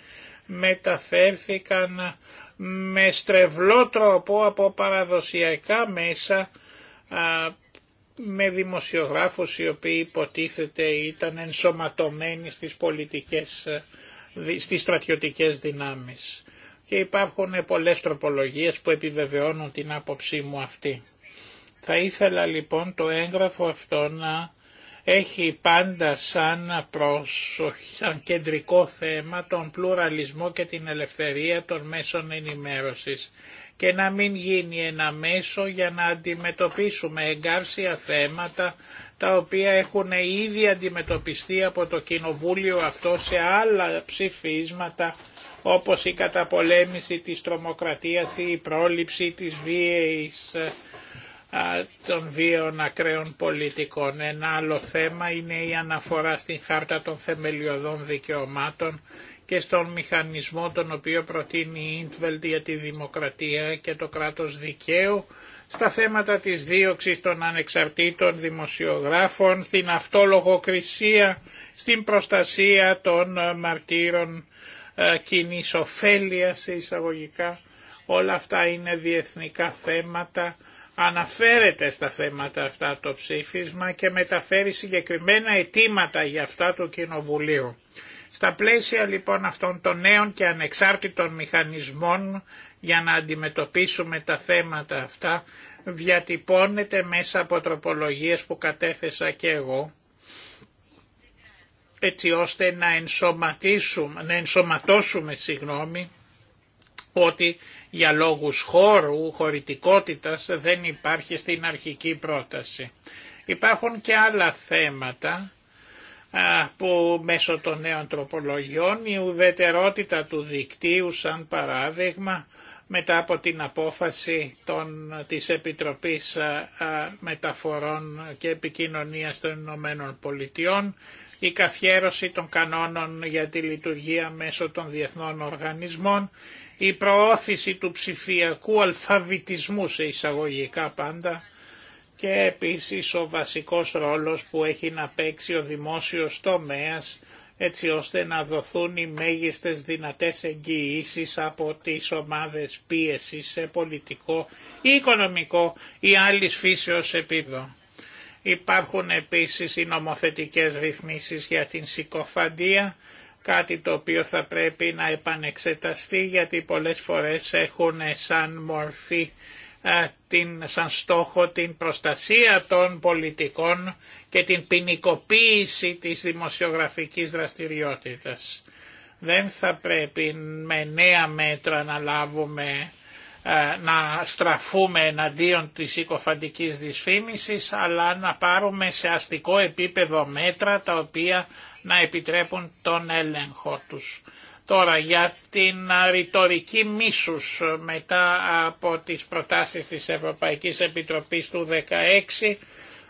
μεταφέρθηκαν με στρεβλό τρόπο από παραδοσιακά μέσα με δημοσιογράφους οι οποίοι υποτίθεται ήταν ενσωματωμένοι στις πολιτικές, ε, στις στρατιωτικές δυνάμεις. Και υπάρχουν πολλές τροπολογίες που επιβεβαιώνουν την άποψή μου αυτή. Θα ήθελα λοιπόν το έγγραφο αυτό να έχει πάντα σαν, προσοχή, σαν κεντρικό θέμα τον πλουραλισμό και την ελευθερία των μέσων ενημέρωσης και να μην γίνει ένα μέσο για να αντιμετωπίσουμε εγκάρσια θέματα τα οποία έχουν ήδη αντιμετωπιστεί από το Κοινοβούλιο αυτό σε άλλα ψηφίσματα όπως η καταπολέμηση της τρομοκρατίας ή η πρόληψη της βίαιης των βίαιων ακραίων πολιτικών. Ένα άλλο θέμα είναι η αναφορά στην Χάρτα των Θεμελιωδών Δικαιωμάτων και στον μηχανισμό τον οποίο προτείνει η Ιντβελτ για τη δημοκρατία και το κράτος δικαίου, στα θέματα της δίωξης των ανεξαρτήτων δημοσιογράφων, στην αυτολογοκρισία, στην προστασία των ε, μαρτύρων ε, κοινή ωφέλεια σε εισαγωγικά. Όλα αυτά είναι διεθνικά θέματα. Αναφέρεται στα θέματα αυτά το ψήφισμα και μεταφέρει συγκεκριμένα αιτήματα για αυτά του Κοινοβουλίου. Στα πλαίσια λοιπόν αυτών των νέων και ανεξάρτητων μηχανισμών για να αντιμετωπίσουμε τα θέματα αυτά διατυπώνεται μέσα από τροπολογίες που κατέθεσα και εγώ έτσι ώστε να, ενσωματίσουμε, να ενσωματώσουμε συγγνώμη, ότι για λόγους χώρου, χωρητικότητας δεν υπάρχει στην αρχική πρόταση. Υπάρχουν και άλλα θέματα που μέσω των νέων τροπολογιών η ουδετερότητα του δικτύου σαν παράδειγμα μετά από την απόφαση των, της Επιτροπής Μεταφορών και Επικοινωνίας των Ηνωμένων Πολιτειών, η καθιέρωση των κανόνων για τη λειτουργία μέσω των διεθνών οργανισμών, η προώθηση του ψηφιακού αλφαβητισμού σε εισαγωγικά πάντα, και επίσης ο βασικός ρόλος που έχει να παίξει ο δημόσιος τομέας έτσι ώστε να δοθούν οι μέγιστες δυνατές εγγυήσεις από τις ομάδες πίεσης σε πολιτικό ή οικονομικό ή άλλης φύσεως επίπεδο. Υπάρχουν επίσης οι νομοθετικές ρυθμίσεις για την συκοφαντία, κάτι το οποίο θα πρέπει να επανεξεταστεί γιατί πολλές φορές έχουν σαν μορφή την, σαν στόχο την προστασία των πολιτικών και την ποινικοποίηση της δημοσιογραφικής δραστηριότητας. Δεν θα πρέπει με νέα μέτρα να λάβουμε να στραφούμε εναντίον της οικοφαντικής δυσφήμισης αλλά να πάρουμε σε αστικό επίπεδο μέτρα τα οποία να επιτρέπουν τον έλεγχο τους. Τώρα για την ρητορική μίσους ε, μετά από τις προτάσεις της Ευρωπαϊκής Επιτροπής του 2016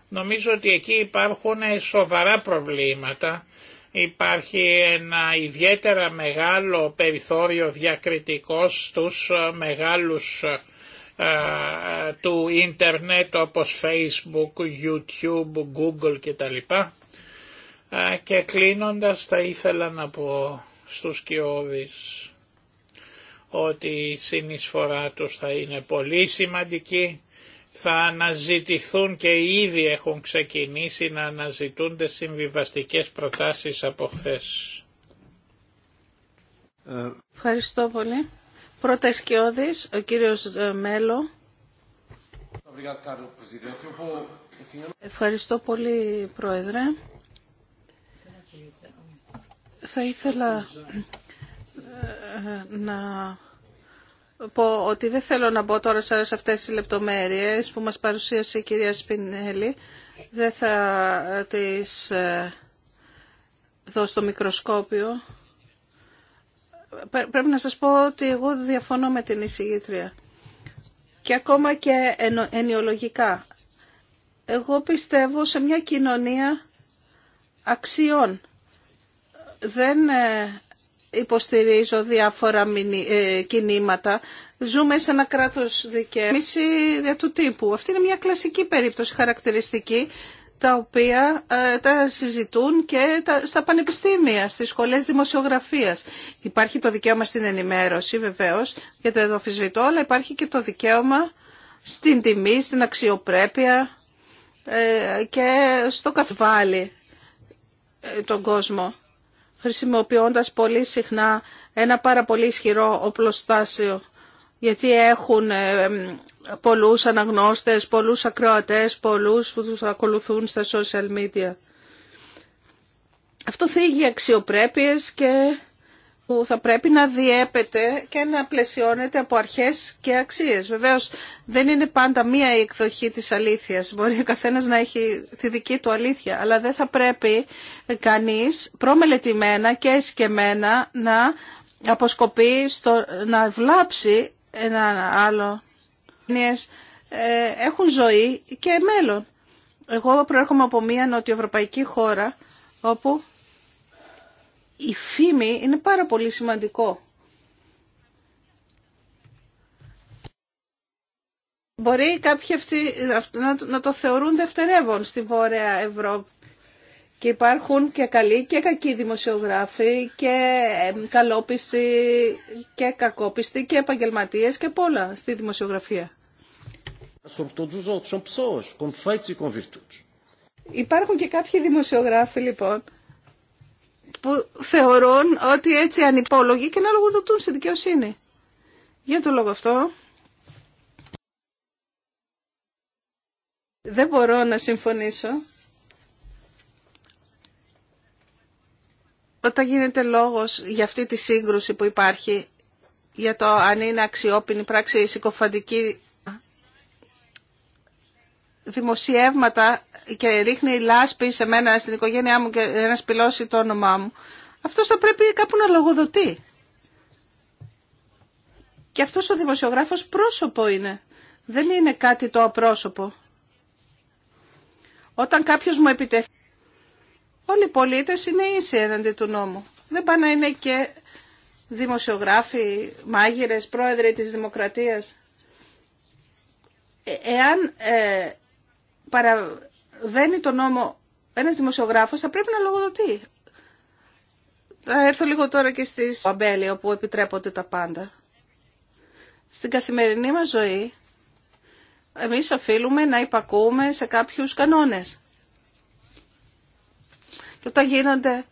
νομίζω ότι εκεί υπάρχουν σοβαρά προβλήματα. Υπάρχει ένα ιδιαίτερα μεγάλο περιθώριο διακριτικό στους ε, μεγάλους ε, του ίντερνετ όπως Facebook, YouTube, Google κτλ. Και κλείνοντας θα ήθελα να πω στους Κιώδης ότι η συνεισφορά τους θα είναι πολύ σημαντική, θα αναζητηθούν και ήδη έχουν ξεκινήσει να αναζητούνται συμβιβαστικές προτάσεις από χθε. Ευχαριστώ πολύ. Πρώτα ο κύριος ε, Μέλο. Ευχαριστώ πολύ, Πρόεδρε. Θα ήθελα ε, να πω ότι δεν θέλω να μπω τώρα σε αυτές τις λεπτομέρειες που μας παρουσίασε η κυρία Σπινέλη. Δεν θα τις ε, δω στο μικροσκόπιο. Πρέπει να σας πω ότι εγώ διαφωνώ με την εισηγήτρια. Και ακόμα και ενοιολογικά. Εγώ πιστεύω σε μια κοινωνία αξιών δεν ε, υποστηρίζω διάφορα ε, κινήματα. Ζούμε σε ένα κράτος δικαίωση δια του τύπου. Αυτή είναι μια κλασική περίπτωση χαρακτηριστική τα οποία ε, τα συζητούν και τα, στα πανεπιστήμια, στις σχολές δημοσιογραφίας. Υπάρχει το δικαίωμα στην ενημέρωση βεβαίως, για το αφισβητώ, αλλά υπάρχει και το δικαίωμα στην τιμή, στην αξιοπρέπεια και στο καθβάλι τον κόσμο χρησιμοποιώντας πολύ συχνά ένα πάρα πολύ ισχυρό οπλοστάσιο γιατί έχουν ε, πολλούς αναγνώστες, πολλούς ακροατές, πολλούς που τους ακολουθούν στα social media. Αυτό θίγει αξιοπρέπειες και που θα πρέπει να διέπεται και να πλαισιώνεται από αρχές και αξίες. Βεβαίως δεν είναι πάντα μία η εκδοχή της αλήθειας. Μπορεί ο καθένας να έχει τη δική του αλήθεια, αλλά δεν θα πρέπει κανείς προμελετημένα και εσκεμένα να αποσκοπεί στο να βλάψει ένα άλλο. Ε, έχουν ζωή και μέλλον. Εγώ προέρχομαι από μία νοτιοευρωπαϊκή χώρα όπου η φήμη είναι πάρα πολύ σημαντικό. Μπορεί κάποιοι αυτοί να το θεωρούν δευτερεύον στη Βόρεια Ευρώπη. Και υπάρχουν και καλοί και κακοί δημοσιογράφοι και καλόπιστοι και κακόπιστοι και επαγγελματίες και πολλά στη δημοσιογραφία. Υπάρχουν και κάποιοι δημοσιογράφοι λοιπόν που θεωρούν ότι έτσι ανυπόλογοι και να λογοδοτούν στη δικαιοσύνη. Για το λόγο αυτό δεν μπορώ να συμφωνήσω όταν γίνεται λόγος για αυτή τη σύγκρουση που υπάρχει για το αν είναι αξιόπινη πράξη η συκοφαντική δημοσιεύματα και ρίχνει λάσπη σε μένα, στην οικογένειά μου και ένα σπηλώσει το όνομά μου, αυτό θα πρέπει κάπου να λογοδοτεί. Και αυτό ο δημοσιογράφος πρόσωπο είναι. Δεν είναι κάτι το απρόσωπο. Όταν κάποιος μου επιτεθεί, όλοι οι πολίτες είναι ίσοι έναντι του νόμου. Δεν πάνε να είναι και δημοσιογράφοι, μάγειρες, πρόεδροι της δημοκρατίας. Ε, εάν ε, παραβαίνει το νόμο ένας δημοσιογράφος θα πρέπει να λογοδοτεί. Θα έρθω λίγο τώρα και στη αμπέλια όπου επιτρέπονται τα πάντα. Στην καθημερινή μα ζωή εμεί οφείλουμε να υπακούμε σε κάποιους κανόνες. Και όταν γίνονται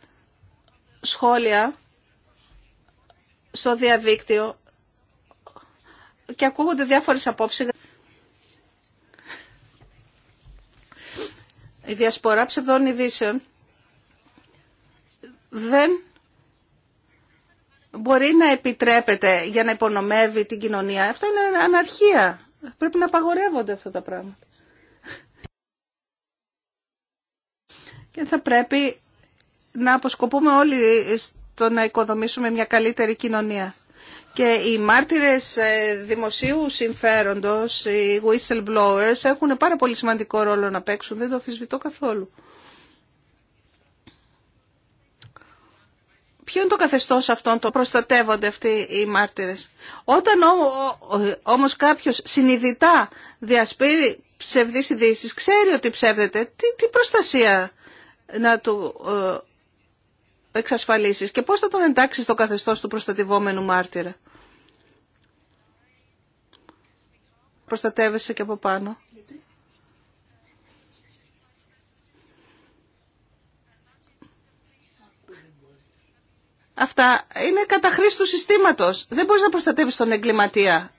σχόλια στο διαδίκτυο και ακούγονται διάφορες απόψεις η διασπορά ψευδών ειδήσεων δεν μπορεί να επιτρέπεται για να υπονομεύει την κοινωνία. Αυτό είναι αναρχία. Πρέπει να απαγορεύονται αυτά τα πράγματα. Και θα πρέπει να αποσκοπούμε όλοι στο να οικοδομήσουμε μια καλύτερη κοινωνία. Και οι μάρτυρες ε, δημοσίου συμφέροντος, οι whistleblowers, έχουν πάρα πολύ σημαντικό ρόλο να παίξουν. Δεν το αφισβητώ καθόλου. Ποιο είναι το καθεστώς αυτόν, το προστατεύονται αυτοί οι μάρτυρες. Όταν όμως κάποιος συνειδητά διασπείρει ψευδείς ειδήσει, ξέρει ότι ψεύδεται, τι προστασία να του ε, εξασφαλίσεις και πώς θα τον εντάξεις στο καθεστώς του προστατευόμενου μάρτυρα. Προστατεύεσαι και από πάνω. Αυτά είναι κατά χρήση του συστήματος. Δεν μπορείς να προστατεύεις τον εγκληματία.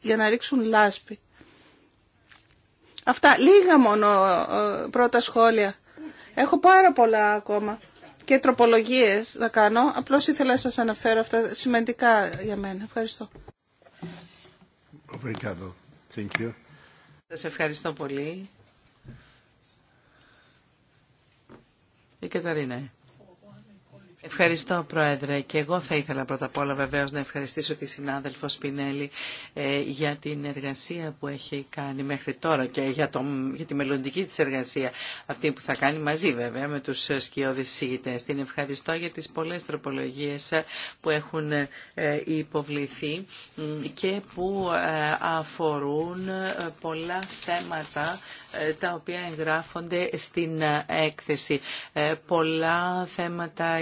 Για να ρίξουν λάσπη. Αυτά, λίγα μόνο ε, πρώτα σχόλια. Έχω πάρα πολλά ακόμα και τροπολογίες να κάνω. Απλώς ήθελα να σας αναφέρω αυτά σημαντικά για μένα. Ευχαριστώ. Thank you. Σας ευχαριστώ πολύ. Η Καταρίνα. Ευχαριστώ Πρόεδρε και εγώ θα ήθελα πρώτα απ' όλα βεβαίως να ευχαριστήσω τη συνάδελφο Σπινέλη ε, για την εργασία που έχει κάνει μέχρι τώρα και για, το, για τη μελλοντική της εργασία αυτή που θα κάνει μαζί βέβαια με τους σκιώδεις συγητές. Την ευχαριστώ για τις πολλές τροπολογίες που έχουν ε, υποβληθεί και που ε, αφορούν πολλά θέματα τα οποία εγγράφονται στην έκθεση. Πολλά θέματα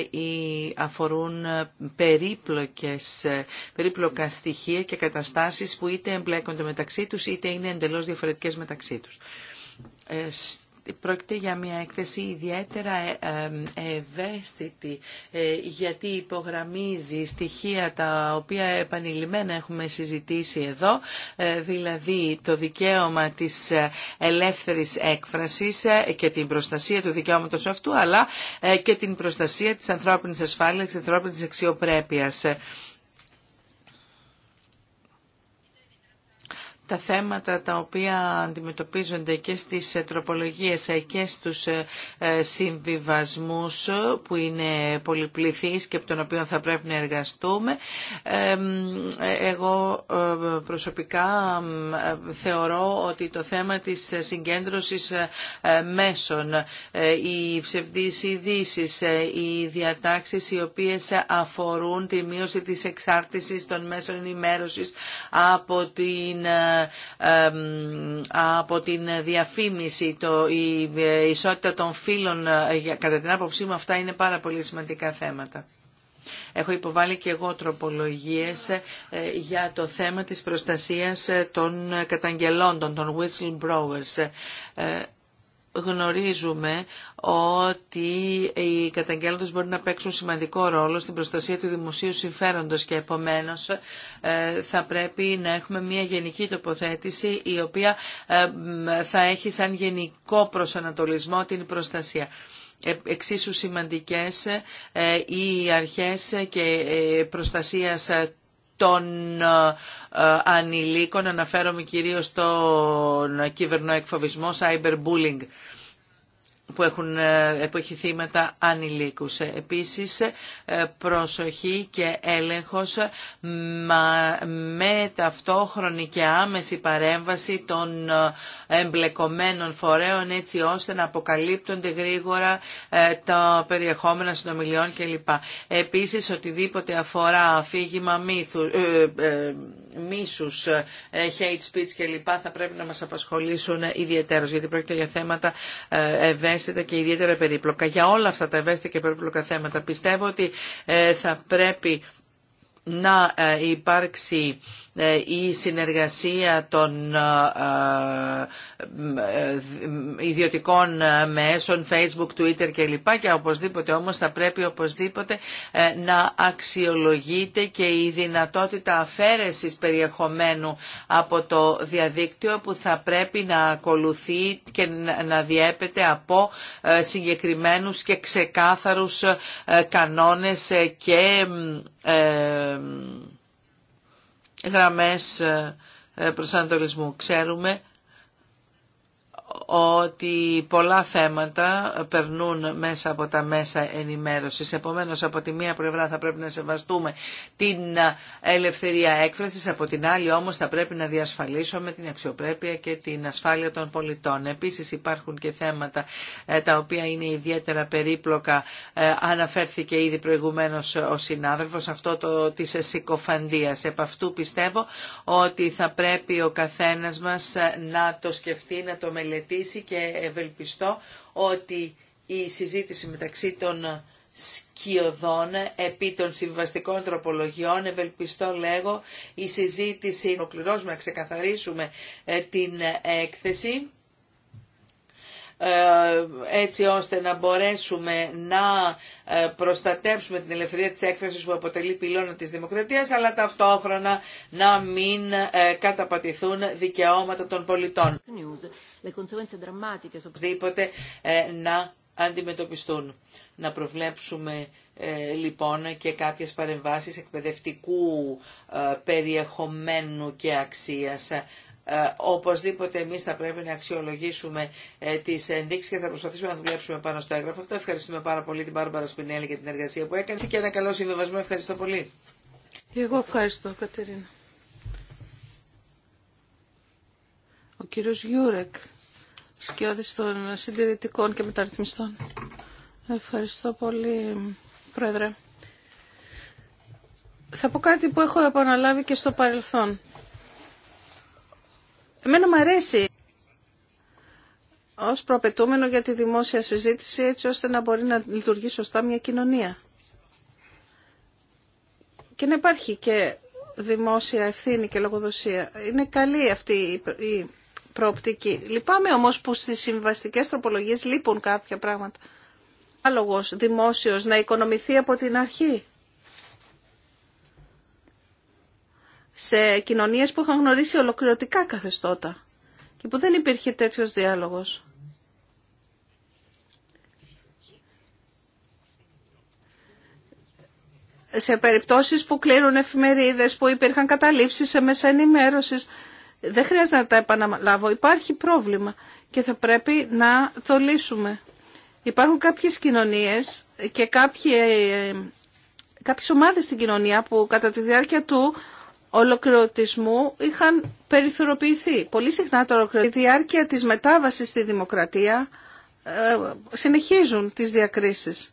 αφορούν ε, περίπλοκες, ε, περίπλοκα στοιχεία και καταστάσεις που είτε εμπλέκονται μεταξύ τους είτε είναι εντελώς διαφορετικές μεταξύ τους. Ε, Πρόκειται για μια έκθεση ιδιαίτερα ε, ε, ευαίσθητη ε, γιατί υπογραμμίζει στοιχεία τα οποία επανειλημμένα έχουμε συζητήσει εδώ, δηλαδή το δικαίωμα της ελεύθερης έκφρασης και την προστασία του δικαιώματος αυτού, αλλά και την προστασία της ανθρώπινης ασφάλειας, της ανθρώπινης αξιοπρέπειας. τα θέματα τα οποία αντιμετωπίζονται και στις ε, τροπολογίες ε, και στους ε, συμβιβασμούς που είναι πολυπληθείς και από τον οποίο θα πρέπει να εργαστούμε. Εγώ προσωπικά θεωρώ ότι το θέμα της συγκέντρωσης μέσων, οι ψευδείς ειδήσει, οι διατάξεις οι οποίες αφορούν τη μείωση της εξάρτησης των μέσων ενημέρωσης από την από την διαφήμιση, το, η ισότητα των φύλων, ε, κατά την άποψή μου αυτά είναι πάρα πολύ σημαντικά θέματα. Έχω υποβάλει και εγώ τροπολογίες ε, για το θέμα της προστασίας ε, των καταγγελόντων, των whistleblowers γνωρίζουμε ότι οι καταγγέλλοντες μπορεί να παίξουν σημαντικό ρόλο στην προστασία του δημοσίου συμφέροντος και επομένως ε, θα πρέπει να έχουμε μια γενική τοποθέτηση η οποία ε, θα έχει σαν γενικό προσανατολισμό την προστασία ε, εξίσου σημαντικές οι αρχές και προστασίας των ε, ε, ανηλίκων, αναφέρομαι κυρίως στον κυβερνοεκφοβισμό, cyberbullying που, έχουν, ε, εποχή θύματα ανηλίκους. Ε, επίσης, ε, προσοχή και έλεγχος με ταυτόχρονη και άμεση παρέμβαση των εμπλεκομένων φορέων έτσι ώστε να αποκαλύπτονται γρήγορα τα περιεχόμενα συνομιλιών κλπ. Επίσης, οτιδήποτε αφορά αφήγημα μύθου, μίσους, ε, hate speech κλπ. θα πρέπει να μας απασχολήσουν ιδιαίτερως, γιατί πρόκειται για θέματα ε, ευαίσθητα και ιδιαίτερα περίπλοκα. Για όλα αυτά τα ευαίσθητα και περίπλοκα θέματα πιστεύω ότι ε, θα πρέπει να υπάρξει ε, η συνεργασία των ε, ε, ιδιωτικών μέσων, facebook, twitter κλπ. Και οπωσδήποτε όμως θα πρέπει οπωσδήποτε να αξιολογείται και η δυνατότητα αφαίρεσης περιεχομένου από το διαδίκτυο που θα πρέπει να ακολουθεί και να διέπεται από συγκεκριμένους και ξεκάθαρους κανόνες και γραμμές ε, ε, προσανατολισμού. Ξέρουμε ότι πολλά θέματα περνούν μέσα από τα μέσα ενημέρωσης. Επομένως, από τη μία πλευρά θα πρέπει να σεβαστούμε την ελευθερία έκφρασης, από την άλλη όμως θα πρέπει να διασφαλίσουμε την αξιοπρέπεια και την ασφάλεια των πολιτών. Επίσης υπάρχουν και θέματα ε, τα οποία είναι ιδιαίτερα περίπλοκα. Ε, αναφέρθηκε ήδη προηγουμένως ο συνάδελφος αυτό το της συκοφαντίας. Επ' αυτού πιστεύω ότι θα πρέπει ο καθένας μας ε, να το σκεφτεί, να το μελετήσει και ευελπιστώ ότι η συζήτηση μεταξύ των σκιωδών επί των συμβαστικών τροπολογιών. Ευελπιστώ λέγω η συζήτηση ολοκληρώσουμε να ξεκαθαρίσουμε ε, την ε, έκθεση ε, έτσι ώστε να μπορέσουμε να ε, προστατεύσουμε την ελευθερία της έκφρασης που αποτελεί πυλώνα της δημοκρατίας αλλά ταυτόχρονα να μην ε, καταπατηθούν δικαιώματα των πολιτών. Οπωσδήποτε να αντιμετωπιστούν. Να προβλέψουμε λοιπόν και κάποιες παρεμβάσεις εκπαιδευτικού ε, περιεχομένου και αξίας. Ε, οπωσδήποτε εμείς θα πρέπει να αξιολογήσουμε ε, τις ενδείξεις και θα προσπαθήσουμε να δουλέψουμε πάνω στο έγγραφο. Αυτό ευχαριστούμε πάρα πολύ την Μπάρμπαρα Σπινέλη για την εργασία που έκανε και ένα καλό συμβιβασμό. Ευχαριστώ πολύ. Εγώ ευχαριστώ Κατερίνα. Ο κύριος Γιούρεκ, σκιώδης των συντηρητικών και μεταρρυθμιστών. Ευχαριστώ πολύ, Πρόεδρε. Θα πω κάτι που έχω επαναλάβει και στο παρελθόν. Εμένα μου αρέσει ως προπετούμενο για τη δημόσια συζήτηση έτσι ώστε να μπορεί να λειτουργεί σωστά μια κοινωνία. Και να υπάρχει και δημόσια ευθύνη και λογοδοσία. Είναι καλή αυτή η προοπτική. Λυπάμαι όμως που στις συμβαστικές τροπολογίες λείπουν κάποια πράγματα. Άλογος δημόσιος να οικονομηθεί από την αρχή. σε κοινωνίες που είχαν γνωρίσει ολοκληρωτικά καθεστώτα και που δεν υπήρχε τέτοιος διάλογος. Σε περιπτώσεις που κλείνουν εφημερίδες, που υπήρχαν καταλήψεις σε μέσα ενημέρωσης, δεν χρειάζεται να τα επαναλάβω. Υπάρχει πρόβλημα και θα πρέπει να το λύσουμε. Υπάρχουν κάποιες κοινωνίες και κάποιε κάποιες ομάδες στην κοινωνία που κατά τη διάρκεια του ολοκληρωτισμού είχαν περιθωροποιηθεί. Πολύ συχνά το Η διάρκεια της μετάβασης στη δημοκρατία ε, συνεχίζουν τις διακρίσεις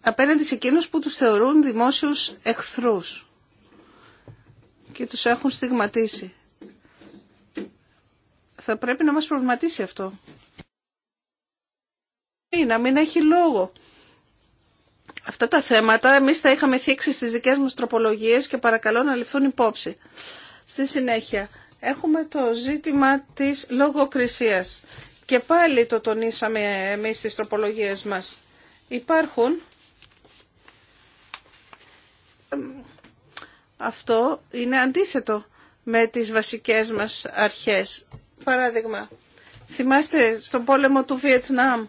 απέναντι σε εκείνους που τους θεωρούν δημόσιους εχθρούς και τους έχουν στιγματίσει. Θα πρέπει να μας προβληματίσει αυτό. Ή να μην έχει λόγο Αυτά τα θέματα εμείς τα είχαμε θίξει στις δικές μας τροπολογίες και παρακαλώ να ληφθούν υπόψη. Στη συνέχεια έχουμε το ζήτημα της λογοκρισίας και πάλι το τονίσαμε εμείς στις τροπολογίες μας. Υπάρχουν αυτό είναι αντίθετο με τις βασικές μας αρχές. Παράδειγμα, θυμάστε τον πόλεμο του Βιετνάμ.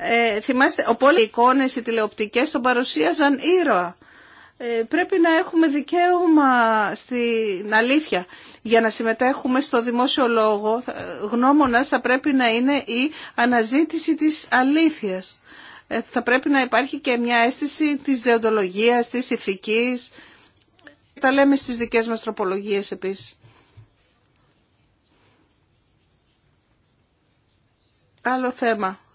Ε, θυμάστε, οπότε οι εικόνες, οι τηλεοπτικές τον παρουσίαζαν ήρωα. Ε, πρέπει να έχουμε δικαίωμα στην αλήθεια. Για να συμμετέχουμε στο δημόσιο λόγο, γνώμονας θα πρέπει να είναι η αναζήτηση της αλήθειας. Ε, θα πρέπει να υπάρχει και μια αίσθηση της δεοντολογίας, της ηθικής. Τα λέμε στις δικές μας τροπολογίες επίσης. Άλλο θέμα